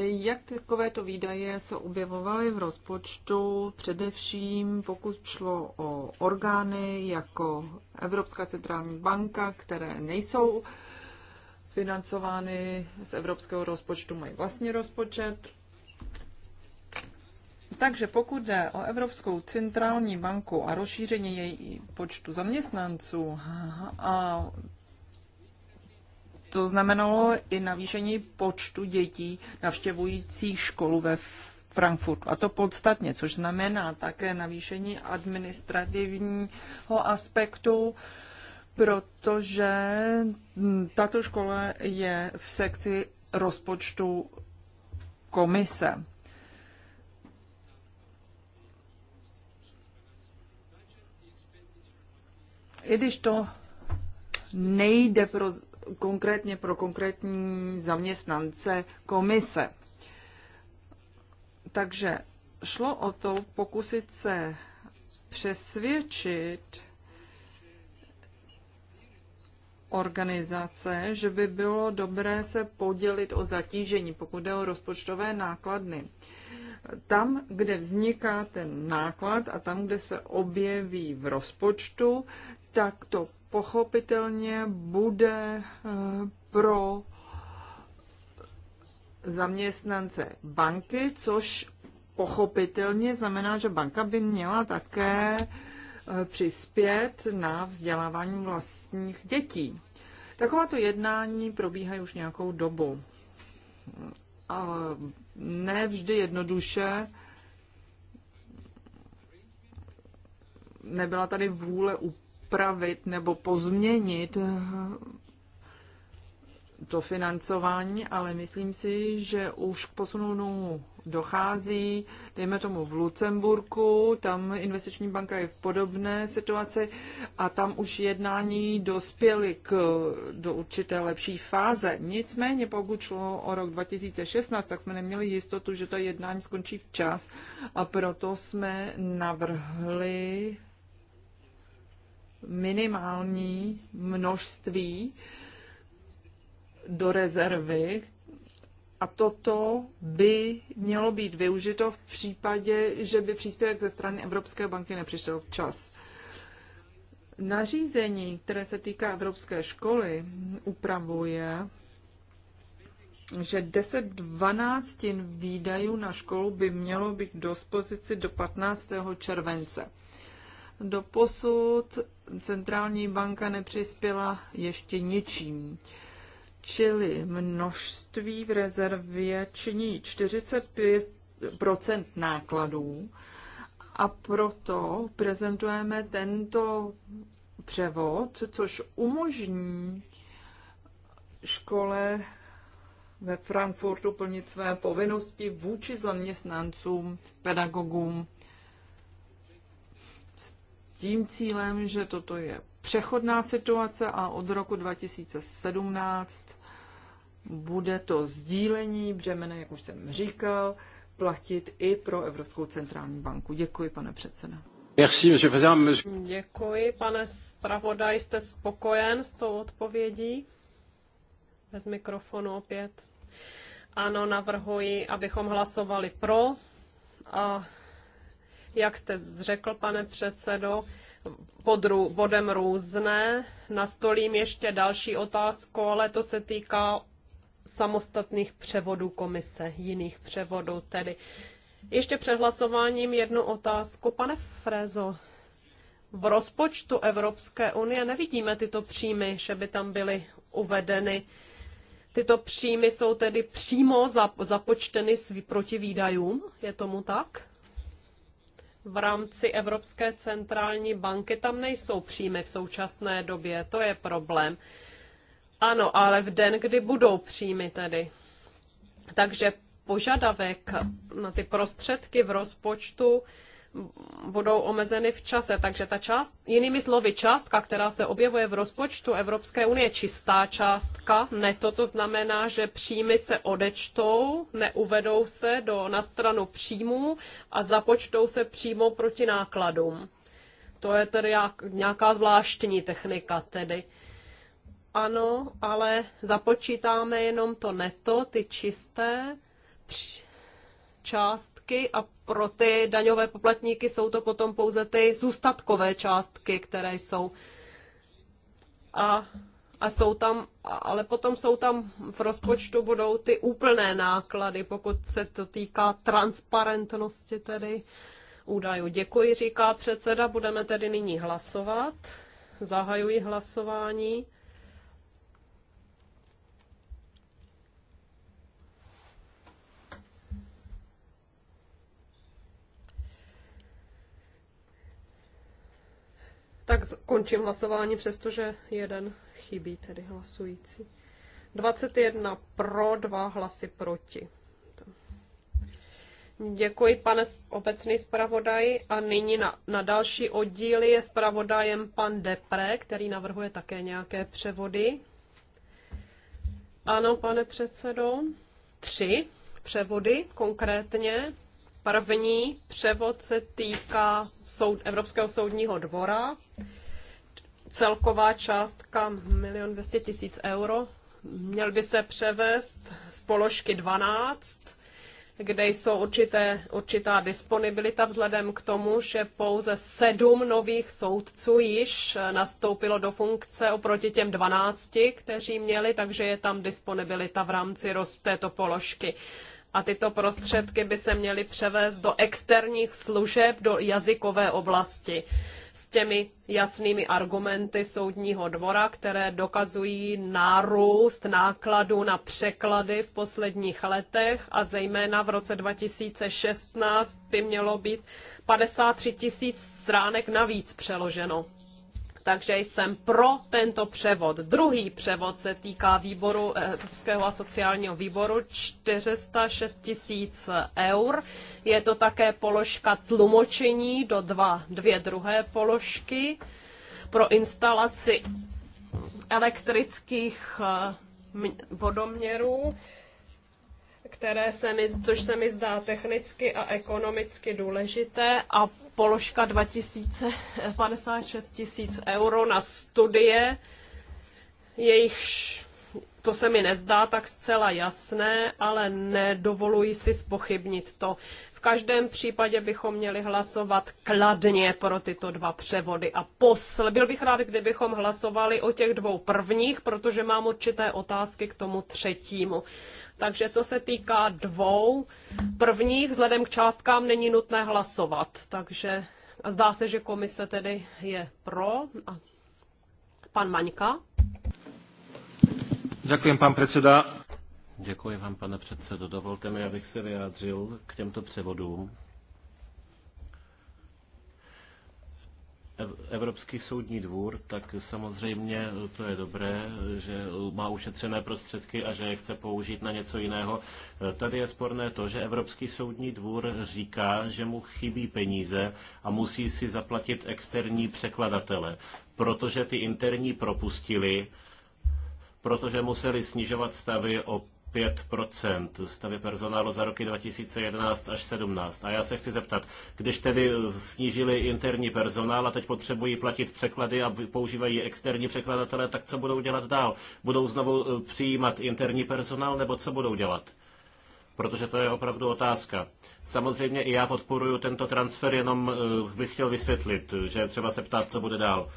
jak takovéto výdaje se objevovaly v rozpočtu, především pokud šlo o orgány jako Evropská centrální banka, které nejsou financovány z evropského rozpočtu, mají vlastní rozpočet, takže pokud jde o Evropskou centrální banku a rozšíření její počtu zaměstnanců, a to znamenalo i navýšení počtu dětí navštěvujících školu ve Frankfurtu. A to podstatně, což znamená také navýšení administrativního aspektu, protože tato škola je v sekci rozpočtu komise. i když to nejde pro, konkrétně pro konkrétní zaměstnance komise. Takže šlo o to pokusit se přesvědčit organizace, že by bylo dobré se podělit o zatížení, pokud jde o rozpočtové nákladny. Tam, kde vzniká ten náklad a tam, kde se objeví v rozpočtu, tak to pochopitelně bude eh, pro zaměstnance banky, což pochopitelně znamená, že banka by měla také eh, přispět na vzdělávání vlastních dětí. Takováto jednání probíhají už nějakou dobu. A ne vždy jednoduše. Nebyla tady vůle úplně upravit nebo pozměnit to financování, ale myslím si, že už k posunu dochází, dejme tomu v Lucemburku, tam investiční banka je v podobné situaci a tam už jednání dospěly k, do určité lepší fáze. Nicméně, pokud šlo o rok 2016, tak jsme neměli jistotu, že to jednání skončí včas a proto jsme navrhli minimální množství do rezervy, a toto by mělo být využito v případě, že by příspěvek ze strany Evropské banky nepřišel včas. Nařízení, které se týká Evropské školy, upravuje, že 10 dvanáctin výdajů na školu by mělo být k dispozici do 15. července. Doposud centrální banka nepřispěla ještě ničím. Čili množství v rezervě činí 45 nákladů a proto prezentujeme tento převod, což umožní škole ve Frankfurtu plnit své povinnosti vůči zaměstnancům, pedagogům tím cílem, že toto je přechodná situace a od roku 2017 bude to sdílení břemene, jak už jsem říkal, platit i pro Evropskou centrální banku. Děkuji, pane předseda. Děkuji, pane zpravodaj, jste spokojen s tou odpovědí? Bez mikrofonu opět. Ano, navrhuji, abychom hlasovali pro a jak jste řekl, pane předsedo, pod rů, bodem různé. Nastolím ještě další otázku, ale to se týká samostatných převodů komise, jiných převodů tedy. Ještě před hlasováním jednu otázku. Pane Frezo, v rozpočtu Evropské unie nevidíme tyto příjmy, že by tam byly uvedeny. Tyto příjmy jsou tedy přímo započteny proti výdajům, je tomu tak? v rámci Evropské centrální banky tam nejsou příjmy v současné době. To je problém. Ano, ale v den, kdy budou příjmy tedy. Takže požadavek na ty prostředky v rozpočtu budou omezeny v čase. Takže ta část, jinými slovy, částka, která se objevuje v rozpočtu Evropské unie, čistá částka, ne to znamená, že příjmy se odečtou, neuvedou se do, na stranu příjmů a započtou se přímo proti nákladům. To je tedy jak, nějaká zvláštní technika tedy. Ano, ale započítáme jenom to neto, ty čisté část částky a pro ty daňové poplatníky jsou to potom pouze ty zůstatkové částky, které jsou. A, a jsou tam, ale potom jsou tam v rozpočtu budou ty úplné náklady, pokud se to týká transparentnosti tedy údajů. Děkuji, říká předseda. Budeme tedy nyní hlasovat. Zahajuji hlasování. Tak končím hlasování, přestože jeden chybí tedy hlasující. 21 pro, dva hlasy proti. Děkuji, pane obecný zpravodaj. A nyní na, na další oddíly je zpravodajem pan Depre, který navrhuje také nějaké převody. Ano, pane předsedo, tři převody konkrétně. První převod se týká soud, Evropského soudního dvora. Celková částka 1 200 000 euro. Měl by se převést z položky 12 kde jsou určité, určitá disponibilita vzhledem k tomu, že pouze sedm nových soudců již nastoupilo do funkce oproti těm 12, kteří měli, takže je tam disponibilita v rámci roz této položky a tyto prostředky by se měly převést do externích služeb, do jazykové oblasti s těmi jasnými argumenty soudního dvora, které dokazují nárůst nákladů na překlady v posledních letech a zejména v roce 2016 by mělo být 53 tisíc stránek navíc přeloženo takže jsem pro tento převod. Druhý převod se týká výboru eh, Evropského a sociálního výboru 406 tisíc eur. Je to také položka tlumočení do dva, dvě druhé položky pro instalaci elektrických eh, vodoměrů které se mi, což se mi zdá technicky a ekonomicky důležité. A položka 2056 tisíc euro na studie, jejichž to se mi nezdá tak zcela jasné, ale nedovoluji si spochybnit to. V každém případě bychom měli hlasovat kladně pro tyto dva převody. A posl, byl bych rád, kdybychom hlasovali o těch dvou prvních, protože mám určité otázky k tomu třetímu. Takže co se týká dvou prvních, vzhledem k částkám není nutné hlasovat. Takže zdá se, že komise tedy je pro. A pan Maňka. Děkuji, Děkuji vám, pane předsedo. Dovolte mi, abych se vyjádřil k těmto převodům. Evropský soudní dvůr, tak samozřejmě to je dobré, že má ušetřené prostředky a že je chce použít na něco jiného. Tady je sporné to, že Evropský soudní dvůr říká, že mu chybí peníze a musí si zaplatit externí překladatele, protože ty interní propustili protože museli snižovat stavy o 5% stavy personálu za roky 2011 až 17. A já se chci zeptat, když tedy snížili interní personál a teď potřebují platit překlady a používají externí překladatele, tak co budou dělat dál? Budou znovu eh, přijímat interní personál nebo co budou dělat? Protože to je opravdu otázka. Samozřejmě i já podporuji tento transfer, jenom eh, bych chtěl vysvětlit, že třeba se ptát, co bude dál.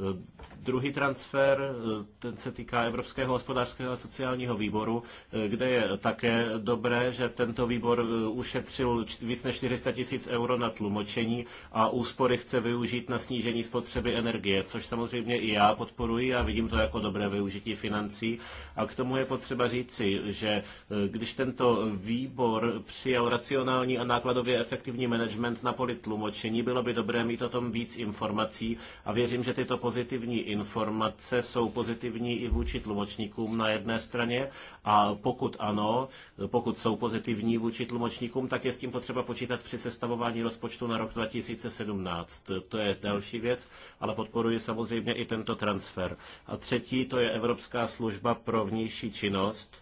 Eh, druhý transfer, eh, ten se týká Evropského hospodářského a sociálního výboru, eh, kde je také dobré, že tento výbor ušetřil víc než 400 tisíc euro na tlumočení a úspory chce využít na snížení spotřeby energie, což samozřejmě i já podporuji a vidím to jako dobré využití financí. A k tomu je potřeba říci, že když tento výbor přijal racionální a nákladově efektivní management na poli tlumočení, bylo by dobré mít o tom víc informací a věřím, že tyto pozitivní informace jsou pozitivní i vůči tlumočníkům na jedné straně a pokud ano, pokud jsou pozitivní vůči tlumočníkům, tak je s tím potřeba počítat při sestavování rozpočtu na rok 2017. To je další věc, ale podporuji samozřejmě i tento transfer. A třetí, to je Evropská služba pro vnější činnost.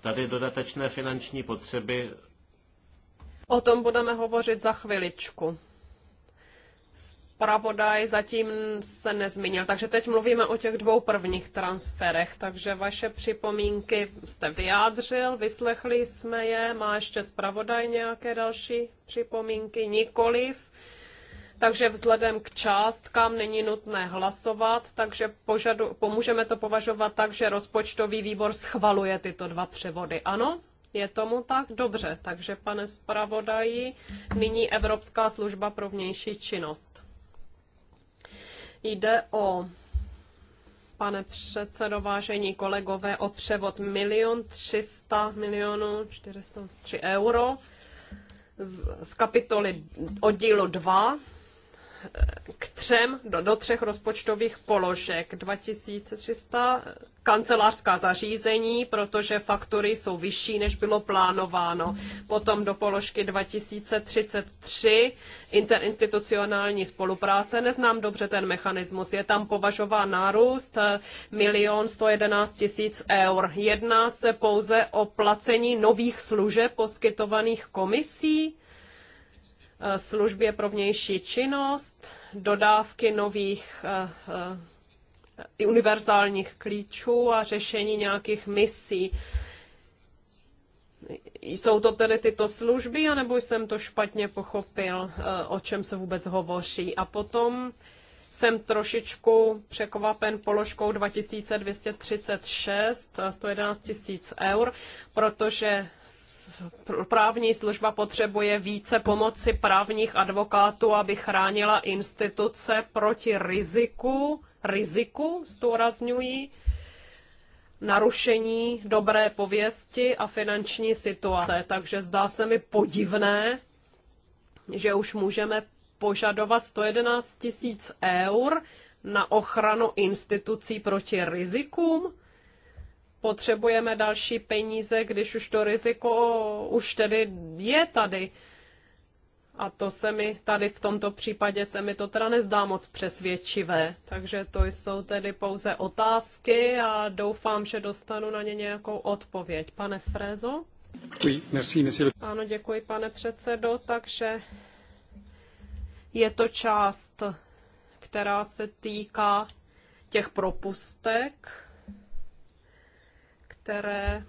Tady dodatečné finanční potřeby O tom budeme hovořit za chviličku. Spravodaj zatím se nezmínil, takže teď mluvíme o těch dvou prvních transferech, takže vaše připomínky jste vyjádřil, vyslechli jsme je, má ještě spravodaj nějaké další připomínky? Nikoliv. Takže vzhledem k částkám není nutné hlasovat, takže požadu, pomůžeme to považovat tak, že rozpočtový výbor schvaluje tyto dva převody. Ano? Je tomu tak? Dobře, takže pane zpravodaji, nyní Evropská služba pro vnější činnost. Jde o pane předsedo, vážení kolegové, o převod 1 300 milionů 403 euro z, z kapitoly oddílu 2 k třem, do, do třech rozpočtových položek 2300 kancelářská zařízení, protože faktury jsou vyšší, než bylo plánováno. Potom do položky 2033 interinstitucionální spolupráce. Neznám dobře ten mechanismus. Je tam považován nárůst 1 eh, 111 tisíc eur. Jedná se pouze o placení nových služeb poskytovaných komisí Eh, službě pro vnější činnost, dodávky nových eh, eh, univerzálních klíčů a řešení nějakých misí. Jsou to tedy tyto služby, anebo jsem to špatně pochopil, o čem se vůbec hovoří. A potom jsem trošičku překvapen položkou 2236, 111 000 eur, protože právní služba potřebuje více pomoci právních advokátů, aby chránila instituce proti riziku, riziku zdůrazňují, narušení dobré pověsti a finanční situace. Takže zdá se mi podivné, že už můžeme požadovat 111 tisíc eur na ochranu institucí proti rizikům potřebujeme další peníze, když už to riziko už tedy je tady. A to se mi tady v tomto případě se mi to teda nezdá moc přesvědčivé. Takže to jsou tedy pouze otázky a doufám, že dostanu na ně nějakou odpověď. Pane Frézo? Oui, merci, monsieur. Ano, děkuji, pane předsedo. Takže je to část, která se týká těch propustek, které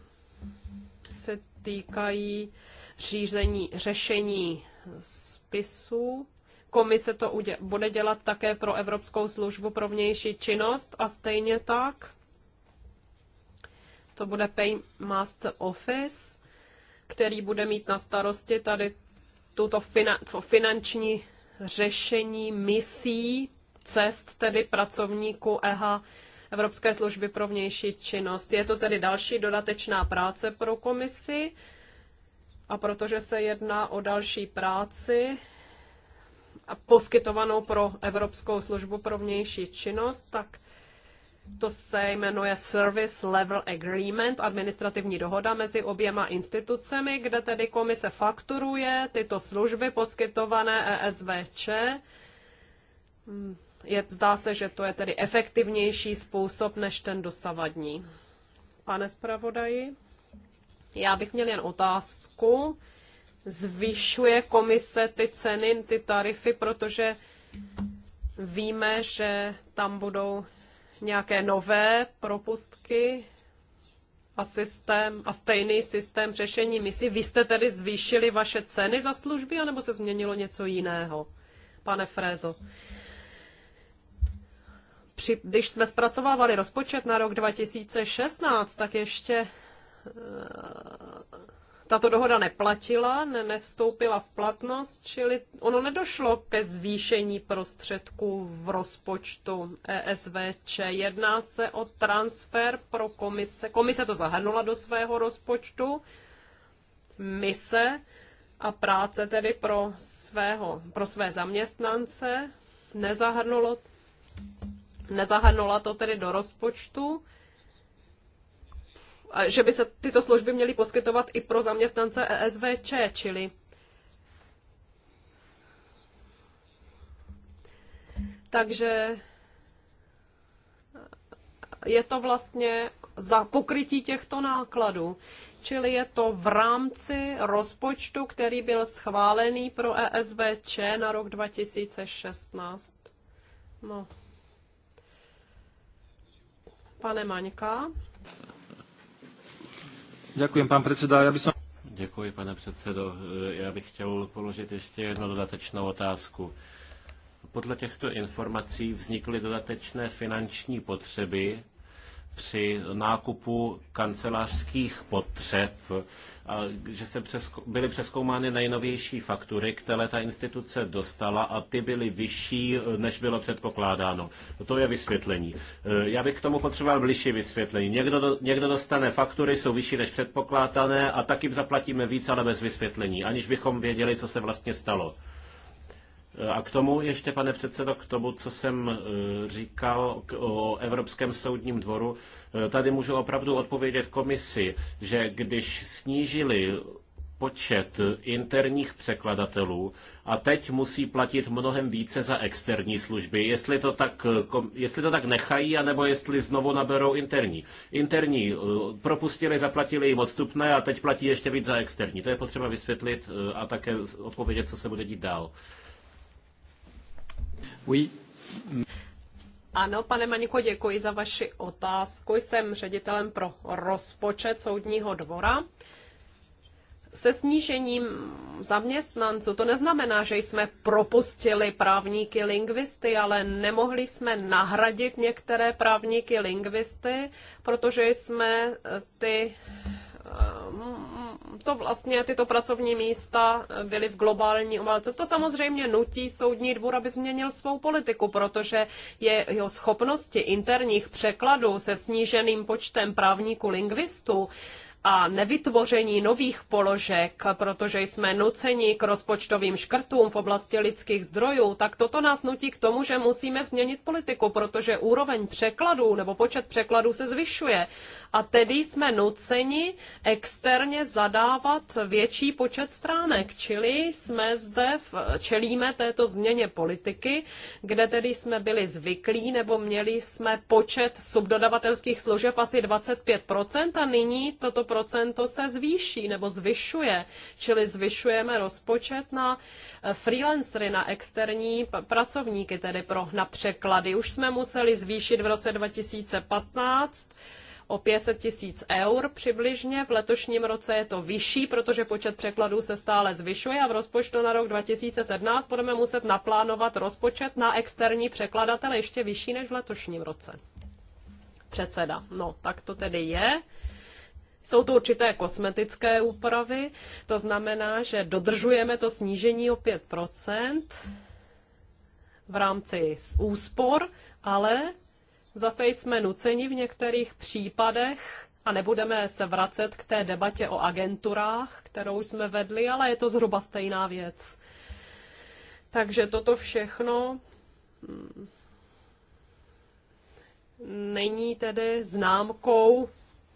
se týkají řízení, řešení spisů. Komise to udě- bude dělat také pro Evropskou službu pro vnější činnost a stejně tak to bude Paymaster Office, který bude mít na starosti tady tuto finan- finanční řešení misí cest, tedy pracovníků EHA, Evropské služby pro vnější činnost. Je to tedy další dodatečná práce pro komisi a protože se jedná o další práci, a poskytovanou pro Evropskou službu pro vnější činnost, tak to se jmenuje Service Level Agreement, administrativní dohoda mezi oběma institucemi, kde tedy komise fakturuje tyto služby poskytované ESVČ hmm. Je, zdá se, že to je tedy efektivnější způsob než ten dosavadní. Pane zpravodaji, já bych měl jen otázku. Zvyšuje komise ty ceny, ty tarify, protože víme, že tam budou nějaké nové propustky a systém a stejný systém řešení misí. Vy jste tedy zvýšili vaše ceny za služby, anebo se změnilo něco jiného? Pane Frézo při, když jsme zpracovávali rozpočet na rok 2016, tak ještě eh, tato dohoda neplatila, ne, nevstoupila v platnost, čili ono nedošlo ke zvýšení prostředků v rozpočtu ESVČ. Jedná se o transfer pro komise. Komise to zahrnula do svého rozpočtu. Mise a práce tedy pro, svého, pro své zaměstnance nezahrnulo nezahrnula to tedy do rozpočtu, že by se tyto služby měly poskytovat i pro zaměstnance ESVČ, čili Takže je to vlastně za pokrytí těchto nákladů. Čili je to v rámci rozpočtu, který byl schválený pro ESVČ na rok 2016. No. Pane Maňka. Děkuji, pan předseda. Já bych Děkuji, pane předsedo. Já bych chtěl položit ještě jednu dodatečnou otázku. Podle těchto informací vznikly dodatečné finanční potřeby při nákupu kancelářských potřeb, že se přesko- byly přeskoumány nejnovější faktury, které ta instituce dostala a ty byly vyšší, než bylo předpokládáno. To je vysvětlení. Já bych k tomu potřeboval bližší vysvětlení. Někdo, do, někdo dostane faktury, jsou vyšší než předpokládané a taky zaplatíme víc, ale bez vysvětlení, aniž bychom věděli, co se vlastně stalo. A k tomu ještě, pane předsedo, k tomu, co jsem e, říkal o Evropském soudním dvoru, e, tady můžu opravdu odpovědět komisi, že když snížili počet interních překladatelů a teď musí platit mnohem více za externí služby, jestli to tak, e, jestli to tak nechají, anebo jestli znovu naberou interní. Interní propustili, zaplatili jim odstupné a teď platí ještě víc za externí. To je potřeba vysvětlit a také odpovědět, co se bude dít dál. Ano, pane Maniko, děkuji za vaši otázku. Jsem ředitelem pro rozpočet soudního dvora se snížením zaměstnanců. To neznamená, že jsme propustili právníky lingvisty, ale nemohli jsme nahradit některé právníky lingvisty, protože jsme eh, ty eh, to vlastně tyto pracovní místa byly v globální umělce. To samozřejmě nutí soudní dvůr, aby změnil svou politiku, protože je jeho schopnosti interních překladů se sníženým počtem právníků lingvistů a nevytvoření nových položek, protože jsme nuceni k rozpočtovým škrtům v oblasti lidských zdrojů, tak toto nás nutí k tomu, že musíme změnit politiku, protože úroveň překladů nebo počet překladů se zvyšuje. A tedy jsme nuceni externě zadávat větší počet stránek, čili jsme zde v, čelíme této změně politiky, kde tedy jsme byli zvyklí nebo měli jsme počet subdodavatelských služeb asi 25% a nyní toto procento se zvýší nebo zvyšuje, čili zvyšujeme rozpočet na eh, freelancery, na externí pracovníky, tedy pro na překlady. Už jsme museli zvýšit v roce 2015 o 500 tisíc eur přibližně. V letošním roce je to vyšší, protože počet překladů se stále zvyšuje a v rozpočtu na rok 2017 budeme muset naplánovat rozpočet na externí překladatele ještě vyšší než v letošním roce. Předseda. No, tak to tedy je. Jsou to určité kosmetické úpravy, to znamená, že dodržujeme to snížení o 5 v rámci úspor, ale zase jsme nuceni v některých případech a nebudeme se vracet k té debatě o agenturách, kterou jsme vedli, ale je to zhruba stejná věc. Takže toto všechno mm, není tedy známkou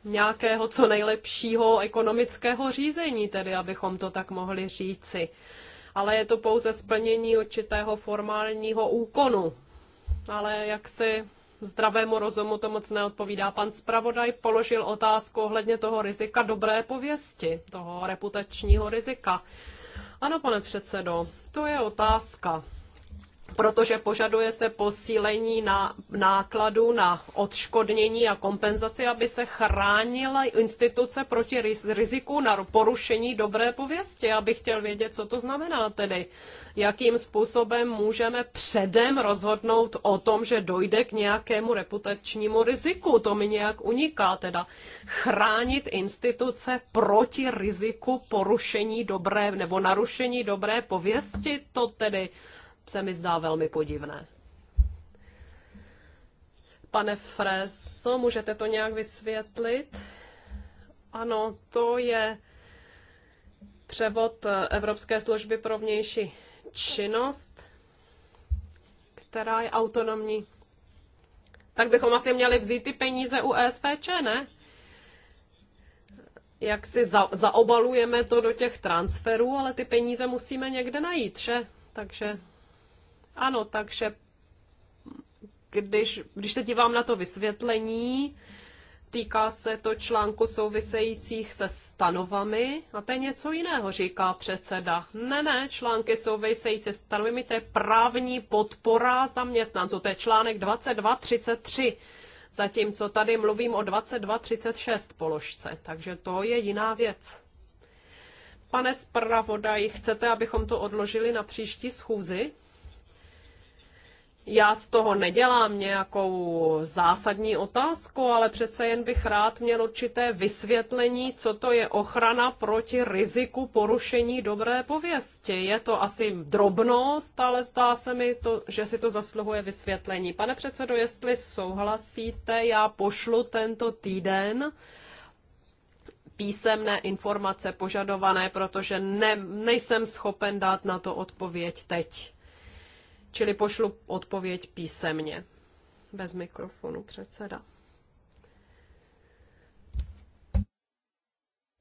nějakého co nejlepšího ekonomického řízení, tedy abychom to tak mohli říci. Ale je to pouze splnění určitého formálního úkonu. Ale jak si zdravému rozumu to moc neodpovídá. Pan zpravodaj položil otázku ohledně toho rizika dobré pověsti, toho reputačního rizika. Ano, pane předsedo, to je otázka protože požaduje se posílení na nákladu na odškodnění a kompenzaci, aby se chránila instituce proti riziku na porušení dobré pověsti. Já bych chtěl vědět, co to znamená tedy. Jakým způsobem můžeme předem rozhodnout o tom, že dojde k nějakému reputačnímu riziku. To mi nějak uniká teda. Chránit instituce proti riziku porušení dobré nebo narušení dobré pověsti, to tedy se mi zdá velmi podivné. Pane Freso, můžete to nějak vysvětlit? Ano, to je převod eh, Evropské služby pro vnější činnost, která je autonomní. Tak bychom asi měli vzít ty peníze u ESPČ, ne? Jak si za, zaobalujeme to do těch transferů, ale ty peníze musíme někde najít, že? Takže ano, takže když, když se dívám na to vysvětlení, týká se to článku souvisejících se stanovami a to je něco jiného, říká předseda. Ne, ne, články související se stanovami, to je právní podpora zaměstnanců, to je článek 2233, zatímco tady mluvím o 2236 položce, takže to je jiná věc. Pane zpravodaj, chcete, abychom to odložili na příští schůzi? Já z toho nedělám nějakou zásadní otázku, ale přece jen bych rád měl určité vysvětlení, co to je ochrana proti riziku porušení dobré pověsti. Je to asi drobnost, ale zdá se mi, to, že si to zasluhuje vysvětlení. Pane předsedo, jestli souhlasíte, já pošlu tento týden písemné informace požadované, protože ne, nejsem schopen dát na to odpověď teď. Čili pošlu odpověď písemně. Bez mikrofonu předseda.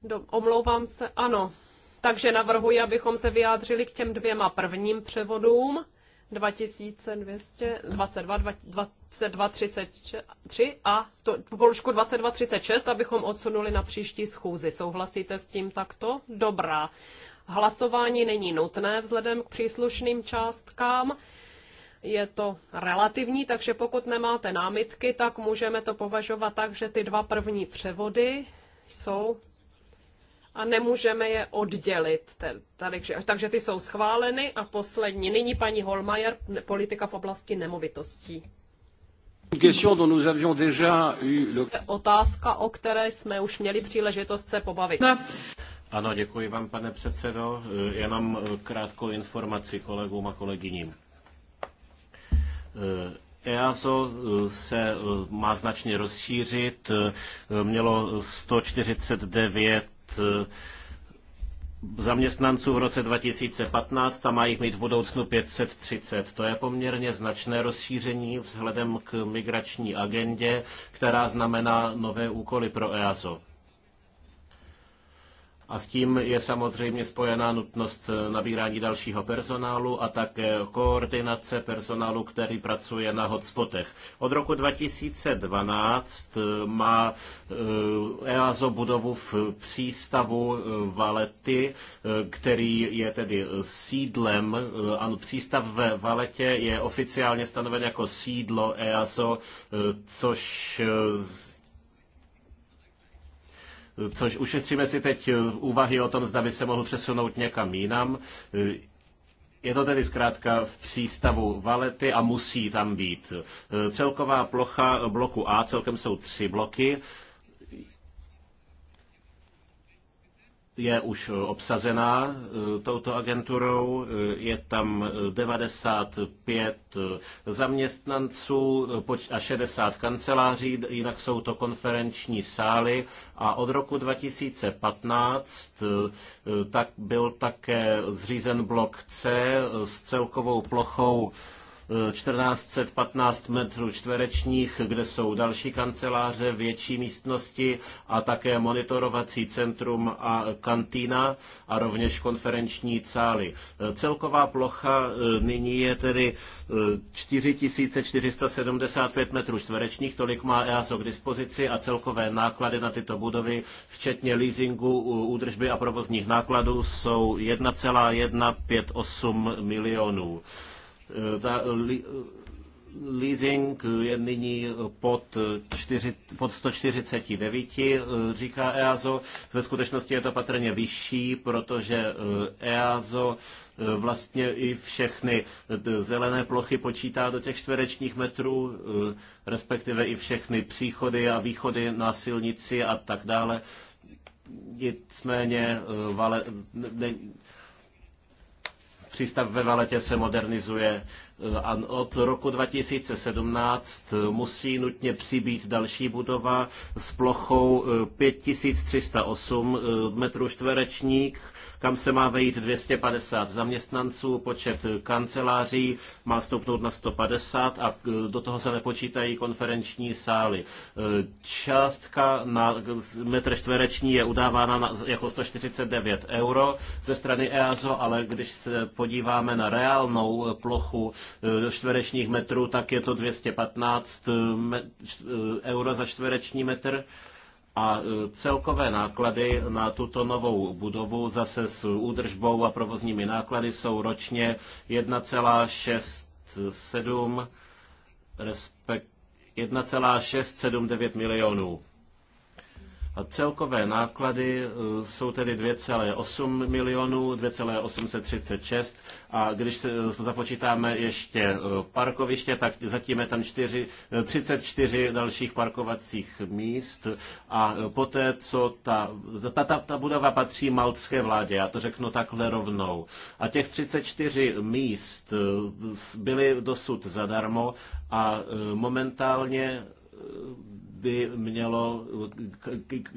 Do, omlouvám se, ano. Takže navrhuji, abychom se vyjádřili k těm dvěma prvním převodům. 2233 a to, položku 2236, abychom odsunuli na příští schůzi. Souhlasíte s tím takto? Dobrá. Hlasování není nutné vzhledem k příslušným částkám je to relativní, takže pokud nemáte námitky, tak můžeme to považovat tak, že ty dva první převody jsou a nemůžeme je oddělit. takže ty jsou schváleny a poslední. Nyní paní Holmajer, politika v oblasti nemovitostí. Otázka, o které jsme už měli příležitost se pobavit. Ano, děkuji vám, pane předsedo. E, jenom e, krátkou informaci kolegům a kolegyním. Eh, EASO eh, se eh, má značně rozšířit, mělo 149 zaměstnanců v roce 2015 a má jich mít v budoucnu 530. To je poměrně značné rozšíření vzhledem k migrační agendě, která znamená nové úkoly pro EASO. A s tím je samozřejmě spojená nutnost nabírání dalšího personálu a také koordinace personálu, který pracuje na hotspotech. Od roku 2012 eh, má eh, EASO budovu v přístavu eh, Valety, který je tedy sídlem. Ano, přístav ve Valetě je oficiálně stanoven jako sídlo EASO, což což ušetříme si teď eh, úvahy o tom, zda by se mohl přesunout někam jinam. Eh, je to tedy zkrátka v přístavu Valety a musí tam být. Eh, celková plocha bloku A, celkem jsou tři bloky, je už eh, obsazená eh, touto agenturou. Eh, je tam 95 zaměstnanců a 60 kanceláří, jinak jsou to konferenční sály a od roku 2015 tak byl také zřízen blok C s celkovou plochou 1415 metrů čtverečních, kde jsou další kanceláře, větší místnosti a také monitorovací centrum a kantýna a rovněž konferenční cály. Celková plocha e, nyní je tedy 4475 e, metrů čtverečních, tolik má EASO k dispozici a celkové náklady na tyto budovy, včetně leasingu, údržby a provozních nákladů, jsou 1,158 milionů. Eh, ta, eh, li, eh, leasing je nyní pod, čtyři, pod 149, říká EASO. Ve skutečnosti je to patrně vyšší, protože EASO e vlastně i všechny zelené plochy počítá do těch čtverečních metrů, respektive i všechny příchody a východy na silnici a tak dále. Nicméně vale, ne, Přístav ve Valetě se modernizuje eh, a od roku 2017 eh, musí nutně přibýt další budova s plochou 5308 eh, metrů čtverečník, kam se má vejít 250 zaměstnanců, počet kanceláří má stoupnout na 150 a do toho se nepočítají konferenční sály. Částka na metr čtvereční je udávána jako 149 euro ze strany EASO, ale když se po podíváme na reálnou plochu eh, čtverečních metrů, tak je to 215 eh, eh, euro za čtvereční metr. A celkové náklady na tuto novou budovu zase s údržbou a provozními náklady jsou ročně 1,67 respekt 1,679 milionů. Celkové náklady eh, jsou tedy 2,8 milionů, 2,836 a když se eh, započítáme ještě eh, parkoviště, tak zatím je tam 4, 34 dalších parkovacích míst a poté, co ta, ta, ta, ta budova patří maltské vládě, já to řeknu takhle rovnou. A těch 34 míst byly dosud zadarmo a momentálně by mělo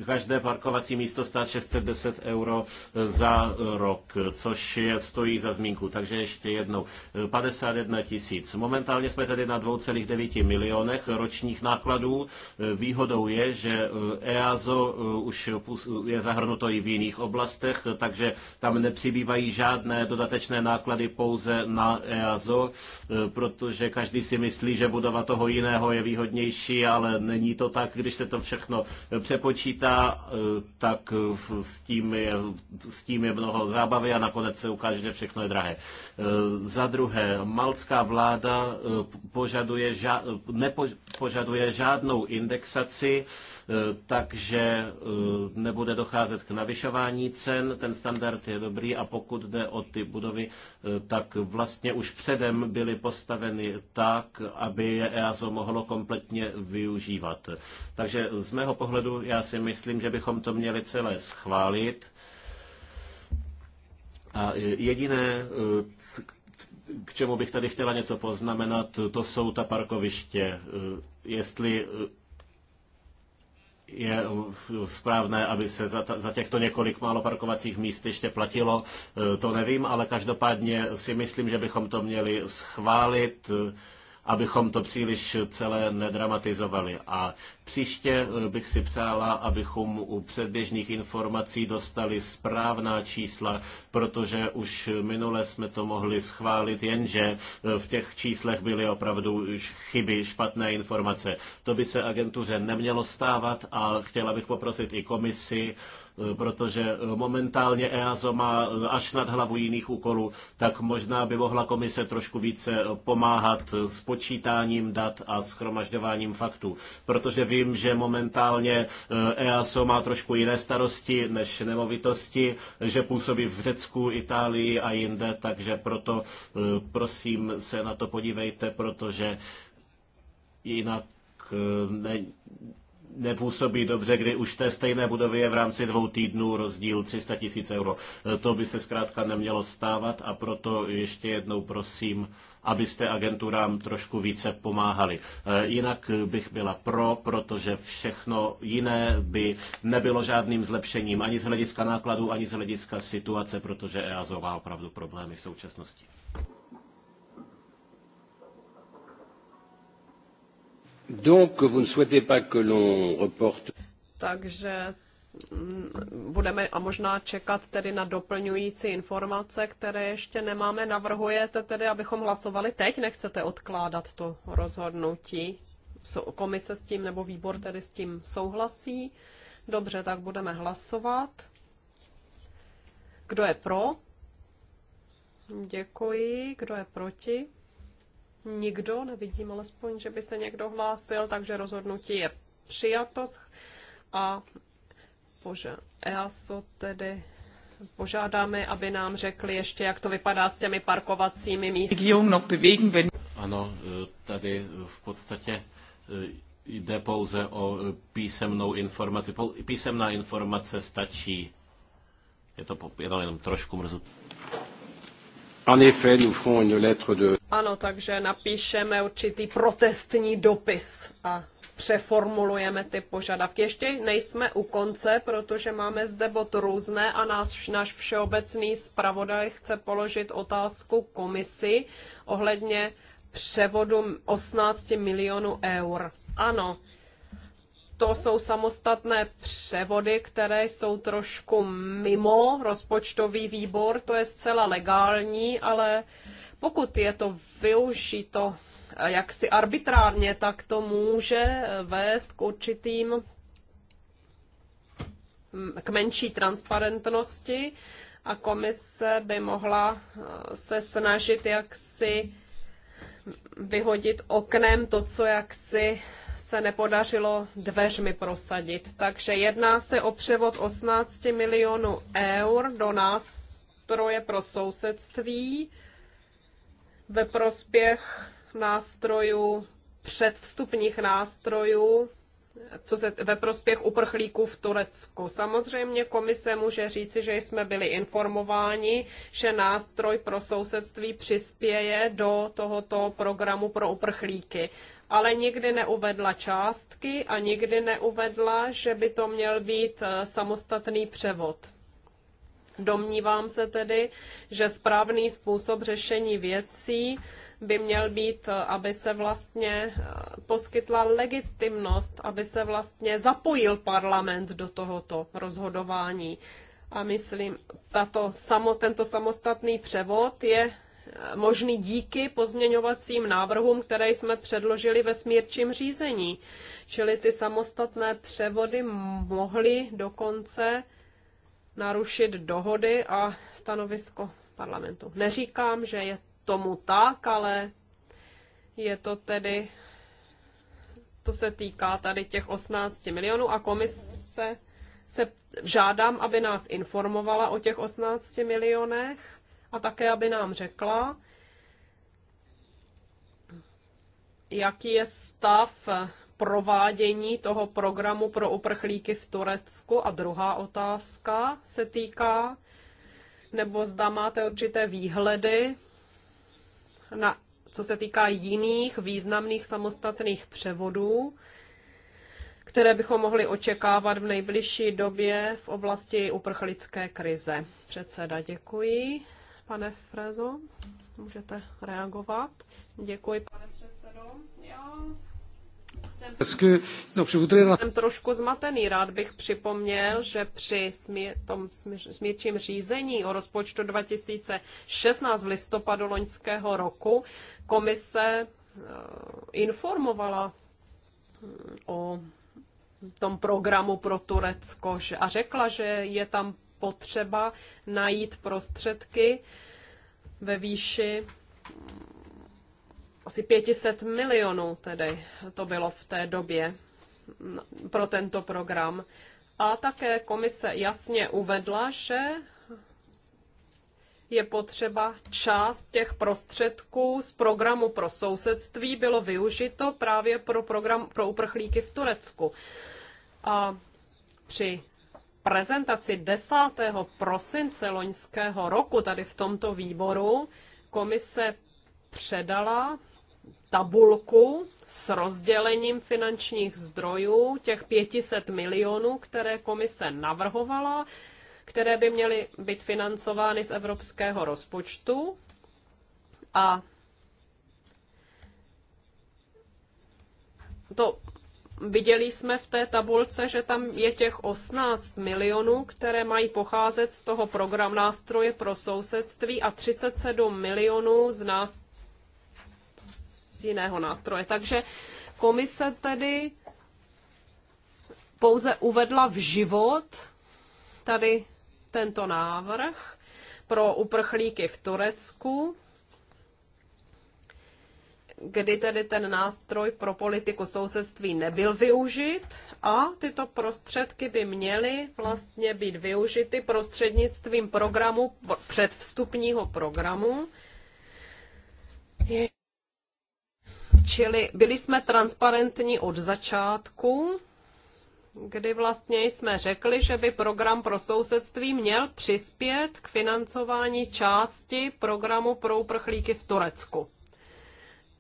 každé parkovací místo stát 610 euro za rok, což je, stojí za zmínku. Takže ještě jednou, 51 tisíc. Momentálně jsme tady na 2,9 milionech ročních nákladů. Výhodou je, že EASO už je zahrnuto i v jiných oblastech, takže tam nepřibývají žádné dodatečné náklady pouze na EASO, protože každý si myslí, že budova toho jiného je výhodnější, ale není to tak když se to všechno přepočítá, eh, tak s tím je, s tím je mnoho zábavy a nakonec se ukáže, že všechno je drahé. Eh, za druhé, malcká vláda eh, požaduje, nepožaduje žádnou indexaci Eh, takže eh, nebude docházet k navyšování cen, ten standard je dobrý a pokud jde o ty budovy, eh, tak vlastně už předem byly postaveny tak, aby je EASO mohlo kompletně využívat. Takže z mého pohledu já si myslím, že bychom to měli celé schválit. A jediné, k čemu bych tady chtěla něco poznamenat, to jsou ta parkoviště. Jestli je správné, aby se za, za těchto několik málo parkovacích míst ještě platilo, e, to nevím, ale každopádně si myslím, že bychom to měli schválit abychom to příliš celé nedramatizovali. A příště bych si přála, abychom u předběžných informací dostali správná čísla, protože už minule jsme to mohli schválit, jenže v těch číslech byly opravdu chyby, špatné informace. To by se agentuře nemělo stávat a chtěla bych poprosit i komisi, Eh, protože eh, momentálně EASO má eh, až nad hlavu jiných úkolů, tak možná by mohla komise trošku více pomáhat s počítáním dat a schromažďováním faktů, protože vím, že momentálně EASO e má trošku jiné starosti než nemovitosti, že působí v Řecku, Itálii a jinde, takže proto prosím se na to podívejte, protože jinak ne, nepůsobí dobře, kdy už té stejné budovy je v rámci dvou týdnů rozdíl 300 tisíc euro. E, to by se zkrátka nemělo stávat a proto ještě jednou prosím, abyste agenturám trošku více pomáhali. E, jinak bych byla pro, protože všechno jiné by nebylo žádným zlepšením ani z hlediska nákladů, ani z hlediska situace, protože EASO má opravdu problémy v současnosti. Takže mm, budeme a možná čekat tedy na doplňující informace, které ještě nemáme. Navrhujete tedy, abychom hlasovali teď? Nechcete odkládat to rozhodnutí? Komise s tím nebo výbor tedy s tím souhlasí? Dobře, tak budeme hlasovat. Kdo je pro? Děkuji. Kdo je proti? Nikdo, nevidím alespoň, že by se někdo hlásil, takže rozhodnutí je přijato a bože, EASO tedy požádáme, aby nám řekli ještě, jak to vypadá s těmi parkovacími místy. Ano, e, tady v podstatě e, jde pouze o e, písemnou informaci. Písemná informace stačí. Je to jenom, trošku mrzutné. Ano, takže napíšeme určitý protestní dopis a přeformulujeme ty požadavky. Ještě nejsme u konce, protože máme zde bod různé a náš, náš všeobecný zpravodaj chce položit otázku komisi ohledně převodu 18 milionů eur. Ano, to jsou samostatné převody, které jsou trošku mimo rozpočtový výbor, to je zcela legální, ale pokud je to využito eh, jaksi arbitrárně, tak to může eh, vést k určitým mm, k menší transparentnosti a komise by mohla eh, se snažit jaksi vyhodit oknem to, co jaksi se nepodařilo dveřmi prosadit. Takže jedná se o převod 18 milionů eur do nástroje pro sousedství ve prospěch nástrojů předvstupních nástrojů co se ve prospěch uprchlíků v Turecku. Samozřejmě komise může říci, že jsme byli informováni, že nástroj pro sousedství přispěje do tohoto programu pro uprchlíky ale nikdy neuvedla částky a nikdy neuvedla, že by to měl být eh, samostatný převod. Domnívám se tedy, že správný způsob řešení věcí by měl být, aby se vlastně eh, poskytla legitimnost, aby se vlastně zapojil parlament do tohoto rozhodování. A myslím, tato, samo, tento samostatný převod je eh, možný díky pozměňovacím návrhům, které jsme předložili ve smírčím řízení. Čili ty samostatné převody mohly dokonce narušit dohody a stanovisko parlamentu. Neříkám, že je tomu tak, ale je to tedy, to se týká tady těch 18 milionů a komise se žádám, aby nás informovala o těch 18 milionech a také, aby nám řekla, jaký je stav provádění toho programu pro uprchlíky v Turecku. A druhá otázka se týká, nebo zda máte určité výhledy na, co se týká jiných významných samostatných převodů, které bychom mohli očekávat v nejbližší době v oblasti uprchlické krize. Předseda, děkuji. Pane Frezo, můžete reagovat. Děkuji, pane předsedo. Já No, jsem, trošku zmatený. Rád bych připomněl, že při smě, tom smírčím řízení o rozpočtu 2016 v listopadu loňského roku komise eh, informovala mm, o tom programu pro Turecko a řekla, že je tam potřeba najít prostředky ve výši asi 500 milionů tedy to bylo v té době pro tento program. A také komise jasně uvedla, že je potřeba část těch prostředků z programu pro sousedství bylo využito právě pro program pro uprchlíky v Turecku. A při prezentaci 10. prosince loňského roku tady v tomto výboru komise předala tabulku s rozdělením finančních zdrojů, těch 500 milionů, které komise navrhovala, které by měly být financovány z evropského rozpočtu. A to viděli jsme v té tabulce, že tam je těch 18 milionů, které mají pocházet z toho program nástroje pro sousedství a 37 milionů z nás z jiného nástroje. Takže komise tedy pouze uvedla v život tady tento návrh pro uprchlíky v Turecku, kdy tedy ten nástroj pro politiku sousedství nebyl využit a tyto prostředky by měly vlastně být využity prostřednictvím programu, předvstupního programu. Čili byli jsme transparentní od začátku, kdy vlastně jsme řekli, že by program pro sousedství měl přispět k financování části programu pro uprchlíky v Turecku.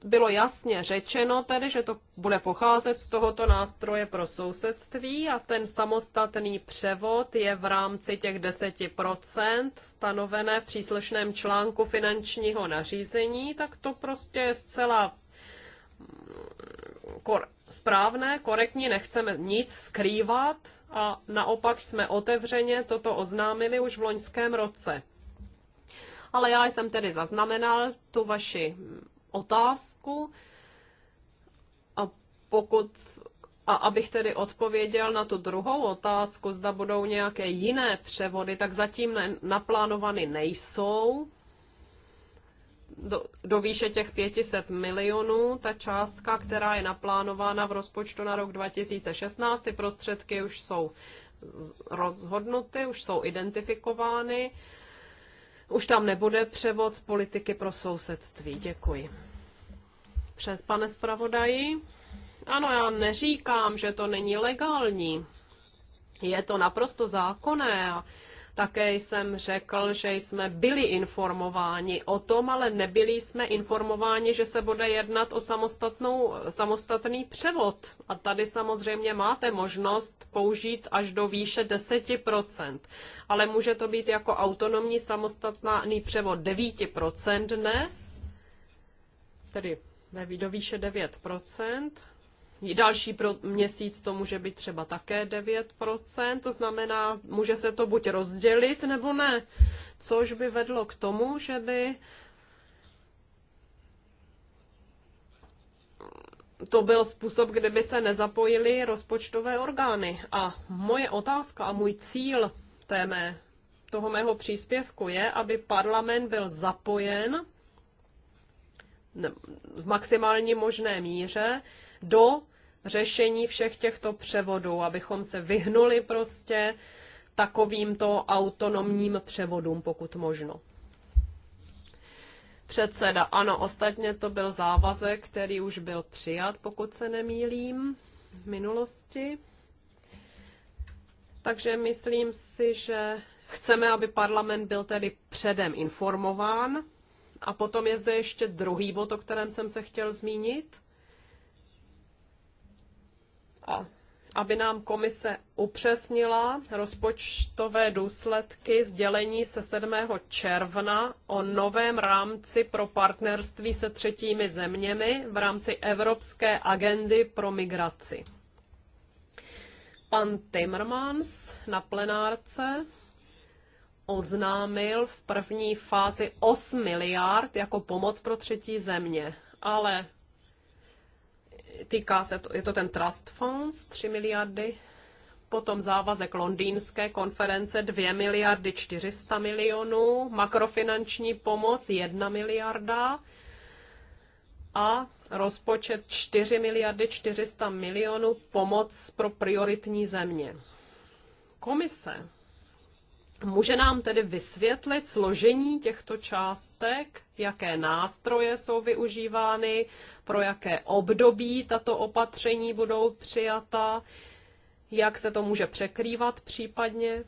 Bylo jasně řečeno tedy, že to bude pocházet z tohoto nástroje pro sousedství a ten samostatný převod je v rámci těch 10% stanovené v příslušném článku finančního nařízení, tak to prostě je zcela kor- správné, korektní, nechceme nic skrývat a naopak jsme otevřeně toto oznámili už v loňském roce. Ale já jsem tedy zaznamenal tu vaši otázku a pokud a abych tedy odpověděl na tu druhou otázku, zda budou nějaké jiné převody, tak zatím ne, nejsou do, do výše těch 500 milionů, ta částka, která je naplánována v rozpočtu na rok 2016, ty prostředky už jsou rozhodnuty, už jsou identifikovány. Už tam nebude převod z politiky pro sousedství. Děkuji. Před pane zpravodaji. Ano, já neříkám, že to není legální. Je to naprosto zákonné. A také jsem řekl, že jsme byli informováni o tom, ale nebyli jsme informováni, že se bude jednat o samostatnou, samostatný převod. A tady samozřejmě máte možnost použít až do výše 10%. Ale může to být jako autonomní samostatný převod 9% dnes, tedy do výše 9%, Další pro měsíc to může být třeba také 9%, to znamená, může se to buď rozdělit nebo ne, což by vedlo k tomu, že by to byl způsob, kdyby se nezapojily rozpočtové orgány. A moje otázka a můj cíl té mé, toho mého příspěvku je, aby parlament byl zapojen v maximální možné míře do řešení všech těchto převodů, abychom se vyhnuli prostě takovýmto autonomním převodům, pokud možno. Předseda, ano, ostatně to byl závazek, který už byl přijat, pokud se nemýlím, v minulosti. Takže myslím si, že chceme, aby parlament byl tedy předem informován. A potom je zde ještě druhý bod, o kterém jsem se chtěl zmínit a aby nám komise upřesnila rozpočtové důsledky sdělení se 7. června o novém rámci pro partnerství se třetími zeměmi v rámci Evropské agendy pro migraci. Pan Timmermans na plenárce oznámil v první fázi 8 miliard jako pomoc pro třetí země, ale Týká se, to, je to ten Trust Funds, 3 miliardy, potom závazek londýnské konference 2 miliardy 400 milionů, makrofinanční pomoc 1 miliarda a rozpočet 4 miliardy 400 milionů pomoc pro prioritní země. Komise Může nám tedy vysvětlit složení těchto částek, jaké nástroje jsou využívány, pro jaké období tato opatření budou přijata, jak se to může překrývat případně?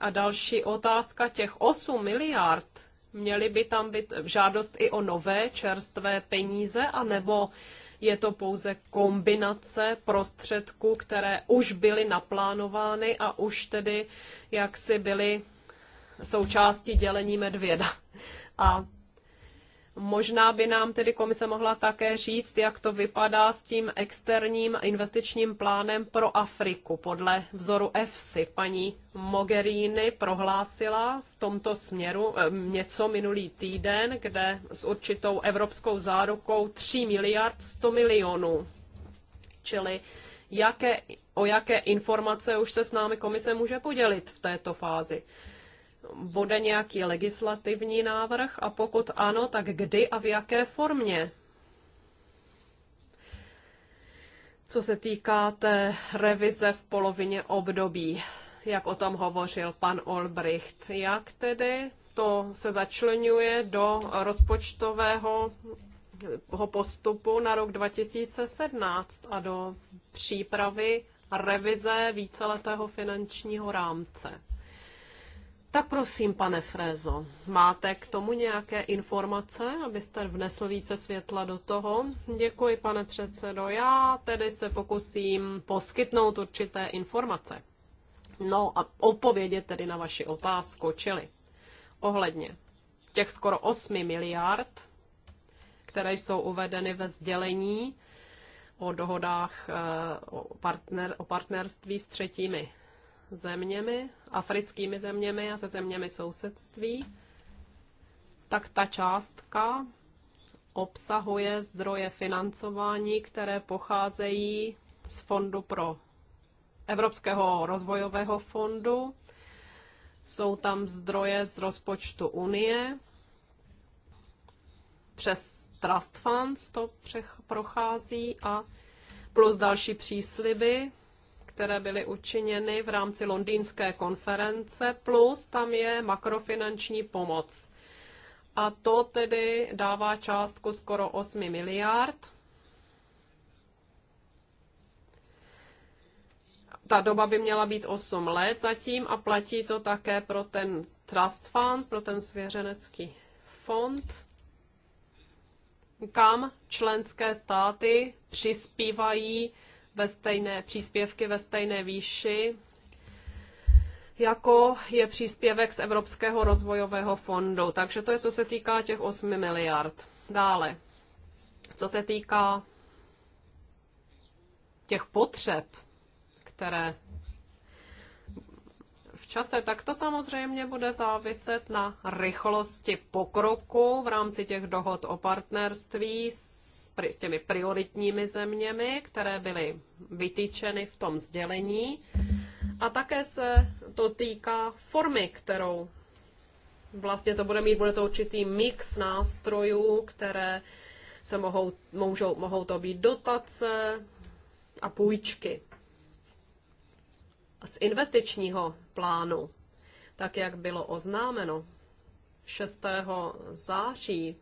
A další otázka, těch 8 miliard, měly by tam být žádost i o nové čerstvé peníze, anebo je to pouze kombinace prostředků, které už byly naplánovány a už tedy jaksi byly součástí dělení medvěda. A Možná by nám tedy komise mohla také říct, jak to vypadá s tím externím investičním plánem pro Afriku. Podle vzoru EFSI paní Mogherini prohlásila v tomto směru eh, něco minulý týden, kde s určitou evropskou zárukou 3 miliard 100 milionů. Čili jaké, o jaké informace už se s námi komise může podělit v této fázi bude nějaký legislativní návrh a pokud ano, tak kdy a v jaké formě? Co se týká té revize v polovině období, jak o tom hovořil pan Olbricht, jak tedy to se začlenuje do rozpočtového postupu na rok 2017 a do přípravy revize víceletého finančního rámce. Tak prosím, pane Frézo, máte k tomu nějaké informace, abyste vnesl více světla do toho? Děkuji, pane předsedo. Já tedy se pokusím poskytnout určité informace. No a odpovědět tedy na vaši otázku, čili ohledně těch skoro 8 miliard, které jsou uvedeny ve sdělení o dohodách eh, o, partner, o partnerství s třetími zeměmi, africkými zeměmi a se zeměmi sousedství, tak ta částka obsahuje zdroje financování, které pocházejí z Fondu pro Evropského rozvojového fondu. Jsou tam zdroje z rozpočtu Unie. Přes Trust Funds to prochází a plus další přísliby které byly učiněny v rámci londýnské konference, plus tam je makrofinanční pomoc. A to tedy dává částku skoro 8 miliard. Ta doba by měla být 8 let zatím a platí to také pro ten trust fund, pro ten svěřenecký fond kam členské státy přispívají ve stejné příspěvky ve stejné výši, jako je příspěvek z Evropského rozvojového fondu. Takže to je, co se týká těch 8 miliard. Dále, co se týká těch potřeb, které v čase, tak to samozřejmě bude záviset na rychlosti pokroku v rámci těch dohod o partnerství s s těmi prioritními zeměmi, které byly vytýčeny v tom sdělení. A také se to týká formy, kterou vlastně to bude mít, bude to určitý mix nástrojů, které se mohou, můžou, mohou to být dotace a půjčky. Z investičního plánu, tak jak bylo oznámeno 6. září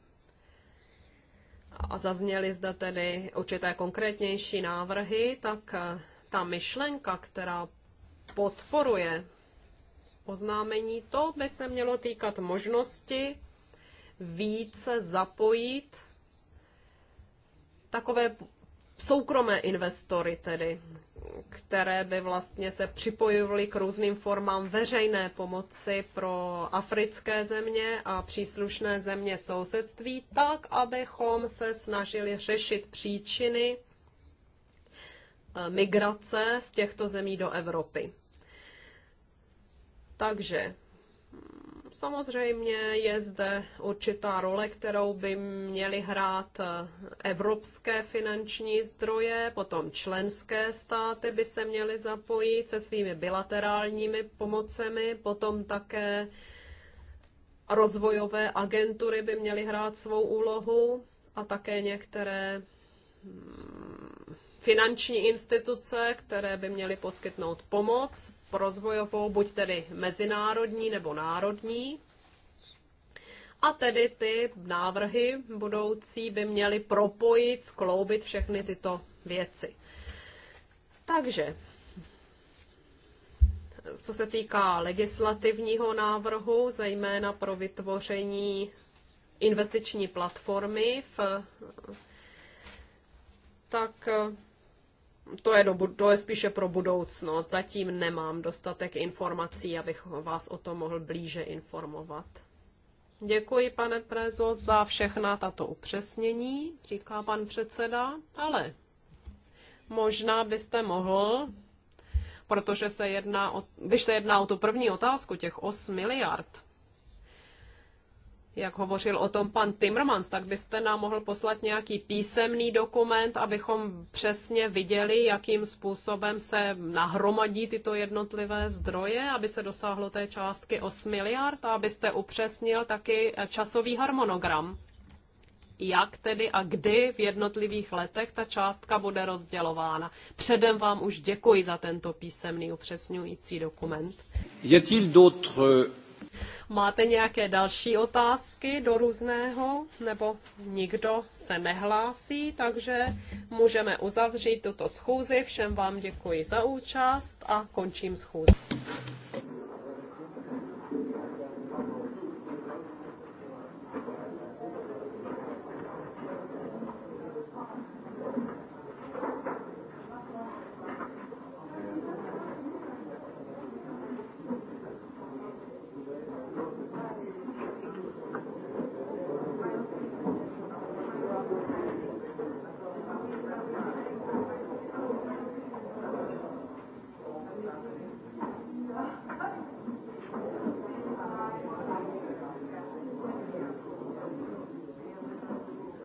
a zazněly zde tedy určité konkrétnější návrhy, tak eh, ta myšlenka, která podporuje oznámení, to by se mělo týkat možnosti více zapojit takové soukromé investory tedy, které by vlastně se připojovaly k různým formám veřejné pomoci pro africké země a příslušné země sousedství, tak abychom se snažili řešit příčiny eh, migrace z těchto zemí do Evropy. Takže Samozřejmě je zde určitá role, kterou by měly hrát eh, evropské finanční zdroje, potom členské státy by se měly zapojit se svými bilaterálními pomocemi, potom také rozvojové agentury by měly hrát svou úlohu a také některé mm, finanční instituce, které by měly poskytnout pomoc rozvojovou, buď tedy mezinárodní nebo národní. A tedy ty návrhy budoucí by měly propojit, skloubit všechny tyto věci. Takže, co se týká legislativního návrhu, zejména pro vytvoření investiční platformy, v, tak to je, do, to je spíše pro budoucnost. Zatím nemám dostatek informací, abych vás o tom mohl blíže informovat. Děkuji, pane Prezo, za všechna tato upřesnění, říká pan předseda, ale možná byste mohl, protože se jedná o, když se jedná o tu první otázku, těch 8 miliard, jak hovořil o tom pan Timmermans, tak byste nám mohl poslat nějaký písemný dokument, abychom přesně viděli, jakým způsobem se nahromadí tyto jednotlivé zdroje, aby se dosáhlo té částky 8 miliard a abyste upřesnil taky časový harmonogram. Jak tedy a kdy v jednotlivých letech ta částka bude rozdělována? Předem vám už děkuji za tento písemný upřesňující dokument. je t il d'autres Máte nějaké další otázky do různého, nebo nikdo se nehlásí, takže můžeme uzavřít tuto schůzi. Všem vám děkuji za účast a končím schůzi.